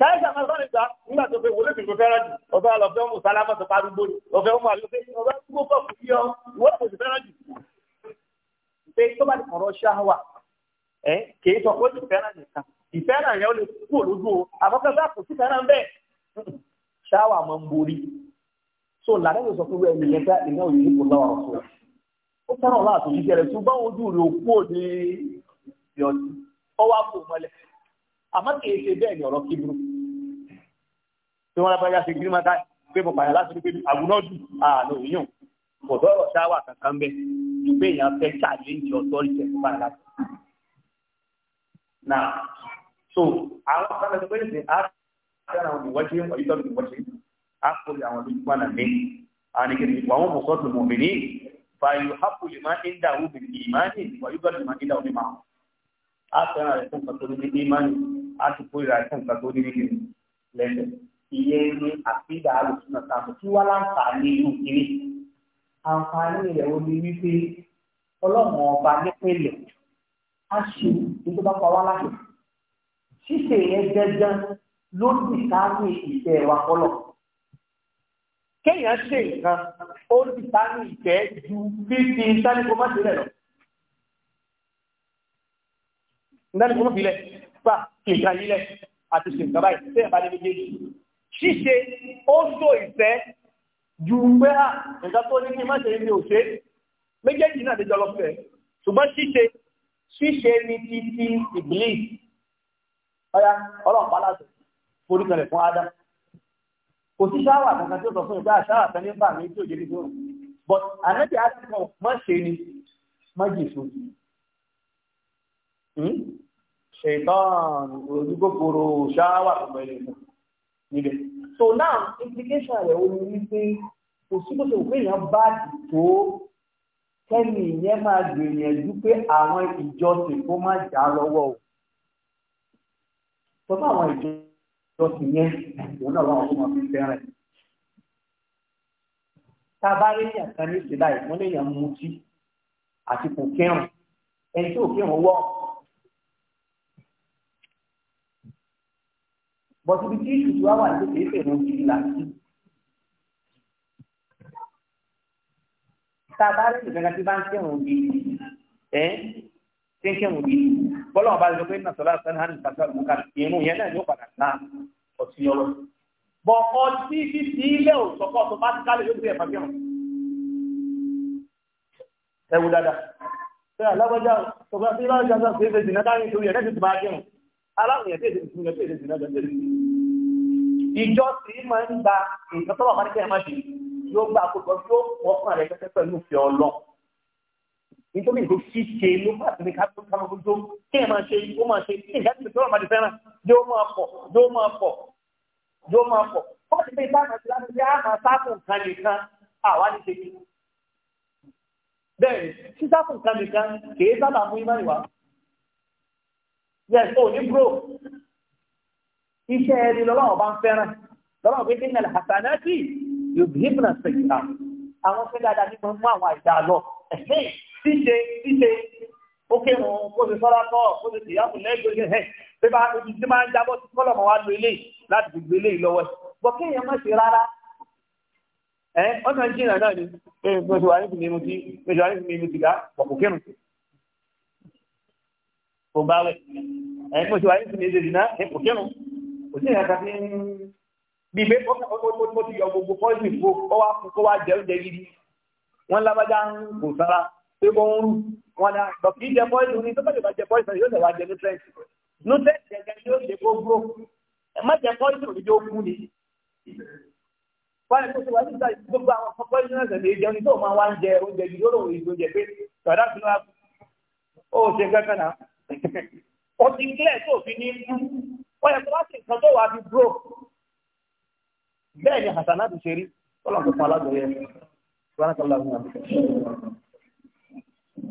káyọ̀sà máa sọ̀rọ̀ ìgbà nígbà tó fẹ́ wọlé tìǹkù fẹ́rẹ́ jù ọ̀fẹ́ ọlọ́fẹ́ ọmọ sálámà tó parí gbóni ọ̀fẹ́ ọmọ àlọ́fẹ́ ọ̀fẹ́ gbogbo kọ̀ọ̀kù yí ọ ìwọ́n kò sì fẹ́rẹ́ jù pé tó bá ti kọ̀rọ̀ ṣáwà ẹ̀ nìkan ìfẹ́ràn yẹn ó lè kú òlójú o àkọ́kọ́ bá kò sí fẹ́ràn bẹ́ẹ̀ ṣáwà máa ń borí so làdẹ́gbẹ̀ sọ pé ẹni yẹn fẹ́ iná òye ipò lọ́wọ́ ọ̀sùn ó fẹ́ràn ọ̀la àtòjú jẹrẹ ṣùgbọ́n ojú rẹ̀ òkú òde ìyọ̀tí ọwọ́ àpò mọ́lẹ̀ àmọ́ kì í ṣe bẹ́ẹ̀ ni ọ̀rọ̀ kíbrú tí wọ́n lábẹ́ yàtọ̀ gírí máta pé mo pààyàn láti pé àgùnà dù àná òyìn kò tọ́rọ̀ ṣáwà kankan bẹ́ ju pé èèyàn fẹ́ ṣàlẹ́yìn ọ̀tọ́rìtì ẹ̀kọ́ bá láti. na so àwọn kan lọ sí pé ní ṣe á fẹ́ràn ìwọ́ṣe ìwọ́ṣe á kó lè àwọn lójú pàdà mí àníkìní wàwọn mọ̀ sọ́tù mọ̀ mí ní fàyò hápù lè máa ń dà wù mí ní ìmáàní wàyò gbọ́dọ̀ máa ń dà wù mí máa. á fẹ́ràn rẹ̀ fún nǹkan tó ní ní ìmáàní á ti kó ìrà fún nǹkan tó ní ní kìnnì lẹ́sẹ̀. ìyẹn ni àfihàn alùpùpù náà tààtò tí wọ́n láǹfààní kéèyàn ṣe nǹkan ó ti bá ní ìfẹ́ ju fífi sáníkómọ́sí rẹ̀ lọ. sáníkómọ́sí lẹ̀ gbà nǹkan yìí lẹ̀ àti ṣe nǹkan báyìí tẹ́ ẹ̀ bá ní méjèèjì. ṣíṣe ó sọ ìfẹ́ ju pé à nǹkan tó ní kí n má ṣe ní òṣè méjèèjì náà déjọ lọ fẹ́ ṣùgbọ́n ṣíṣe ṣíṣe ní ti ti ìbílẹ̀ ọ̀ya láti forí kalẹ̀ fún ádámù kò sí ṣáwà kankan tó sọ fún ìgbà ah, ṣáwà kan ní bà mí tí ò jẹ́ nígbòrò but ànábì àdàkọ mọ́ ṣe ni mọ́ jì fún hmm? ṣètàn olùgbòkòrò ṣáwà pẹ̀lú ẹ̀kọ́ níbẹ̀ so now implication rẹ̀ ó ní wípé kò sí bó ṣe òfin èèyàn bá tó kẹ́mi ìyẹn máa gbìyànjú pé àwọn ìjọsìn kó má já lọ́wọ́ o sọ fún àwọn ìjọsìn lọ sí yẹn òun náà wọn àwọn ọmọ fi fẹ́ràn ẹ̀. tá a bá rí èèyàn kan ní ìṣẹ̀lá yìí wọ́n lè yàn mutí àti kò kírun ẹni tí ò kírun wọ́. bọ̀sibí tí ìṣùtù wá wà nípa ìṣẹ̀lẹ̀ ìṣẹ̀lẹ̀ ìṣẹ̀lẹ̀ ìlànà tá a bá rí ìṣẹ̀lẹ̀ tí bá ń kírun bíi ẹ́ kínkín wò yìí bọ́lá wọn bá lè sọ pé nàṣọlá sani hàn kàkà lùkà irun yẹn náà yóò padà ná ọtí ọlọ. bọ̀ ọtí fífi ilé òsọ̀kọ̀ tó bá ti kálẹ̀ yóò gbé ẹ̀fà gẹ̀rùn. ẹ wù dáadáa ṣé alágbájá tọ́gbà sí ìlànà ìjàmbá ṣe é fèsì náà dáhùn ìṣòro yẹn lẹ́sìn tó máa gẹ̀rùn. aláwọ̀ yẹn tẹ̀sí ìṣúná tẹ̀sí ìṣúná dandan. ìjọ sì máa ń gba nítorí ìlú ṣíṣe ló bá ti ní ká tó ká lóko tó kí ẹ máa ṣe ó máa ṣe kí ìjà tó tọrọ máa ti fẹ́ràn yóò máa pọ̀ yóò máa pọ̀ yóò máa pọ̀ ó ti pé bá máa ti láti ṣe á máa sáàpù nǹkan nìkan àwa ní ṣe bẹ́ẹ̀ sí sáàpù nǹkan nìkan kìí sábà mú imáì wá. yes o ní bro iṣẹ́ ẹni lọ́wọ́ bá ń fẹ́ràn lọ́wọ́ pé kí ní alhassanati yóò bí hibna sèkìtà àwọn fẹ́ dáadáa ní mo mú àwọn àìdá lọ ẹ̀hìn ṣíṣe ṣíṣe ó kérun ó ti sọ́ra tọ́ ó ti tìyàpù lẹ́gbẹ̀ẹ́ ẹ̀ pé bá ojú tí máa ń jábọ́ sí kọ́lọ̀mù wa lo eléyìí láti gbogbo eléyìí lọ́wọ́ ẹ̀ bọ́ kéèyàn má ṣe rárá ẹ̀ ọ̀nà jìnnà náà ni pé mo ti wà níbi mímu ti mo ti wà níbi mímu ti ká pọ̀ kò kérun kò bá wẹ̀ ẹ̀ mo ti wà níbi mímu ti ná ẹ̀ kò kérun kò sí ìyàtọ̀ fi ń bí ibé ó ti yọ gbogbo pọ́ìsì kó wá jẹ oúnjẹ gidi wọ́n lábájá ń kò sára pé wọ́n ń rú wọn náà bọ̀ kì í jẹ pọ́ìsì ní tọ́pọ̀ ìbá jẹ pọ́ìsì yóò tẹ̀ wá jẹ nutrẹ́ǹtì nutrẹ́ǹtì gẹ́gẹ́ yóò ṣe kó gbó ẹ má jẹ pọ́ìsì òní yóò kú ni. wọ́n ti wá sí ìta gbogbo àwọn pọ́ìsì náà tẹ̀lé jẹun ní tó máa wá ń jẹ oúnjẹ yìí yóò lòun ìgbò jẹ pé tọ́dá fi wá ó ṣe kankan náà ó ti kílẹ̀ tó fi ní kú wọ́n yẹ wá sí nǹkan tó wà fi dúró bẹ́ẹ̀ ni hasanatu ṣe rí ọlọ́run tó fún alágbèrè ẹ̀